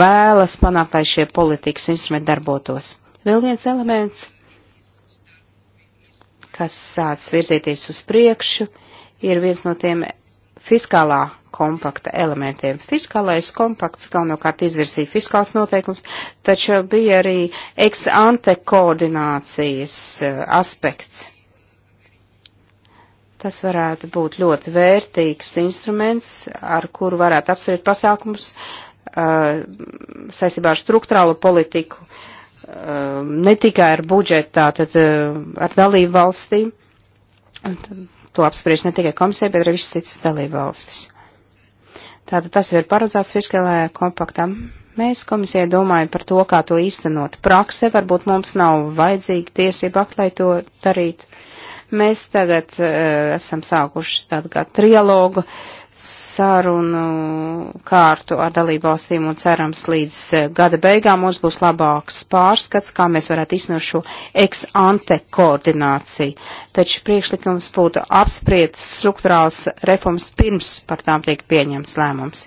B: vēlas panākt, lai šie politikas instrumenti darbotos. Vēl viens elements, kas sāc virzīties uz priekšu, ir viens no tiem fiskālā kompakta elementiem. Fiskālais kompakts galvenokārt izvirsīja fiskāls noteikums, taču bija arī ex ante koordinācijas eh, aspekts. Tas varētu būt ļoti vērtīgs instruments, ar kuru varētu apsvērt pasākumus uh, saistībā ar struktūrālo politiku, uh, ne tikai ar budžetu, tātad uh, ar dalību valstīm. Un, to apspriež ne tikai komisija, bet arī visas citas dalībvalstis. Tātad tas jau ir paredzēts fiskālajā kompaktam. Mēs komisijai domājam par to, kā to īstenot praksē, varbūt mums nav vajadzīga tiesība akt, lai to darītu. Mēs tagad uh, esam sākuši tādu kā trialogu sarunu kārtu ar dalībvalstīm un cerams līdz eh, gada beigām mums būs labāks pārskats, kā mēs varētu iznot šo ex ante koordināciju. Taču priekšlikums būtu apspriet struktūrāls reformas pirms par tām tiek pieņemts lēmums.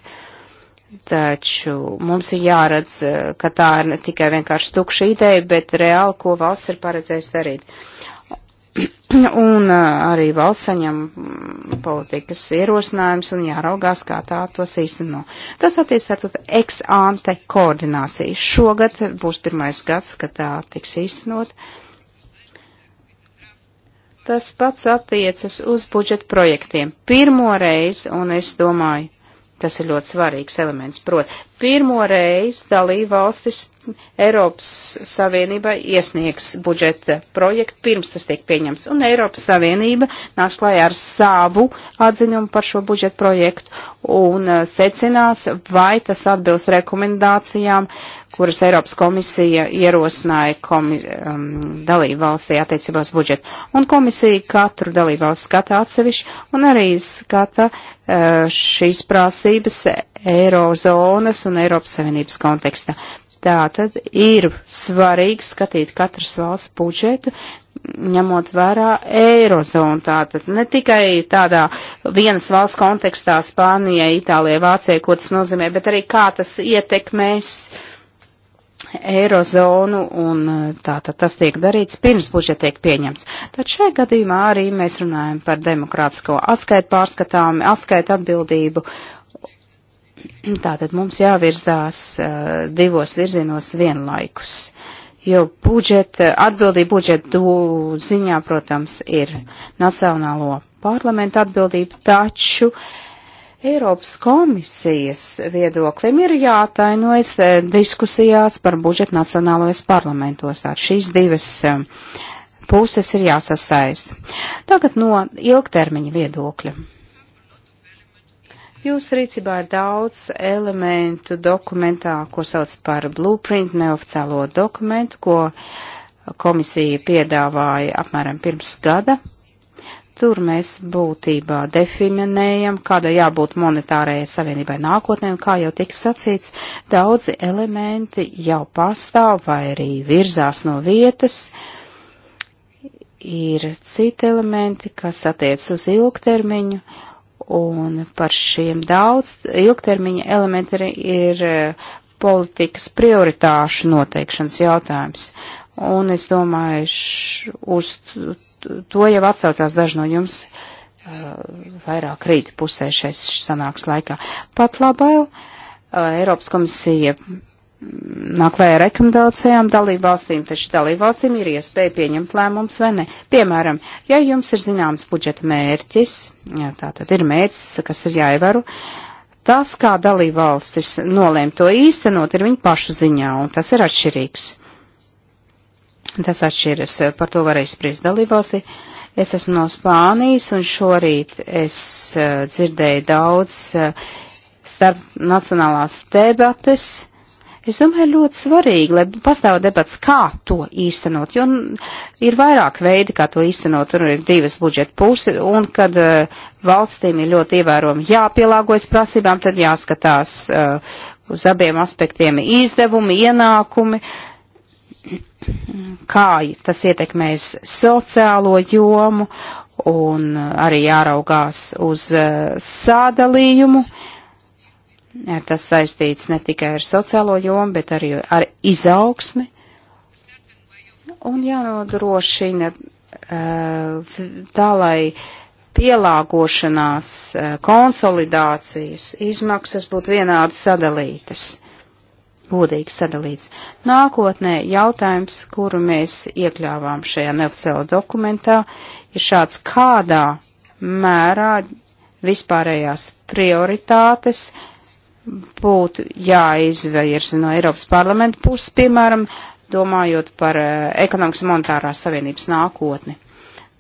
B: Taču mums ir jāredz, eh, ka tā ir ne tikai vienkārši tukša ideja, bet reāli, ko valsts ir paredzējis darīt. Uh, un uh, arī valsts saņem mm, politikas ierosinājums un jāraugās, kā tā tos īsteno. Tas attiec tātad ex ante koordināciju. Šogad būs pirmais gads, kad tā tiks īstenot. Tas pats attiecas uz budžeta projektiem. Pirmo reizi, un es domāju, Tas ir ļoti svarīgs elements. Prot, pirmo reizi dalībvalstis Eiropas Savienībai iesniegs budžeta projektu pirms tas tiek pieņemts, un Eiropas Savienība nāks klājā ar savu atziņumu par šo budžeta projektu un eh, secinās, vai tas atbilst rekomendācijām uh, kuras Eiropas komisija ierosināja komi, um, dalību valstī attiecībās budžetu. Un komisija katru dalību valsts skata atsevišķi un arī skata uh, šīs prasības Eirozonas un Eiropas Savienības kontekstā. Tā tad ir svarīgi skatīt katras valsts budžetu, ņemot vērā Eirozonu. Tātad ne tikai tādā vienas valsts kontekstā Spānijai, Itālijai, Vācijai, ko tas nozīmē, bet arī kā tas ietekmēs uh, eirozonu, un eh, tātad tas tiek darīts pirms budžets tiek pieņemts. Tad šajā gadījumā arī mēs runājam par demokrātisko atskaitu pārskatām, atskaitu atbildību. Tātad mums jāvirzās uh, divos virzienos vienlaikus, jo budžeta, atbildība budžetu ziņā, protams, ir nacionālo parlamentu atbildība, taču uh, Eiropas komisijas viedoklim ir jātainojas e, diskusijās par budžetu nacionālajos parlamentos. Tātad šīs divas e, puses ir jāsasaist. Tagad no ilgtermiņa viedokļa. Jūsu rīcībā ir daudz elementu dokumentā, ko sauc par blueprint, neoficiālo dokumentu, ko komisija piedāvāja apmēram pirms gada Tur mēs būtībā definējam, kāda jābūt monetārajai savienībai nākotnē, un kā jau tika sacīts, daudzi elementi jau pastāv vai arī virzās no vietas. Ir citi elementi, kas attiec uz ilgtermiņu, un par šiem daudz ilgtermiņa elementiem ir eh, politikas prioritāšu noteikšanas jautājums. Un es domāju, š, uz to jau atsaucās daži no jums eh, vairāk rīta pusē šais sanāks laikā. Pat labai eh, Eiropas komisija nāk lai rekomendācijām dalībvalstīm, taču dalībvalstīm ir iespēja pieņemt lēmums vai ne. Piemēram, ja jums ir zināms budžeta mērķis, jā, tā tad ir mērķis, kas ir jāievaru, tas, kā dalībvalstis nolēma to īstenot, ir viņu pašu ziņā, un tas ir atšķirīgs. Tas atšķiras, par to varēs spriest dalībvalstī. Es esmu no Spānijas un šorīt es eh, dzirdēju daudz eh, starp nacionālās debates. Es domāju, ļoti svarīgi, lai pastāv debats, kā to īstenot, jo ir vairāk veidi, kā to īstenot, un ir divas budžeta puses, un kad uh, valstīm ir ļoti ievērojami jāpielāgojas prasībām, tad jāskatās uh, uz abiem aspektiem izdevumi, ienākumi, uh, kā tas ietekmēs sociālo jomu un arī jāraugās uz eh, sādalījumu. Tas saistīts ne tikai ar sociālo jomu, bet arī ar izaugsmi. Un jānodrošina eh, tā, lai pielāgošanās, eh, konsolidācijas izmaksas būtu vienādi sadalītas godīgi sadalīts. Nākotnē jautājums, kuru mēs iekļāvām šajā neoficiālā dokumentā, ir šāds, kādā mērā vispārējās prioritātes būtu jāizvirza no Eiropas parlamenta puses, piemēram, domājot par eh, ekonomikas monetārās savienības nākotni.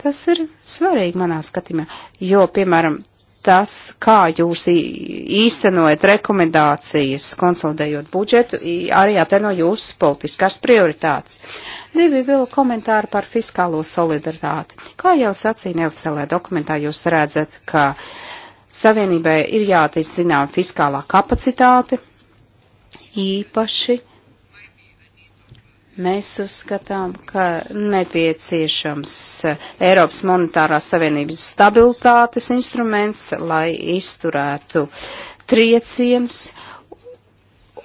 B: Tas ir svarīgi manā skatījumā, jo, piemēram, tas, kā jūs īstenojat rekomendācijas, konsolidējot budžetu, arī ateno jūsu politiskās prioritātes. Divi vēl komentāri par fiskālo solidaritāti. Kā jau sacīja neoficiālajā dokumentā, jūs redzat, ka Savienībai ir jātīst zinām fiskālā kapacitāte, īpaši Mēs uzskatām, ka nepieciešams eh, Eiropas monetārās savienības stabilitātes instruments, lai izturētu triecienus,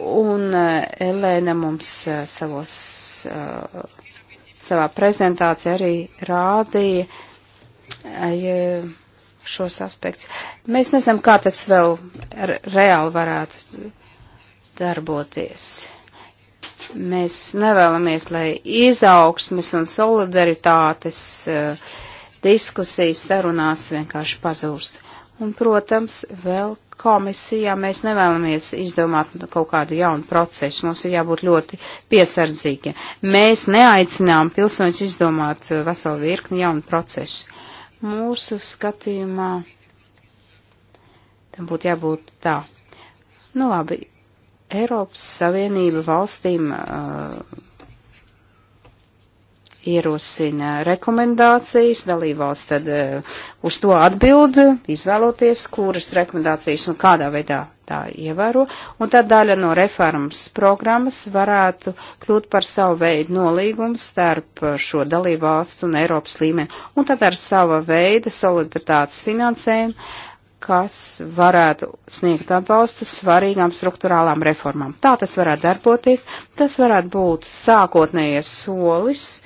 B: un eh, Elēna mums eh, savos, savā prezentācijā arī rādīja šos aspektus. Mēs nezinām, kā tas vēl reāli varētu darboties. Mēs nevēlamies, lai izaugsmes un solidaritātes uh, diskusijas sarunās vienkārši pazūst. Un, protams, vēl komisijā mēs nevēlamies izdomāt kaut kādu jaunu procesu. Mums ir jābūt ļoti piesardzīgiem. Mēs neaicinām pilsoņus izdomāt eh, veselu virkni jaunu procesu. Mūsu skatījumā tam būtu jābūt tā. Nu labi, Eiropas Savienība valstīm uh, ierosina rekomendācijas, dalībvalsts tad uh, uz to atbild, izvēloties, kuras rekomendācijas un kādā veidā tā ievēro, un tad daļa no reformas programmas varētu kļūt par savu veidu nolīgumu starp šo dalībvalstu un Eiropas līmeni, un tad ar sava veida solidaritātes finansējumu kas varētu sniegt atbalstu svarīgām struktūrālām reformām. Tā tas varētu darboties, tas varētu būt sākotnējais solis e,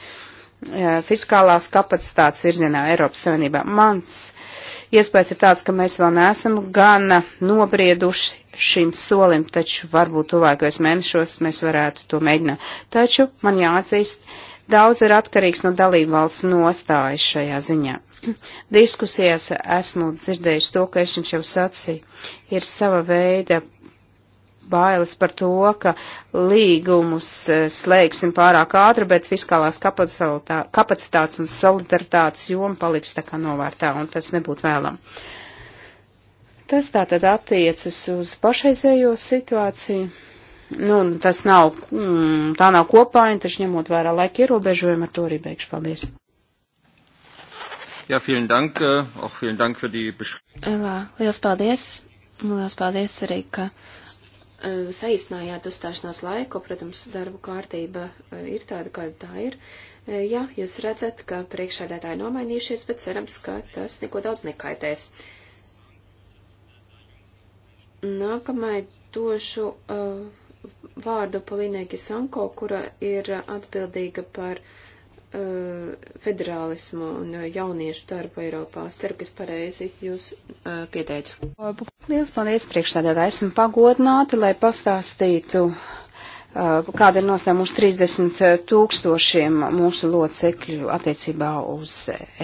B: fiskālās kapacitātes virzienā Eiropas Savienībā. Mans iespējas ir tāds, ka mēs vēl neesam gana nobrieduši šim solim, taču varbūt tuvākajos mēnešos mēs varētu to mēģināt. Taču man jāatzīst, daudz ir atkarīgs no dalību valsts nostājas šajā ziņā. Diskusijās esmu dzirdējusi to, ka es jums jau sacīju, ir sava veida bailes par to, ka līgumus e, slēgsim pārāk ātri, bet fiskālās kapacitātes un solidaritātes joma paliks tā kā novārtā, un tas nebūtu vēlam. Tas tā tad attiecas uz pašreizējo situāciju. Nu, tas nav, mm, tā nav kopā, taču ņemot vērā laika ierobežojumu, ar to arī beigšu. Paldies!
C: Jā, vielen dank, äh, auch vielen dank für die
B: beschreibung. Liels paldies.
F: Liels paldies arī, ka uh, saīsinājāt uzstāšanās laiku. Protams, darbu kārtība uh, ir tāda, kāda tā ir. Uh, jā, jūs redzat, ka priekšādētāji nomainījušies, bet cerams, ka tas neko daudz nekaitēs. Nākamai došu uh, vārdu Polīnē Gisanko, kura ir atbildīga par uh, Uh, federālismu un jauniešu darbu Eiropā. Es ceru, ka es pareizi jūs uh, pieteicu.
B: Lielas paldies priekšsēdētāji. Esmu pagodināti, lai pastāstītu, uh, kāda ir nostāja mūsu 30 tūkstošiem mūsu locekļu attiecībā uz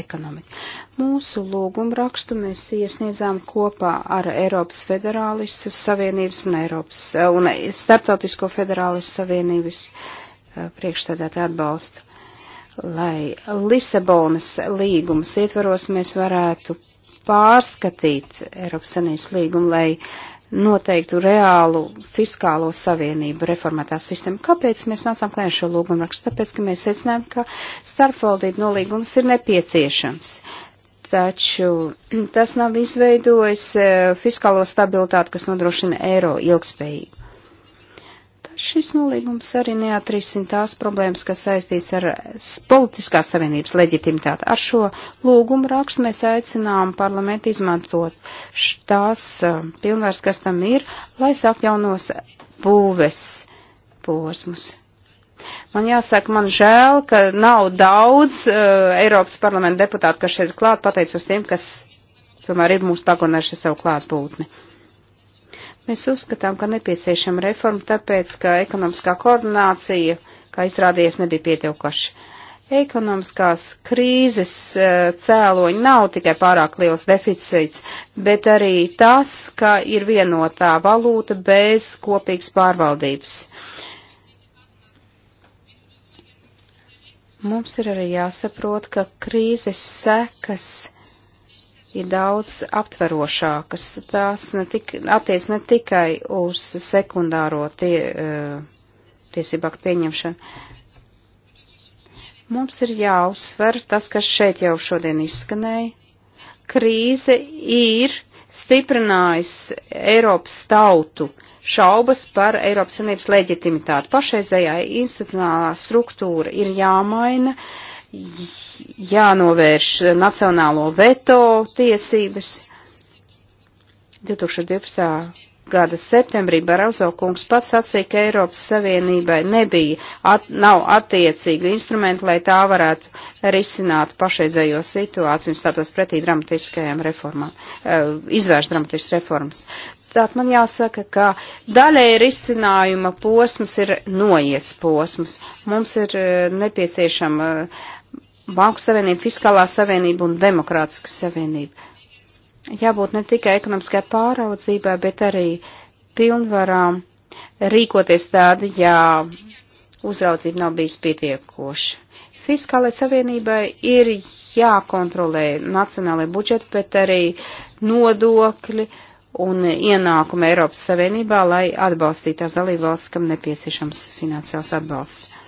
B: ekonomiku. Mūsu lūgumu rakstu mēs iesniedzām kopā ar Eiropas Federālistu Savienības un, Eiropas, uh, un Startautisko Federālistu Savienības uh, priekšsēdētāju atbalstu lai Lisabonas līgumas ietvaros mēs varētu pārskatīt Eiropas Sanības līgumu, lai noteiktu reālu fiskālo savienību reformētā sistēma. Kāpēc mēs nācām klēr šo lūgumu rakstu? Tāpēc, ka mēs secinājām, ka starpvaldību nolīgums ir nepieciešams. Taču tas nav izveidojis eh, fiskālo stabilitāti, kas nodrošina eiro ilgspējību šis nolīgums arī neatrisina tās problēmas, kas saistīts ar politiskās savienības leģitimitāti. Ar šo lūgumu rakstu mēs aicinām parlamentu izmantot tās pilnvērs, kas tam ir, lai sapjaunos būves posmus. Man jāsaka, man žēl, ka nav daudz uh, Eiropas parlamenta deputātu, kas šeit klāt, pateicos tiem, kas tomēr ir mūsu pagonējuši savu klātbūtni. Mēs uzskatām, ka nepieciešama reforma, tāpēc, ka ekonomiskā koordinācija, kā izrādījies, nebija pietiekoši. Ekonomiskās krīzes eh, cēloņi nav tikai pārāk liels deficīts, bet arī tas, ka ir vienotā valūta bez kopīgas pārvaldības. Mums ir arī jāsaprot, ka krīzes sekas ir daudz aptverošākas. Tās ne tik, attiec ne tikai uz sekundāro tie, eh, tiesību aktu pieņemšanu. Mums ir jāuzsver tas, kas šeit jau šodien izskanēja. Krīze ir stiprinājusi Eiropas tautu šaubas par Eiropas Savienības leģitimitāti. Pašreizējā institucionālā struktūra ir jāmaina. Uh, jānovērš nacionālo veto tiesības. 2012. gada septembrī Barauzo kungs pats sacīja, ka Eiropas Savienībai nebija, at, nav attiecīgu instrumentu, lai tā varētu risināt pašreizējo situāciju un stātos pretī dramatiskajām reformām, eh, izvērst dramatiskas reformas. Tātad man jāsaka, ka daļai risinājuma posms ir noiets posms. Mums ir eh, nepieciešama uh, Banku savienība, fiskālā savienība un demokrātiska savienība. Jābūt ne tikai ekonomiskai pāraudzībai, bet arī pilnvarām rīkoties tādi, ja uzraudzība nav bijis pietiekoša. Fiskālai savienībai ir jākontrolē nacionālai budžeti, bet arī nodokļi un ienākumi Eiropas Savienībā, lai atbalstītu tās dalībvalstis, kam nepieciešams finansiāls atbalsts.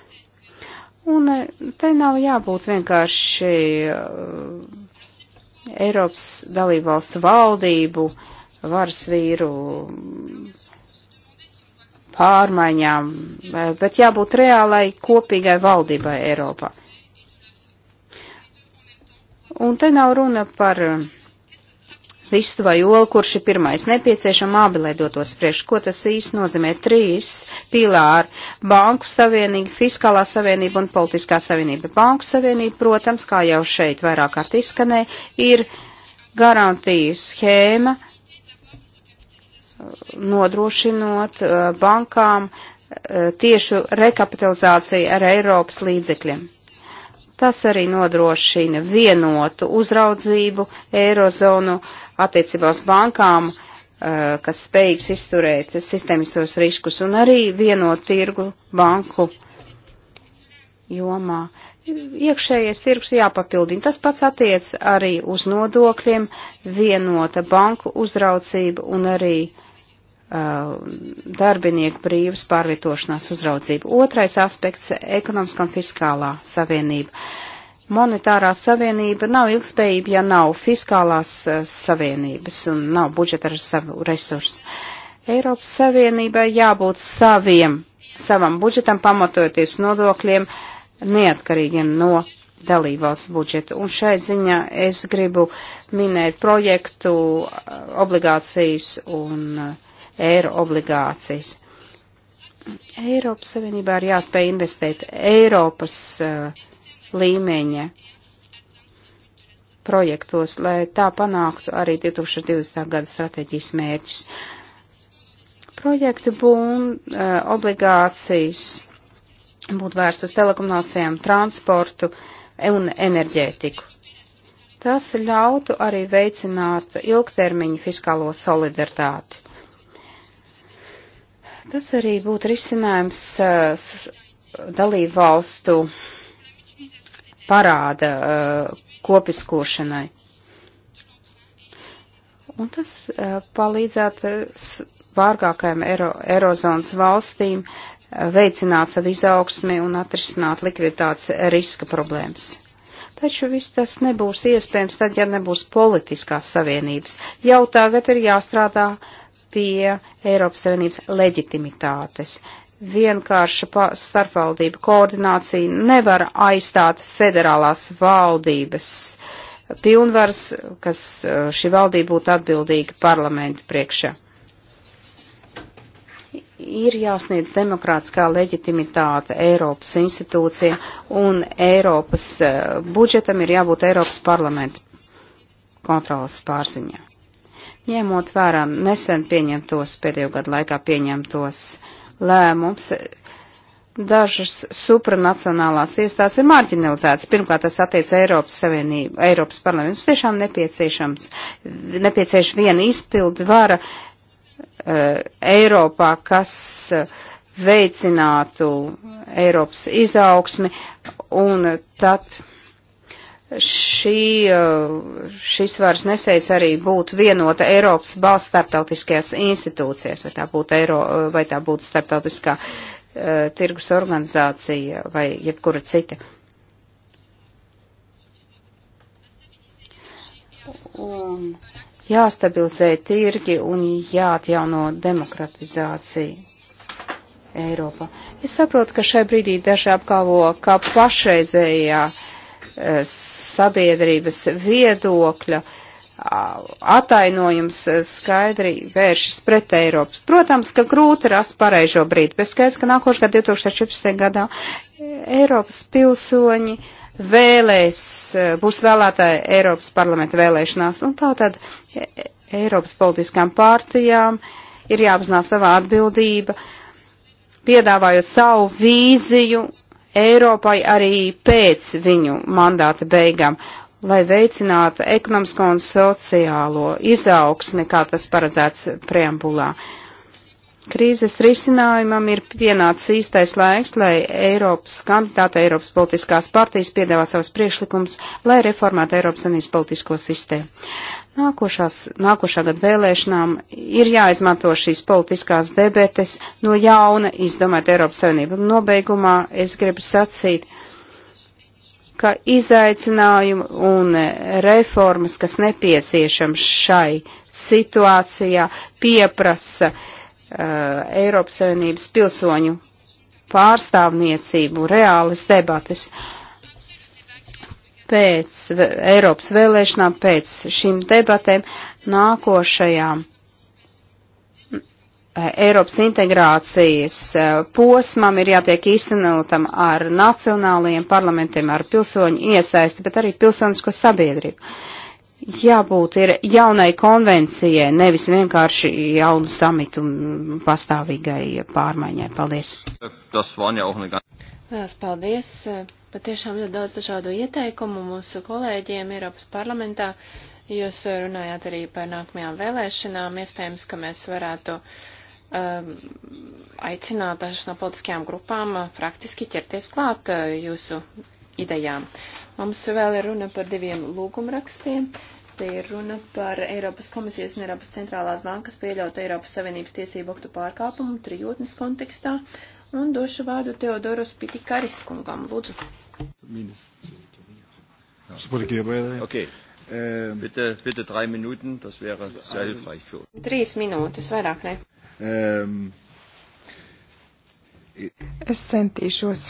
B: Un e, te nav jābūt vienkārši uh, Eiropas dalībvalstu valdību, varas vīru pārmaiņām, e, bet jābūt reālai kopīgai valdībai Eiropā. Un te nav runa par uh, vistu vai olu, kurš ir pirmais nepieciešama abi, lai dotos priekš. Ko tas īsti nozīmē? Trīs pilāri - Banku savienība, Fiskālā savienība un Politiskā savienība. Banku savienība, protams, kā jau šeit vairāk kārt izskanē, ir garantiju schēma nodrošinot uh, bankām uh, tiešu rekapitalizāciju ar Eiropas līdzekļiem. Tas arī nodrošina vienotu uzraudzību Eirozonu uh, attiecībās bankām, uh, kas spējīgs izturēt sistēmistos riskus un arī vienot tirgu banku jomā. Iekšējais tirgus jāpapildina. Tas pats attiec arī uz nodokļiem, vienota banku uzraucība un arī uh, darbinieku brīvas pārvietošanās uzraudzība. Otrais aspekts - ekonomiskā un fiskālā savienība. Uh, monetārā savienība nav ilgspējība, ja nav fiskālās eh, savienības un nav budžeta ar savu resursu. Eiropas Savienībai jābūt saviem, savam budžetam pamatojoties nodokļiem neatkarīgiem no dalībvalsts budžeta. Un šai ziņā es gribu minēt projektu eh, obligācijas un eh, eiro obligācijas. Eiropas Savienībā ir jāspēj investēt Eiropas uh, līmeņa projektos, lai tā panāktu arī 2020. gada stratēģijas mērķus. Projektu būm, eh, obligācijas būtu vērsts uz telekomunācijām, transportu un enerģētiku. Tas ļautu arī veicināt ilgtermiņu fiskālo solidaritāti. Tas arī būtu risinājums eh, dalību valstu uh, parāda uh, kopiskošanai. Un tas uh, palīdzētu vārgākajām Eiro, Eirozonas valstīm uh, veicināt savu izaugsmi un atrisināt likviditātes riska problēmas. Taču viss tas nebūs iespējams tad, ja nebūs politiskās savienības. Jau tagad ir jāstrādā pie Eiropas Savienības leģitimitātes vienkārša starpvaldība koordinācija nevar aizstāt federālās valdības pilnvars, kas e, šī valdība būtu atbildīga parlamenta priekšā. Ir jāsniedz demokrātiskā leģitimitāte Eiropas institūcija un Eiropas e, budžetam ir jābūt Eiropas parlamenta kontrolas pārziņā. Ņemot vērā nesen pieņemtos, pēdējo gadu laikā pieņemtos uh, lēmums. Dažas supranacionālās iestādes ir marginalizētas. Pirmkārt, tas attiec Eiropas Savienību, Eiropas parlamentu. Mums tiešām nepieciešams, nepieciešams viena izpildu vara uh, Eiropā, kas uh, veicinātu Eiropas izaugsmi un tad. Uh, šī, uh, šis varas nesējs arī būtu vienota Eiropas balss starptautiskajās institūcijās, vai tā būtu, Eiro, uh, vai tā būtu starptautiskā uh, tirgus organizācija vai jebkura cita. Un jāstabilizē tirgi un jāatjauno demokratizācija Eiropā. Es saprotu, ka šai brīdī daži apgalvo, ka pašreizējā uh, Eh, sabiedrības viedokļa atainojums eh, skaidri vēršas pret Eiropas. Protams, ka grūti rast pareizo brīdi, bet skaidrs, ka nākošajā 2014. gadā eh, Eiropas pilsoņi vēlēs, būs vēlētāji Eiropas parlamenta vēlēšanās, un tātad Eiropas politiskām pārtijām ir jāapzinās savā atbildība, piedāvājot savu vīziju Eiropai arī pēc viņu mandāta beigām, lai veicinātu ekonomisko un sociālo izaugsmi, kā tas paredzēts preambulā. Krīzes risinājumam ir pienācis īstais laiks, lai Eiropas kandidāta Eiropas politiskās partijas piedāvā savus priekšlikumus, lai reformētu Eiropas Sanības politisko sistēmu. Nākošās, nākošā gada vēlēšanām ir jāizmanto šīs politiskās debetes no jauna izdomāt Eiropas Savienību. Nobeigumā es gribu sacīt, ka izaicinājumi un reformas, kas nepieciešams šai situācijā, pieprasa uh, Eiropas Savienības pilsoņu pārstāvniecību, reālas debates. Uh, pēc Eiropas vēlēšanām, pēc šīm debatēm, nākošajām e, Eiropas integrācijas e, posmam ir jātiek īstenotam ar nacionālajiem parlamentiem, ar pilsoņu iesaisti, bet arī pilsonisko sabiedrību. Jābūt ir jaunai konvencijai, nevis vienkārši jaunu samitu pastāvīgai pārmaiņai. Paldies!
D: Tas vaņa ohligā.
F: Lielas paldies! patiešām ļoti daudz dažādu ieteikumu mūsu kolēģiem Eiropas parlamentā. Jūs runājāt arī par nākamajām vēlēšanām. Iespējams, ka mēs varētu um, aicināt dažas no politiskajām grupām praktiski ķerties klāt uh, jūsu idejām. Mums vēl ir runa par diviem lūgumrakstiem. Te ir runa par Eiropas komisijas un Eiropas centrālās bankas pieļautu Eiropas Savienības tiesību aktu pārkāpumu trijotnes kontekstā. Uh, un došu vārdu Teodoros Pitikaris kungam. Lūdzu.
C: Okay. Ähm, bitte, bitte drei Minuten, das wäre sehr hilfreich für uns. Trīs
F: minūtes,
D: vairāk ne.
A: Um, es
D: centīšos.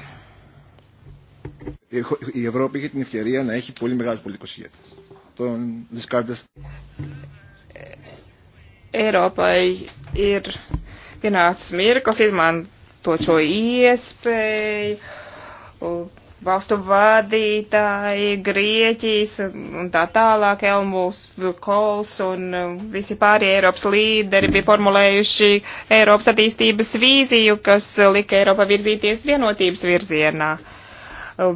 A: Η Ευρώπη είχε την ευκαιρία να έχει πολύ μεγάλους πολιτικούς ηγέτες. Τον δυσκάρτες.
D: Eiropai ir pienācis mirklis izmantot izmantot šo iespēju. Valstu vadītāji, Grieķijas un tā tālāk, Elmūs Kols un visi pārējie Eiropas līderi bija formulējuši Eiropas attīstības vīziju, kas lika Eiropa virzīties vienotības virzienā.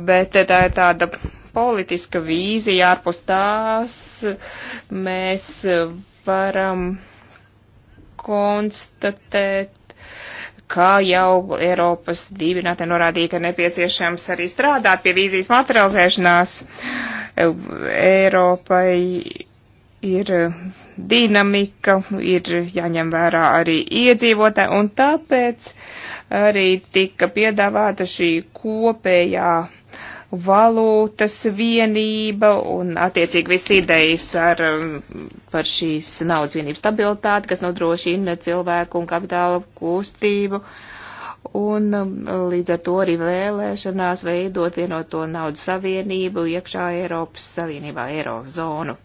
D: Bet tā ir tāda politiska vīzija ārpus tās. Mēs varam konstatēt kā jau Eiropas dibinātē norādīja, ka nepieciešams arī strādāt pie vīzijas materializēšanās. Eiropai ir dinamika, ir jāņem vērā arī iedzīvotāji, un tāpēc arī tika piedāvāta šī kopējā valūtas vienība un attiecīgi viss idejas ar, um, par šīs naudas vienības stabilitāti, kas nodrošina cilvēku un kapitāla kustību. Un um, līdz ar to arī vēlēšanās veidot vienoto naudas savienību iekšā Eiropas Savienībā, Eirozonu.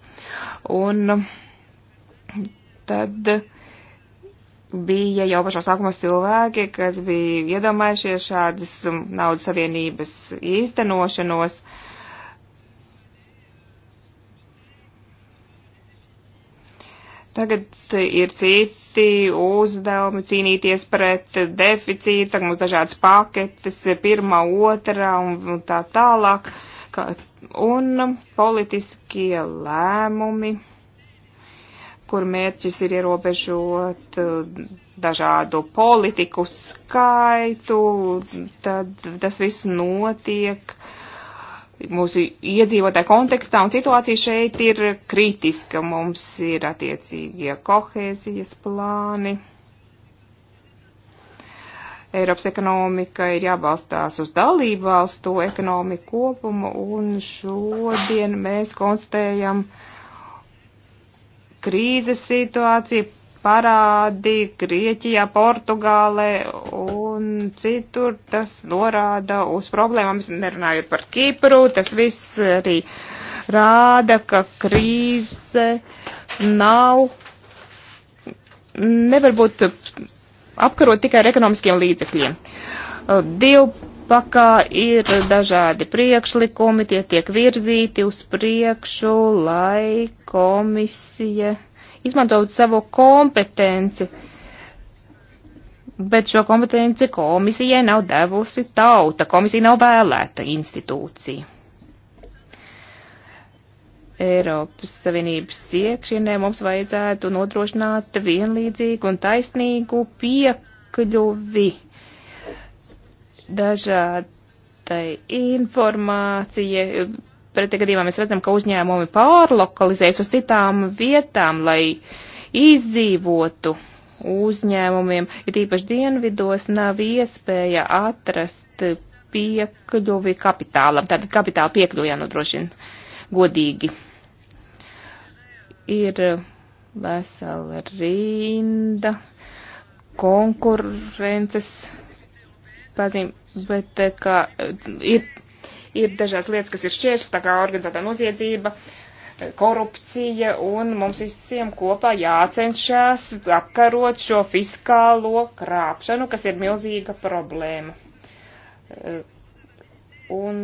D: Un um, tad bija jau pašā sākumā cilvēki, kas bija iedomājušies šādas um, naudas savienības īstenošanos. Tagad ir citi uzdevumi cīnīties pret deficītu, tagad mums dažādas paketes, pirmā, otrā un tā tālāk, un politiskie lēmumi kur mērķis ir ierobežot eh, dažādu politiku skaitu, tad tas viss notiek mūsu iedzīvotāju kontekstā, un situācija šeit ir kritiska. Mums ir attiecīgie kohēzijas plāni. Eiropas ekonomika ir jābalstās uz dalību valstu ekonomiku kopumu, un šodien mēs konstatējam, uh, krīzes situācija, parādi Grieķijā, Portugālē un citur, tas norāda uz problēmām, nerunājot par Kipru, tas viss arī rāda, ka krīze nav, nevar būt apkarot tikai ar ekonomiskiem līdzekļiem. Div pakā ir dažādi priekšlikumi, tie tiek virzīti uz priekšu, lai komisija izmantotu savu kompetenci. Bet šo kompetenci komisijai nav devusi tauta, komisija nav vēlēta institūcija. Eiropas Savienības iekšienē mums vajadzētu nodrošināt vienlīdzīgu un taisnīgu piekļuvi dažādai informācijai. Pretī gadījumā mēs redzam, ka uzņēmumi pārlokalizējas uz citām vietām, lai izdzīvotu uzņēmumiem. Ir ja tīpaši dienvidos nav iespēja atrast piekļuvi kapitālam. Tātad kapitāla piekļuvi jānodrošina godīgi. Ir vesela rinda konkurences pazīme, bet eh, ka eh, ir, ir dažās lietas, kas ir šķēršļi, tā kā organizētā noziedzība, eh, korupcija, un mums visiem kopā jācenšas apkarot šo fiskālo krāpšanu, kas ir milzīga problēma. Un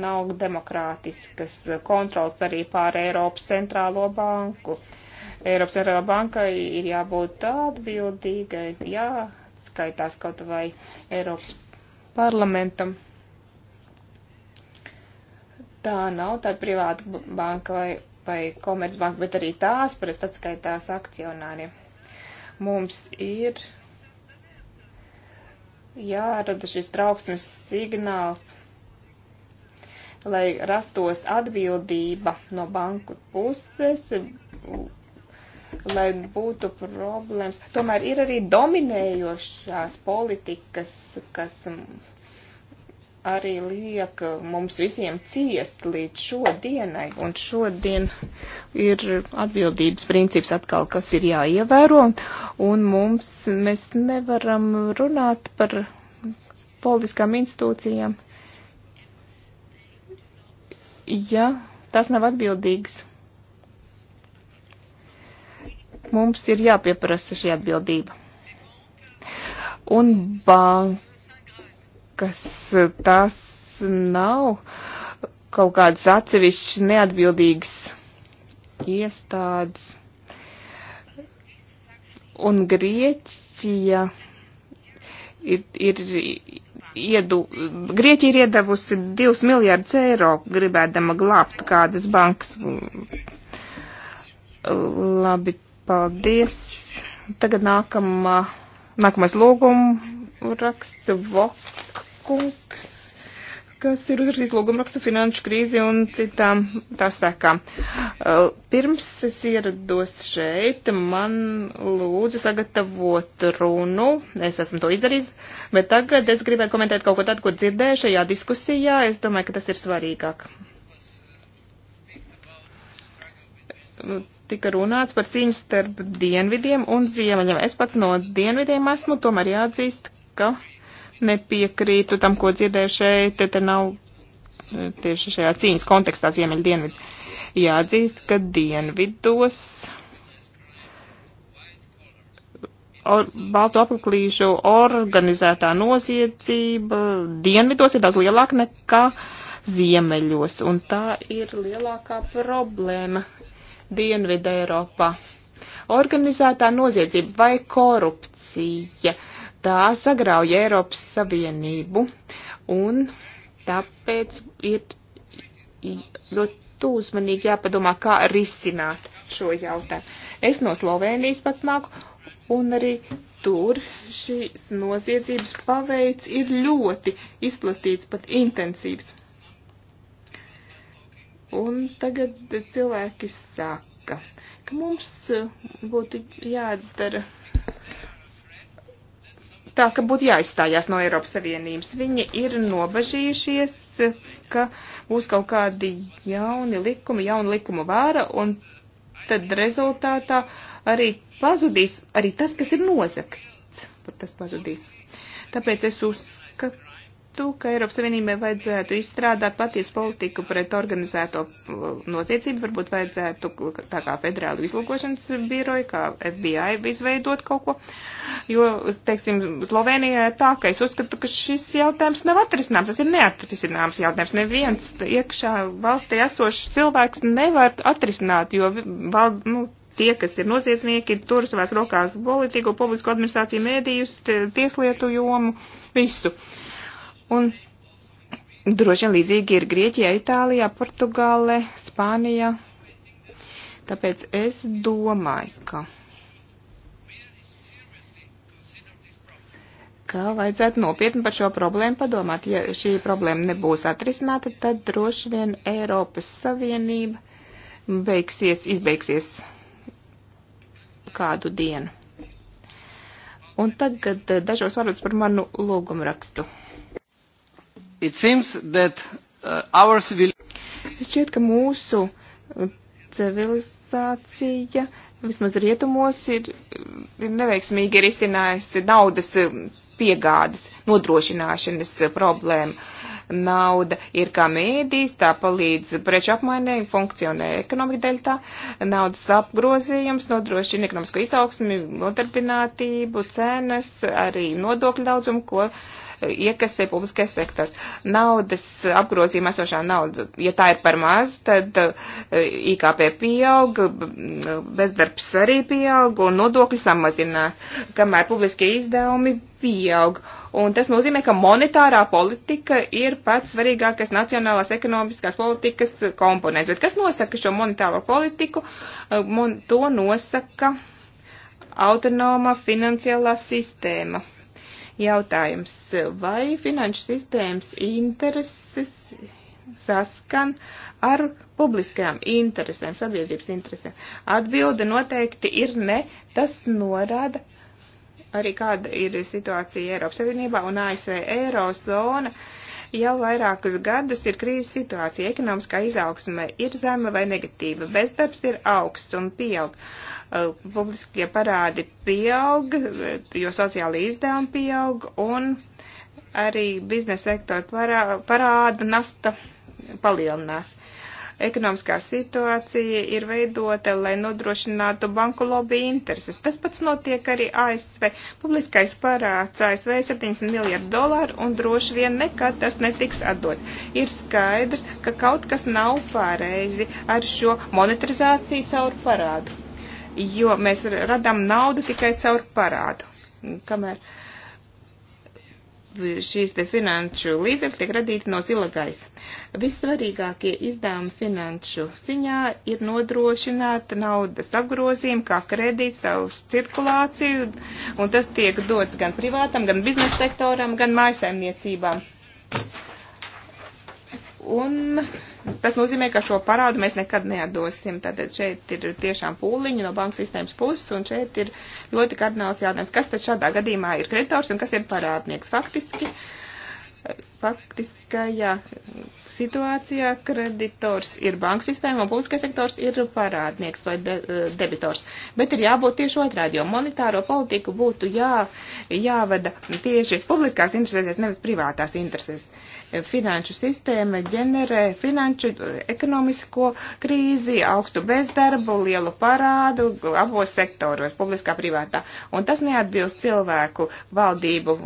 D: nav demokrātiskas kontrols arī pār Eiropas centrālo banku. Eiropas centrālā banka ir jābūt atbildīgai, jā, skaitās kaut vai Eiropas parlamentam. Tā nav tāda privāta banka vai, vai komercbanka, bet arī tās parasti atskaitās akcionāriem. Mums ir jārada šis trauksmes signāls, lai rastos atbildība no banku puses lai būtu problēmas. Tomēr ir arī dominējošās politikas, kas arī liek mums visiem ciest līdz šodienai. Un šodien ir atbildības princips atkal, kas ir jāievēro. Un mums, mēs nevaram runāt par politiskām institūcijām, ja tās nav atbildīgas mums ir jāpieprasa šī atbildība. Un bankas tās nav kaut kādas atsevišķas neatbildīgas iestādes. Un Grieķija ir, ir iedu, Grieķija ir iedavusi 2 miljārdus eiro, gribēdama glābt kādas bankas. Labi, Paldies. Tagad nākamā, nākamais lūguma raksts Vokungs, kas ir uzrakstījis lūguma rakstu finanšu krīzi un citām tā sekām. Pirms es ierados šeit, man lūdzu sagatavot runu. Es esmu to izdarījis, bet tagad es gribēju komentēt kaut ko tādu, ko dzirdēju šajā diskusijā. Es domāju, ka tas ir svarīgāk tika runāts par cīņu starp dienvidiem un ziemeņiem. Es pats no dienvidiem esmu, tomēr jāatzīst, ka nepiekrītu tam, ko dzirdēju šeit, te, te nav e, tieši šajā cīņas kontekstā ziemeļu dienvidu. Jāatzīst, ka dienvidos or, balto apaklīšu organizētā noziedzība dienvidos ir daudz lielāka nekā ziemeļos, un tā ir lielākā problēma. Dienvidē Eiropā. Organizētā noziedzība vai korupcija tā sagrauja Eiropas Savienību un tāpēc ir ļoti uzmanīgi jāpadomā, kā risināt šo jautājumu. Es no Slovenijas pats nāku un arī tur šīs noziedzības paveids ir ļoti izplatīts, pat intensīvs. Un tagad cilvēki saka, ka mums uh, būtu jādara tā, ka būtu jāizstājās no Eiropas Savienības. Viņi ir nobažījušies, ka būs kaut kādi jauni likumi, jauna likuma vāra, un tad rezultātā arī pazudīs arī tas, kas ir nozakts. Pat tas pazudīs. Tāpēc es uzskatu uzskatu, ka Eiropas Savienībai vajadzētu izstrādāt patiesu politiku pret organizēto uh, noziedzību, varbūt vajadzētu tā kā federālu izlūkošanas biroju, kā FBI izveidot kaut ko, jo, teiksim, Slovenijā ir tā, ka es uzskatu, ka šis jautājums nav atrisināms, tas ir neatrisināms jautājums, neviens iekšā valstī esošs cilvēks nevar atrisināt, jo, val, nu, tie, kas ir noziedznieki, tur savās rokās politiku, publisku administrāciju, mēdījus, tieslietu jomu, visu. Uh, Un droši vien līdzīgi ir Grieķijā, Itālijā, Portugāle, Spānijā. Tāpēc es domāju, ka, ka vajadzētu nopietni par šo problēmu padomāt. Ja šī problēma nebūs atrisināta, tad droši vien Eiropas Savienība beigsies, izbeigsies kādu dienu. Un tagad eh, dažos vārdus par manu lūgumrakstu. rakstu
E: It seems that uh, our civil...
D: Šķiet, ka mūsu uh, civilizācija vismaz rietumos ir, ir neveiksmīgi ir izcinājusi naudas uh, piegādes, nodrošināšanas uh, problēma. Nauda ir kā mēdīs, tā palīdz preču apmainē, funkcionē ekonomika dēļ tā. Naudas apgrozījums nodrošina ekonomisko izaugsmi, nodarbinātību, cenas, arī nodokļu daudzumu, ko uh, iekasē publiskais sektors. Naudas apgrozījuma esošā nauda, ja tā ir par maz, tad eh, IKP pieaug, bezdarbs arī pieaug un nodokļi samazinās, kamēr publiskie izdevumi pieaug. Un tas nozīmē, ka monetārā politika ir pats svarīgākais nacionālās ekonomiskās politikas komponents. Bet kas nosaka šo monetāro politiku? Eh, mon to nosaka autonoma finansiālā sistēma jautājums, vai finanšu sistēmas intereses saskan ar publiskajām interesēm, sabiedrības interesēm? Atbilde noteikti ir ne, tas norāda arī kāda ir situācija Eiropas Savienībā un ASV Eirozona. Uh, Jau vairākus gadus ir krīzes situācija, ekonomiskā izaugsme ir zema vai negatīva, bezdarbs ir augsts un pieaug. Uh, publiskie parādi pieaug, jo sociāli izdevumi pieaug un arī biznesa sektora parāda nasta palielinās ekonomiskā situācija ir veidota, lai nodrošinātu banku lobby intereses. Tas pats notiek arī ASV. Publiskais parāds ASV 70 miljardu dolāru un droši vien nekad tas netiks atdots. Ir skaidrs, ka kaut kas nav pareizi ar šo monetarizāciju caur parādu, jo mēs radām naudu tikai caur parādu. Kamēr uh, šīs te finanšu līdzekļi tiek radīti no zila gaisa. Vissvarīgākie izdevumi finanšu ziņā ir nodrošināt naudas apgrozījumu, kā kredīt savu cirkulāciju, un tas tiek dots gan privātam, gan biznesa sektoram, gan mājasēmniecībām. Un Tas nozīmē, ka šo parādu mēs nekad neatdosim. Tātad šeit ir tiešām pūliņi no bankas sistēmas puses, un šeit ir ļoti kardināls jautājums, kas tad šādā gadījumā ir kreditors un kas ir parādnieks. Faktiski, faktiskajā situācijā kreditors ir bankas sistēma un publiskais sektors ir parādnieks vai de, eh, debitors. Bet ir jābūt tieši otrādi, jo monetāro politiku būtu jā, jāvada tieši publiskās interesēs, nevis privātās interesēs. Uh, finanšu sistēma ģenerē finanšu ekonomisko krīzi, augstu bezdarbu, lielu parādu abos sektoros, publiskā privātā. Un tas neatbilst cilvēku valdību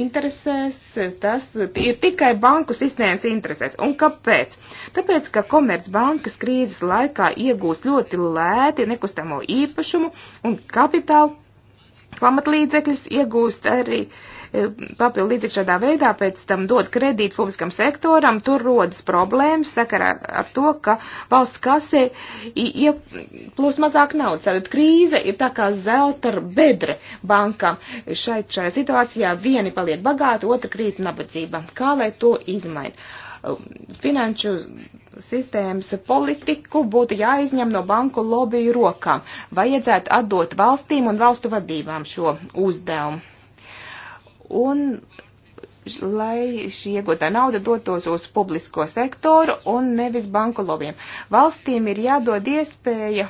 D: interesēs, tas ir tikai banku sistēmas interesēs. Un kāpēc? Tāpēc, ka Komercbankas krīzes laikā iegūst ļoti lēti nekustamo īpašumu un kapitālu pamatlīdzekļus iegūst arī uh, papildu līdzekļu šādā veidā pēc tam dod kredītu publiskam sektoram, tur rodas problēmas sakarā ar to, ka valsts kasē ieplūst mazāk naudas. Tātad krīze ir tā kā zelta bedre bankam. Šeit šajā situācijā vieni paliek bagāti, otra krīt nabadzība. Kā lai to izmaina? Um, finanšu sistēmas politiku būtu jāizņem no banku lobiju rokām. Vajadzētu atdot valstīm un valstu vadībām šo uzdevumu un lai šī iegūtā nauda dotos uz publisko sektoru un nevis banku lobiem. Valstīm ir jādod iespēja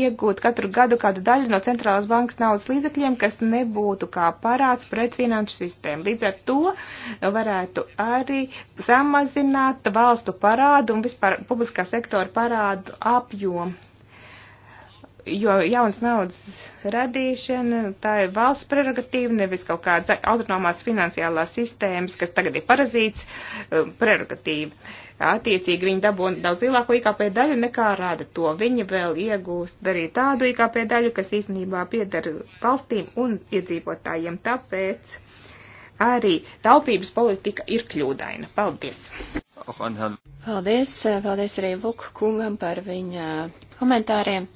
D: iegūt katru gadu kādu daļu no centrālās bankas naudas līdzekļiem, kas nebūtu kā parāds pret finanšu sistēmu. Līdz ar to varētu arī samazināt valstu parādu un vispār publiskā sektora parādu apjomu jo jaunas naudas radīšana, tā ir valsts prerogatīva, nevis kaut kādas autonomās finansiālās sistēmas, kas tagad ir parazīts, eh, prerogatīva. Attiecīgi viņi dabū daudz lielāko IKP daļu nekā rada to. Viņi vēl iegūst arī tādu IKP daļu, kas īstenībā pieder valstīm un iedzīvotājiem. Tāpēc arī taupības politika ir kļūdaina. Paldies! Paldies, paldies arī Vuk
F: kungam par viņa komentāriem.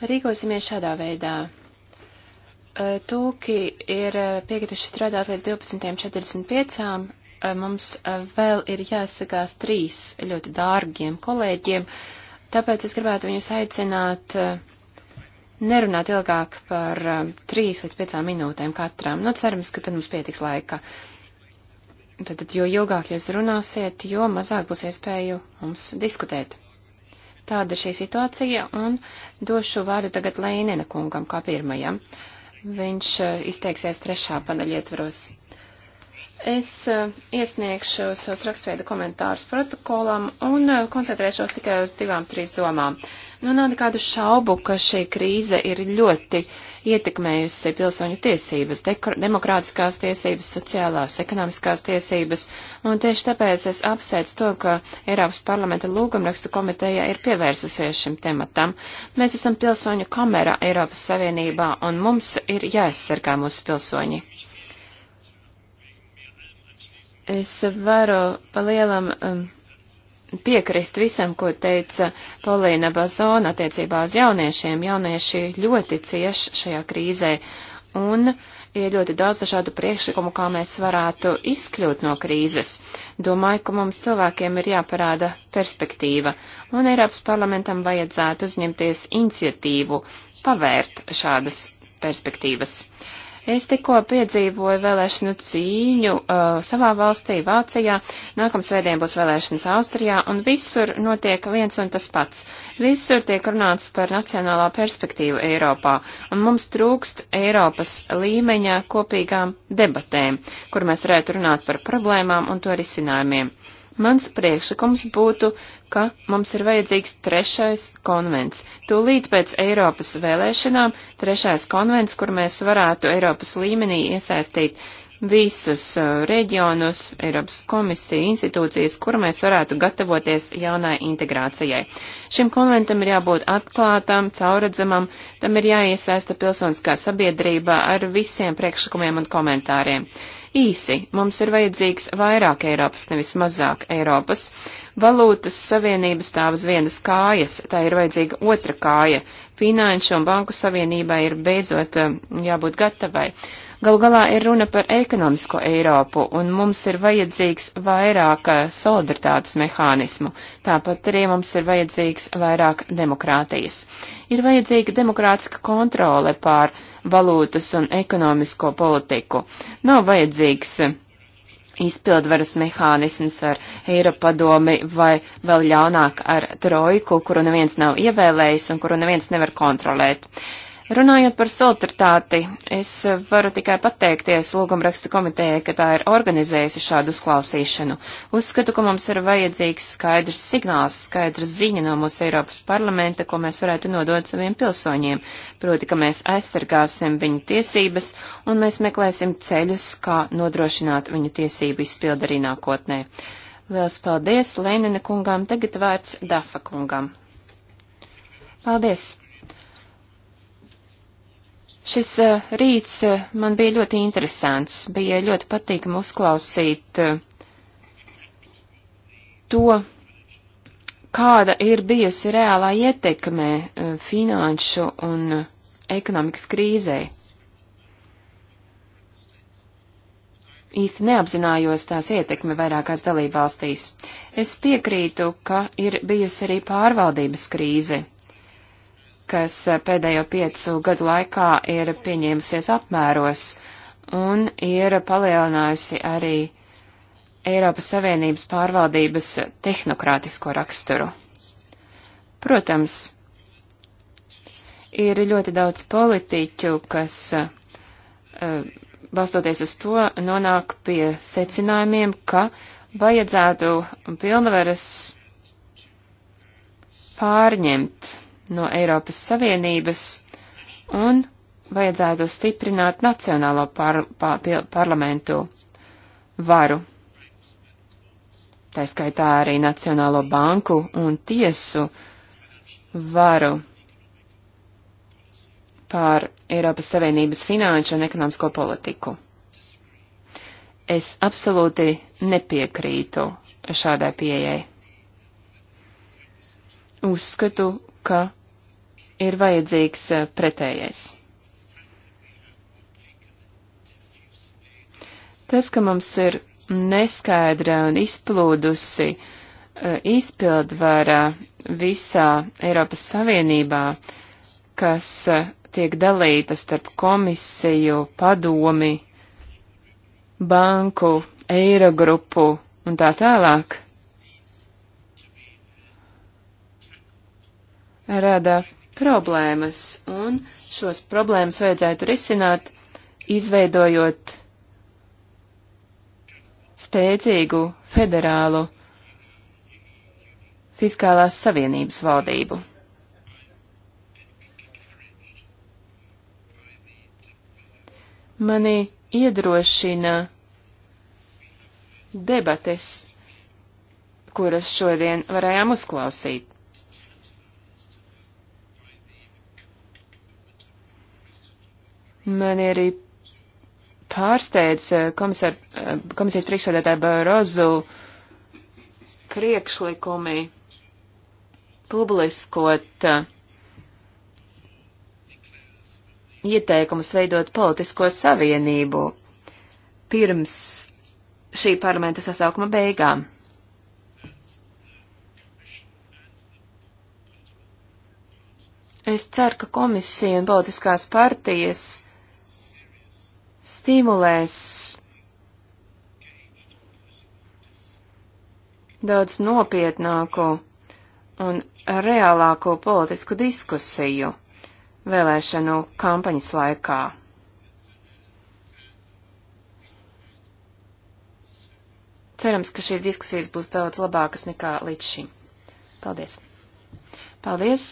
F: Rīkosimies šādā veidā. Tūki ir piekrituši strādāt līdz 12.45. Mums vēl ir jāsakās trīs ļoti dārgiem kolēģiem, tāpēc es gribētu viņus aicināt nerunāt ilgāk par 3 līdz 5 minūtēm katram. Nu, cerams, ka tad mums pietiks laika. Tad, jo ilgāk jūs runāsiet, jo mazāk būs iespēju mums diskutēt. Tāda ir šī situācija, un došu vārdu tagad Lēnina kungam kā pirmajam. Viņš eh, izteiksies trešā paneļa ietvaros. Es eh, iesniegšu savus rakstveida komentārus protokolam un eh, koncentrēšos tikai uz divām, trīs domām. Uh, Nu, nav nekādu šaubu, ka šī krīze ir ļoti ietekmējusi pilsoņu tiesības, demokrātiskās tiesības, sociālās, ekonomiskās tiesības, un tieši tāpēc es apsēdzu to, ka Eiropas parlamenta lūgumrakstu komiteja ir pievērsusies šim tematam. Mēs esam pilsoņu kamera Eiropas Savienībā, un mums ir jāaizsargā mūsu pilsoņi. Es varu palielam. Um, piekrist visam, ko teica Polīna Bazona attiecībā uz jauniešiem. Jaunieši ļoti cieš šajā krīzē un ir ļoti daudz dažādu priekšlikumu, kā mēs varētu izkļūt no krīzes. Domāju, ka mums cilvēkiem ir jāparāda perspektīva, un Eiropas parlamentam vajadzētu uzņemties iniciatīvu pavērt šādas perspektīvas. Uh, Es tikko piedzīvoju vēlēšanu cīņu uh, savā valstī, Vācijā, nākamā svētdien būs vēlēšanas Austrijā, un visur notiek viens un tas pats. Visur tiek runāts par nacionālā perspektīvu Eiropā, un mums trūkst Eiropas līmeņā kopīgām debatēm, kur mēs varētu runāt par problēmām un to risinājumiem. Mans priekšlikums būtu, ka mums ir vajadzīgs trešais konvents. Tūlīt pēc Eiropas vēlēšanām trešais konvents, kur mēs varētu Eiropas līmenī iesaistīt visus uh, reģionus, Eiropas komisiju, institūcijas, kur mēs varētu gatavoties jaunai integrācijai. Šim konventam ir jābūt atklātam, cauradzamam, tam ir jāiesaista pilsoniskā sabiedrība ar visiem priekšlikumiem un komentāriem īsi. Mums ir vajadzīgs vairāk Eiropas, nevis mazāk Eiropas. Valūtas savienība stāv uz vienas kājas, tā ir vajadzīga otra kāja. Finanšu un banku savienībai ir beidzot um, jābūt gatavai. Galu galā ir runa par ekonomisko Eiropu, un mums ir vajadzīgs vairāk uh, solidaritātes mehānismu, tāpat arī mums ir vajadzīgs vairāk demokrātijas ir vajadzīga demokrātiska kontrole pār valūtas un ekonomisko politiku. Nav vajadzīgs izpildvaras mehānisms ar Eiropadomi vai vēl ļaunāk ar trojku, kuru neviens nav ievēlējis un kuru neviens nevar kontrolēt. Uh, Runājot par solidaritāti, es varu tikai pateikties lūgumrakstu komitejai, ka tā ir organizējusi šādu uzklausīšanu. Uzskatu, ka mums ir vajadzīgs skaidrs signāls, skaidrs ziņa no mūsu Eiropas parlamenta, ko mēs varētu nodot saviem pilsoņiem, proti, ka mēs aizsargāsim viņu tiesības un mēs meklēsim ceļus, kā nodrošināt viņu tiesību izpildu arī nākotnē. Liels paldies Lēnina kungām, tagad vārds Dafa kungam. Paldies! Šis eh, rīts eh, man bija ļoti interesants, bija ļoti patīkami uzklausīt eh, to, kāda ir bijusi reālā ietekme finanšu un ekonomikas krīzē. Īsti neapzinājos tās ietekme vairākās dalībvalstīs. Es piekrītu, ka ir bijusi arī pārvaldības krīze kas eh, pēdējo piecu gadu laikā ir pieņēmusies apmēros un ir palielinājusi arī Eiropas Savienības pārvaldības tehnokrātisko raksturu. Protams, ir ļoti daudz politiķu, kas eh, balstoties uz to nonāk pie secinājumiem, ka vajadzētu pilnvaras pārņemt no Eiropas Savienības un vajadzētu stiprināt nacionālo par, par, parlamentu varu. Tā skaitā arī Nacionālo banku un tiesu varu pār Eiropas Savienības finanšu un ekonomisko politiku. Es absolūti nepiekrītu šādai pieejai. Uzskatu, ka ir vajadzīgs eh, pretējais. Tas, ka mums ir neskaidra un izplūdusi eh, izpildvara visā Eiropas Savienībā, kas eh, tiek dalīta starp komisiju, padomi, banku, eirogrupu un tā tālāk, rada problēmas, un šos problēmas vajadzētu risināt, izveidojot spēcīgu federālu fiskālās savienības valdību. Mani iedrošina debates, kuras šodien varējām uzklausīt. Man arī pārsteidz eh, komisār, eh, komisijas priekšsēdētāja Barozu priekšlikumi publiskot eh, ieteikumus veidot politisko savienību pirms šī parlamenta sasaukuma beigām. Es ceru, ka komisija un politiskās partijas stimulēs daudz nopietnāku un reālāku politisku diskusiju vēlēšanu kampaņas laikā. Cerams, ka šīs diskusijas būs daudz labākas nekā līdz šim. Paldies! Paldies!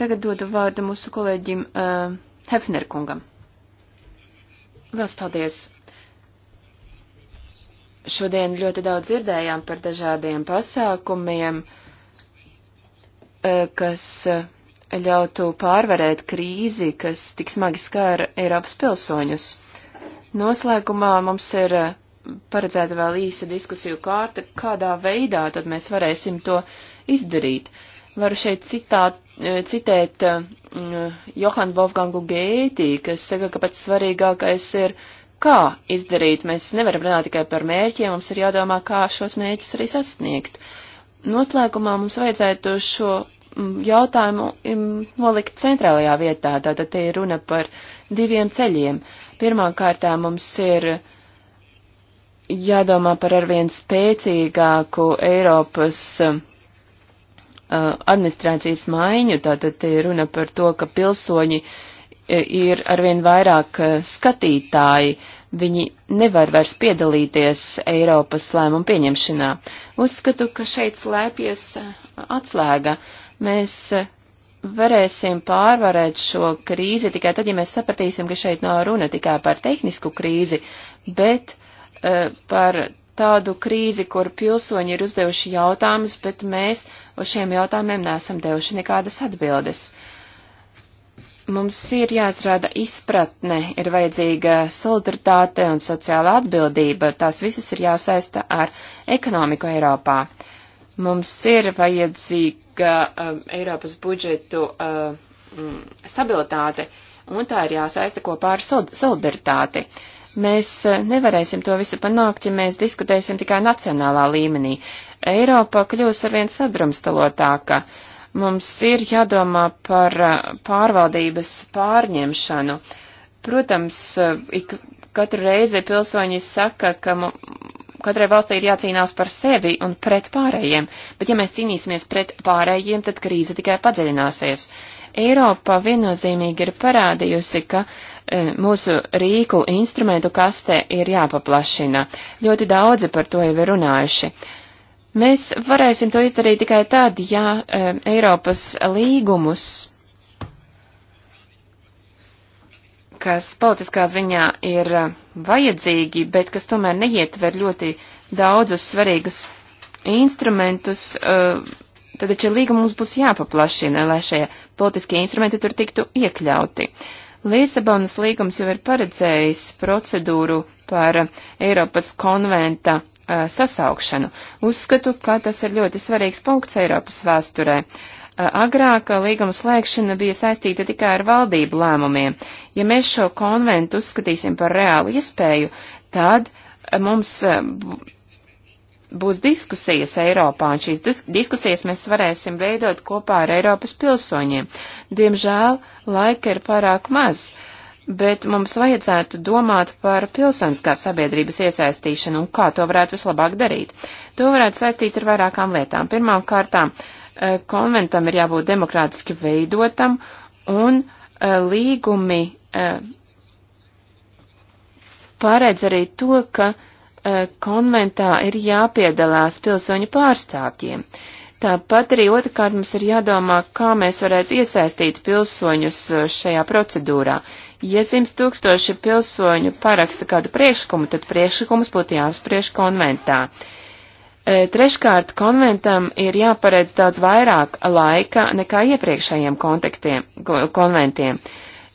F: Tagad dodu vārdu mūsu kolēģim uh, Hefner kungam. Liels paldies! Šodien ļoti daudz dzirdējām par dažādiem pasākumiem, eh, kas eh, ļautu pārvarēt krīzi, kas tik smagi skāra Eiropas pilsoņus. Noslēgumā mums ir eh, paredzēta vēl īsa diskusiju kārta, kādā veidā tad mēs varēsim to izdarīt. Varu šeit citāt, citēt eh, Johanu Wolfgangu Gētī, kas saka, ka pats svarīgākais ir, kā izdarīt. Mēs nevaram runāt tikai par mērķiem, mums ir jādomā, kā šos mērķus arī sasniegt. Noslēgumā mums vajadzētu šo mm, jautājumu mm, nolikt centrālajā vietā, tātad te ir runa par diviem ceļiem. Pirmkārt, mums ir jādomā par arvien spēcīgāku Eiropas uh, Uh, administrācijas maiņu, tātad te runa par to, ka pilsoņi e, ir arvien vairāk e, skatītāji, viņi nevar vairs piedalīties Eiropas lēmumu pieņemšanā. Uzskatu, ka šeit slēpjas e, atslēga. Mēs varēsim pārvarēt šo krīzi tikai tad, ja mēs sapratīsim, ka šeit nav runa tikai par tehnisku krīzi, bet uh, par tādu krīzi, kur pilsoņi ir uzdevuši jautājumus, bet mēs uz šiem jautājumiem nesam devuši nekādas atbildes. Mums ir jāizrāda izpratne, ir vajadzīga solidaritāte un sociāla atbildība, tās visas ir jāsaista ar ekonomiku Eiropā. Mums ir vajadzīga um, Eiropas budžetu um, stabilitāte, un tā ir jāsaista kopā ar solidaritāti. Uh, Mēs e, nevarēsim to visu panākt, ja mēs diskutēsim tikai nacionālā līmenī. Eiropa kļūs arvien sadrumstalotāka. Mums ir jādomā par e, pārvaldības pārņemšanu. Protams, e, ik katru reizi pilsoņi saka, ka katrai valstī ir jācīnās par sevi un pret pārējiem, bet ja mēs cīnīsimies pret pārējiem, tad krīze tikai padziļināsies. Eiropa viennozīmīgi ir parādījusi, ka uh, E, mūsu rīku instrumentu kastē ir jāpaplašina. Ļoti daudzi par to jau ir runājuši. Mēs varēsim to izdarīt tikai tad, ja e, Eiropas līgumus, kas politiskā ziņā ir e, vajadzīgi, bet kas tomēr neietver ļoti daudzus svarīgus instrumentus, tad taču līguma mums būs jāpaplašina, lai šie politiskie instrumenti tur tiktu iekļauti. Uh, Lisabonas līgums jau ir paredzējis procedūru par Eiropas konventa uh, sasaukšanu. Uzskatu, ka tas ir ļoti svarīgs punkts Eiropas vēsturē. Uh, agrāk līguma slēgšana bija saistīta tikai ar valdību lēmumiem. Ja mēs šo konventu uzskatīsim par reālu iespēju, tad mums būs diskusijas Eiropā, un šīs diskusijas mēs varēsim veidot kopā ar Eiropas pilsoņiem. Diemžēl laika ir pārāk maz, bet mums vajadzētu domāt par pilsoniskās sabiedrības iesaistīšanu un kā to varētu vislabāk darīt. To varētu saistīt ar vairākām lietām. Pirmām kārtām, eh, konventam ir jābūt demokrātiski veidotam un eh, līgumi eh, paredz arī to, ka uh, Eh, konventā ir jāpiedalās pilsoņu pārstāvjiem. Tāpat arī otrkārt mums ir jādomā, kā mēs varētu iesaistīt pilsoņus eh, šajā procedūrā. Ja simts tūkstoši pilsoņu paraksta kādu priekšlikumu, tad priekšlikums būtu jāapspriež konventā. Eh, treškārt, konventam ir jāparedz daudz vairāk laika nekā iepriekšējiem kontaktiem, konventiem.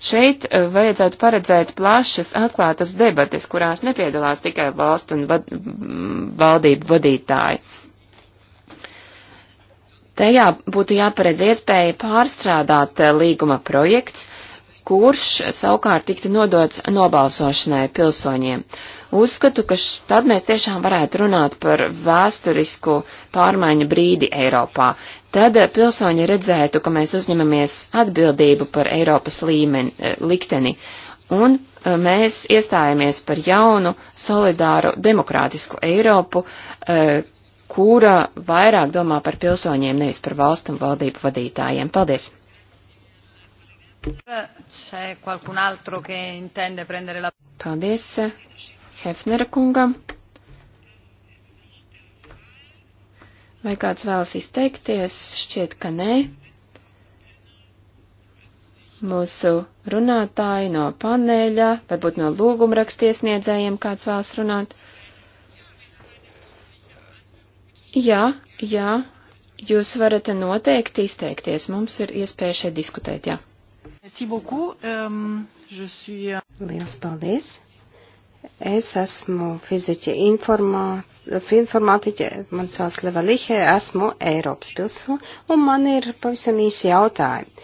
F: Šeit eh, vajadzētu paredzēt plašas, atklātas debates, kurās nepiedalās tikai valstu un vad valdību vadītāji. Tajā būtu jāparedz iespēja pārstrādāt eh, līguma projekts, kurš savukārt tiktu nodots nobalsošanai pilsoņiem. Uzskatu, ka š, tad mēs tiešām varētu runāt par vēsturisku pārmaiņu brīdi Eiropā. Tad eh, pilsoņi redzētu, ka mēs uzņemamies atbildību par Eiropas līmeni, eh, likteni, un eh, mēs iestājamies par jaunu, solidāru, demokrātisku Eiropu, kura vairāk domā par pilsoņiem, nevis par valstu un valdību vadītājiem. Paldies! Paldies Hefnera kungam. Vai kāds vēlas izteikties? Šķiet, ka nē. Mūsu runātāji no paneļa, varbūt no lūgumrakstiesniedzējiem kāds vēlas runāt. Jā, jā, jūs varat noteikti izteikties. Mums ir iespēja šeit diskutēt, jā.
B: Merci beaucoup.
E: Um, je suis... Euh,
B: Liels paldies. Es esmu fiziķe informātiķe, man sauc Leva Lihe, esmu Eiropas pilsona, un man ir pavisam īsi jautājumi.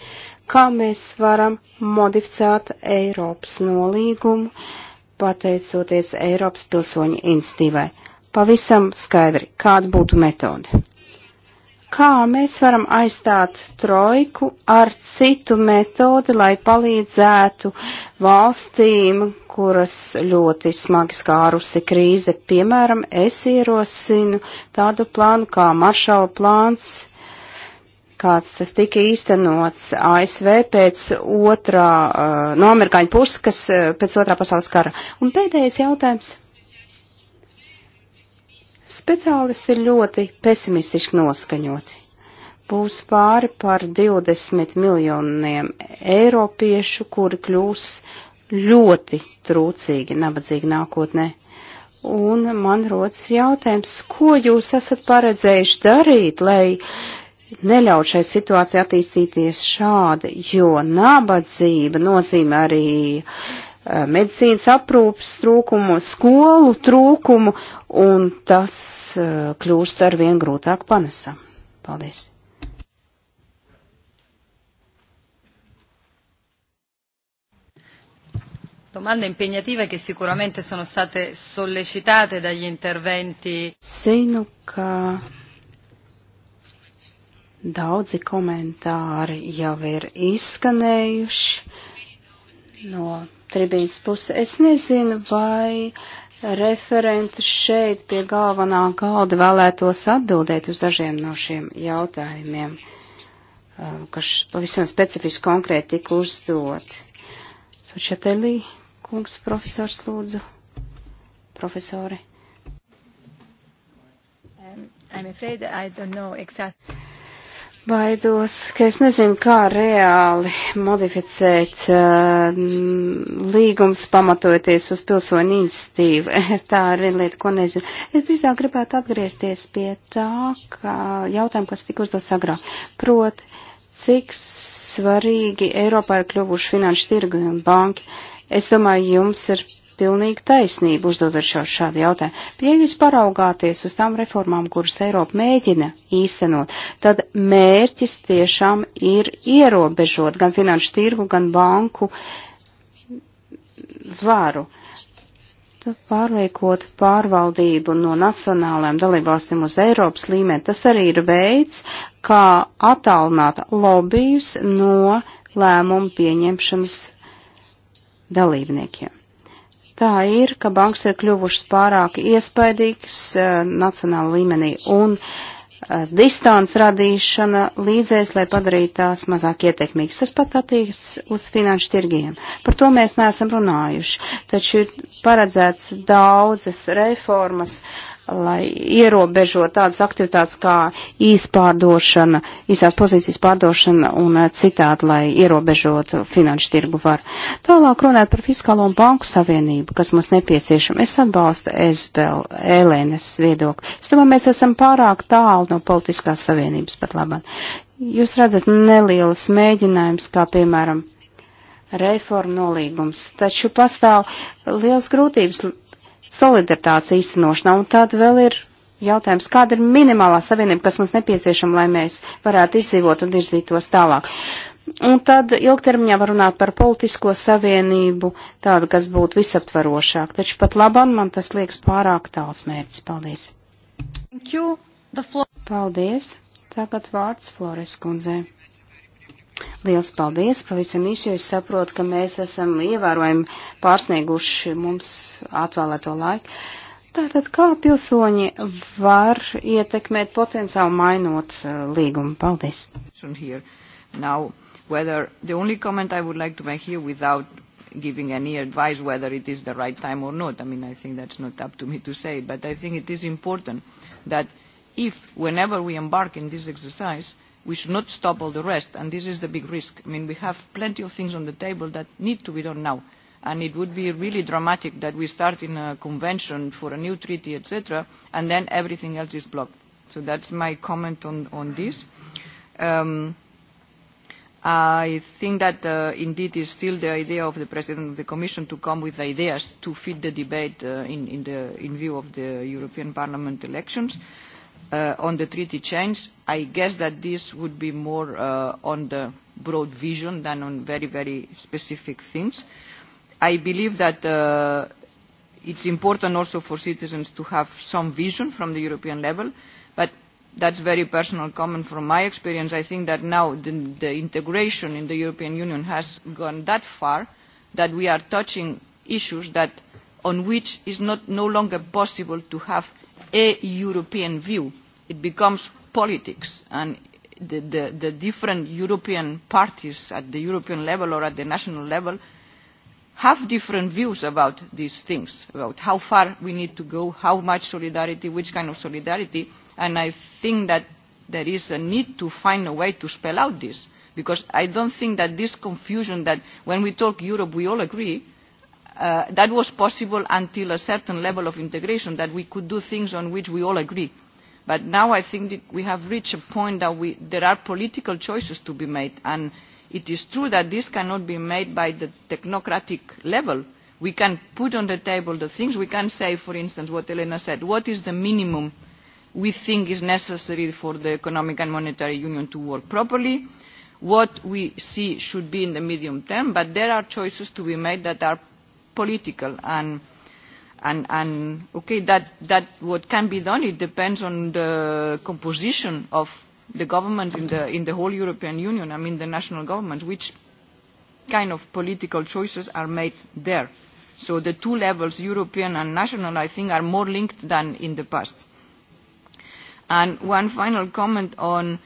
B: Kā mēs varam modificēt Eiropas nolīgumu, pateicoties Eiropas pilsoņu institīvai? Pavisam skaidri, kāda būtu metode? kā mēs varam aizstāt trojku ar citu metodi, lai palīdzētu valstīm, kuras ļoti smagi skārusi krīze. Piemēram, es ierosinu tādu plānu kā maršala plāns, kāds tas tika īstenots ASV pēc otrā, uh, no amerikāņu puses, kas uh, pēc otrā pasaules kara. Un pēdējais jautājums. Speciālisti ir ļoti pesimistiski noskaņoti. Būs pāri par 20 miljoniem eiropiešu, kuri kļūs ļoti trūcīgi, nabadzīgi nākotnē. Un man rodas jautājums, ko jūs esat paredzējuši darīt, lai neļaut šai situācijai attīstīties šādi, jo nabadzība nozīmē arī uh, Eh, medicīnas aprūpas trūkumu, skolu trūkumu, un tas eh, kļūst ar vien grūtāk panesam.
A: Paldies! Domande impegnative che sicuramente sono state sollecitate dagli interventi.
B: Zinu, ka daudzi komentāri jau ir izskanējuši no tribīnas puse. Es nezinu, vai referenti šeit pie galvenā galda vēlētos atbildēt uz dažiem no šiem jautājumiem, eh, kas pavisam specifiski konkrēti tika uzdot. Sočatelī, kungs, profesors lūdzu, profesori.
A: Um, I'm afraid I don't know exactly.
B: Baidos, ka es nezinu, kā reāli modificēt uh, līgums pamatojoties uz pilsoņu institīvu. tā ir viena lieta, ko nezinu. Es drīzāk gribētu atgriezties pie tā, ka jautājumu, kas tika uzdots agrāk. Proti, cik svarīgi Eiropā ir kļuvuši finanšu tirgi un banki. Es domāju, jums ir pilnīgi taisnību uzdodot šo šādu jautājumu. Ja jūs paraugāties uz tām reformām, kuras Eiropa mēģina īstenot, tad mērķis tiešām ir ierobežot gan finanšu tirgu, gan banku varu. Pārliekot pārvaldību no nacionālajām dalībvalstīm uz Eiropas līmeni, tas arī ir veids, kā attālināt lobbyus no lēmumu pieņemšanas dalībniekiem. Tā ir, ka bankas ir kļuvušas pārāk iespaidīgas uh, nacionāla līmenī un uh, eh, distants radīšana līdzēs, lai padarītu tās mazāk ietekmīgas. Tas pat attiecas uz finanšu tirgiem. Par to mēs neesam runājuši, taču ir paredzēts daudzas reformas uh, lai ierobežo tādas aktivitātes kā īspārdošana, īsās pozīcijas pārdošana un eh, citādi, lai ierobežot finanšu tirgu var. Tālāk runāt par fiskālo un banku savienību, kas mums nepieciešama. Es atbalstu Esbel, Elēnes viedokli. Es domāju, mēs esam pārāk tālu no politiskās savienības pat labāk. Jūs redzat nelielas mēģinājums, kā piemēram reformu nolīgums, taču pastāv liels grūtības solidaritātes īstenošanā. Un tad vēl ir jautājums, kāda ir minimālā savienība, kas mums nepieciešama, lai mēs varētu izdzīvot un virzītos tālāk. Un tad ilgtermiņā var runāt par politisko savienību, tādu, kas būtu visaptvarošāk. Taču pat labam man tas liekas pārāk tāls mērķis. Paldies.
A: Paldies.
B: Tagad vārds Flores kundzei. Liels paldies! Pavisam īsi es saprotu, ka mēs esam ievērojami pārsnieguši mums atvēlēto laiku. Tātad kā pilsoņi var ietekmēt potenciāli mainot eh, līgumu? Paldies! Now, whether the only comment I would
E: like to make here without giving any advice whether it is the right time or not, I mean, I think that's not up to me to say, but I think it is important that if, whenever we embark in this exercise, we should not stop all the rest, and this is the big risk. I mean, we have plenty of things on the table that need to be done now, and it would be really dramatic that we start in a convention for a new treaty, etc., and then everything else is blocked. So that's my comment on, on this. Um, I think that uh, indeed is still the idea of the President of the Commission to come with ideas to feed the debate uh, in, in, the, in view of the European Parliament elections. Mm-hmm uh, on the treaty change, I guess that this would be more uh, on the broad vision than on very, very specific themes. I believe that uh, it's important also for citizens to have some vision from the European level, but that's very personal comment from my experience. I think that now the, the integration in the European Union has gone that far that we are touching issues that on which is not, no longer possible to have a European view. It becomes politics and the, the, the different European parties at the European level or at the national level have different views about these things, about how far we need to go, how much solidarity, which kind of solidarity, and I think that there is a need to find a way to spell out this, because I don't think that this confusion that when we talk Europe we all agree, Uh, that was possible until a certain level of integration, that we could do things on which we all agree. But now I think that we have reached a point that we, there are political choices to be made. And it is true that this cannot be made by the technocratic level. We can put on the table the things. We can say, for instance, what Elena said, what is the minimum we think is necessary for the economic and monetary union to work properly, what we see should be in the medium term, but there are choices to be made that are political and and and okay that that what can be done it depends on the composition of the governments in the in the whole European Union I mean the national governments which kind of political choices are made there so the two levels European and national I think are more linked than in the past and one final comment on uh,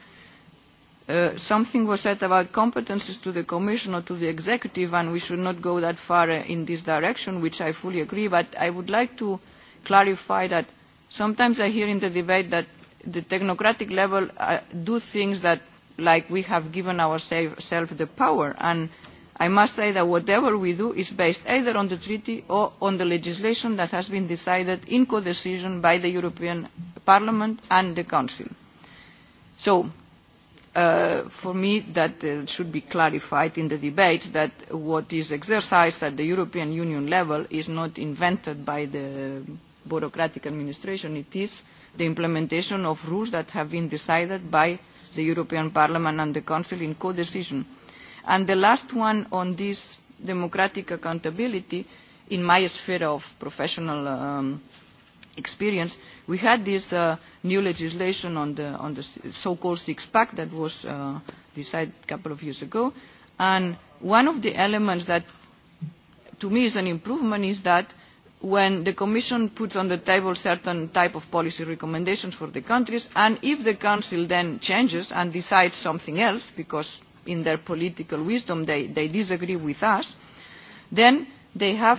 E: Uh, something was said about competences to the Commission or to the Executive, and we should not go that far uh, in this direction, which I fully agree, but I would like to clarify that sometimes I hear in the debate that the technocratic level uh, do things that, like we have given ourselves the power, and I must say that whatever we do is based either on the treaty or on the legislation that has been decided in co-decision by the European Parliament and the Council. So, Uh, for me that uh, should be clarified in the debates that what is exercised at the European Union level is not invented by the bureaucratic administration, it is the implementation of rules that have been decided by the European Parliament and the Council in co-decision. And the last one on this democratic accountability, in my sphere of professional um, experience. We had this uh, new legislation on the, on the so-called six-pack that was uh, decided a couple of years ago. And one of the elements that to me is an improvement is that when the Commission puts on the table certain type of policy recommendations for the countries, and if the Council then changes and decides something else, because in their political wisdom they, they disagree with us, then they have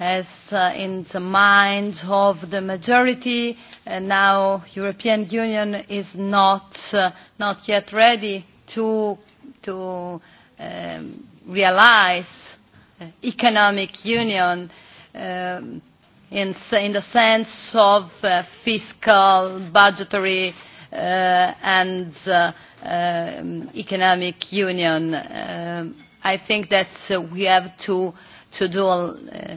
A: as uh, in the minds of the majority. And now European Union is not, uh, not yet ready to, to um, realize uh, economic union um, in, in the sense of uh, fiscal, budgetary uh, and uh, uh, economic union. Um, I think that uh, we have to, to do uh,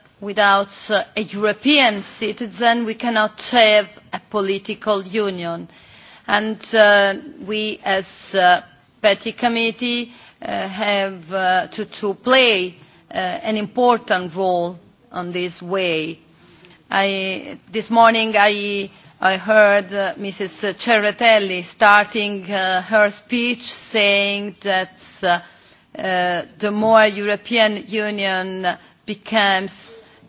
A: without uh, a European citizen, we cannot have a political union. And uh, we, as uh, Petty Committee, uh, have uh, to, to play uh, an important role on this way. I, this morning I, I heard uh, Mrs. Cerretelli starting uh, her speech saying that uh, uh, the more European Union becomes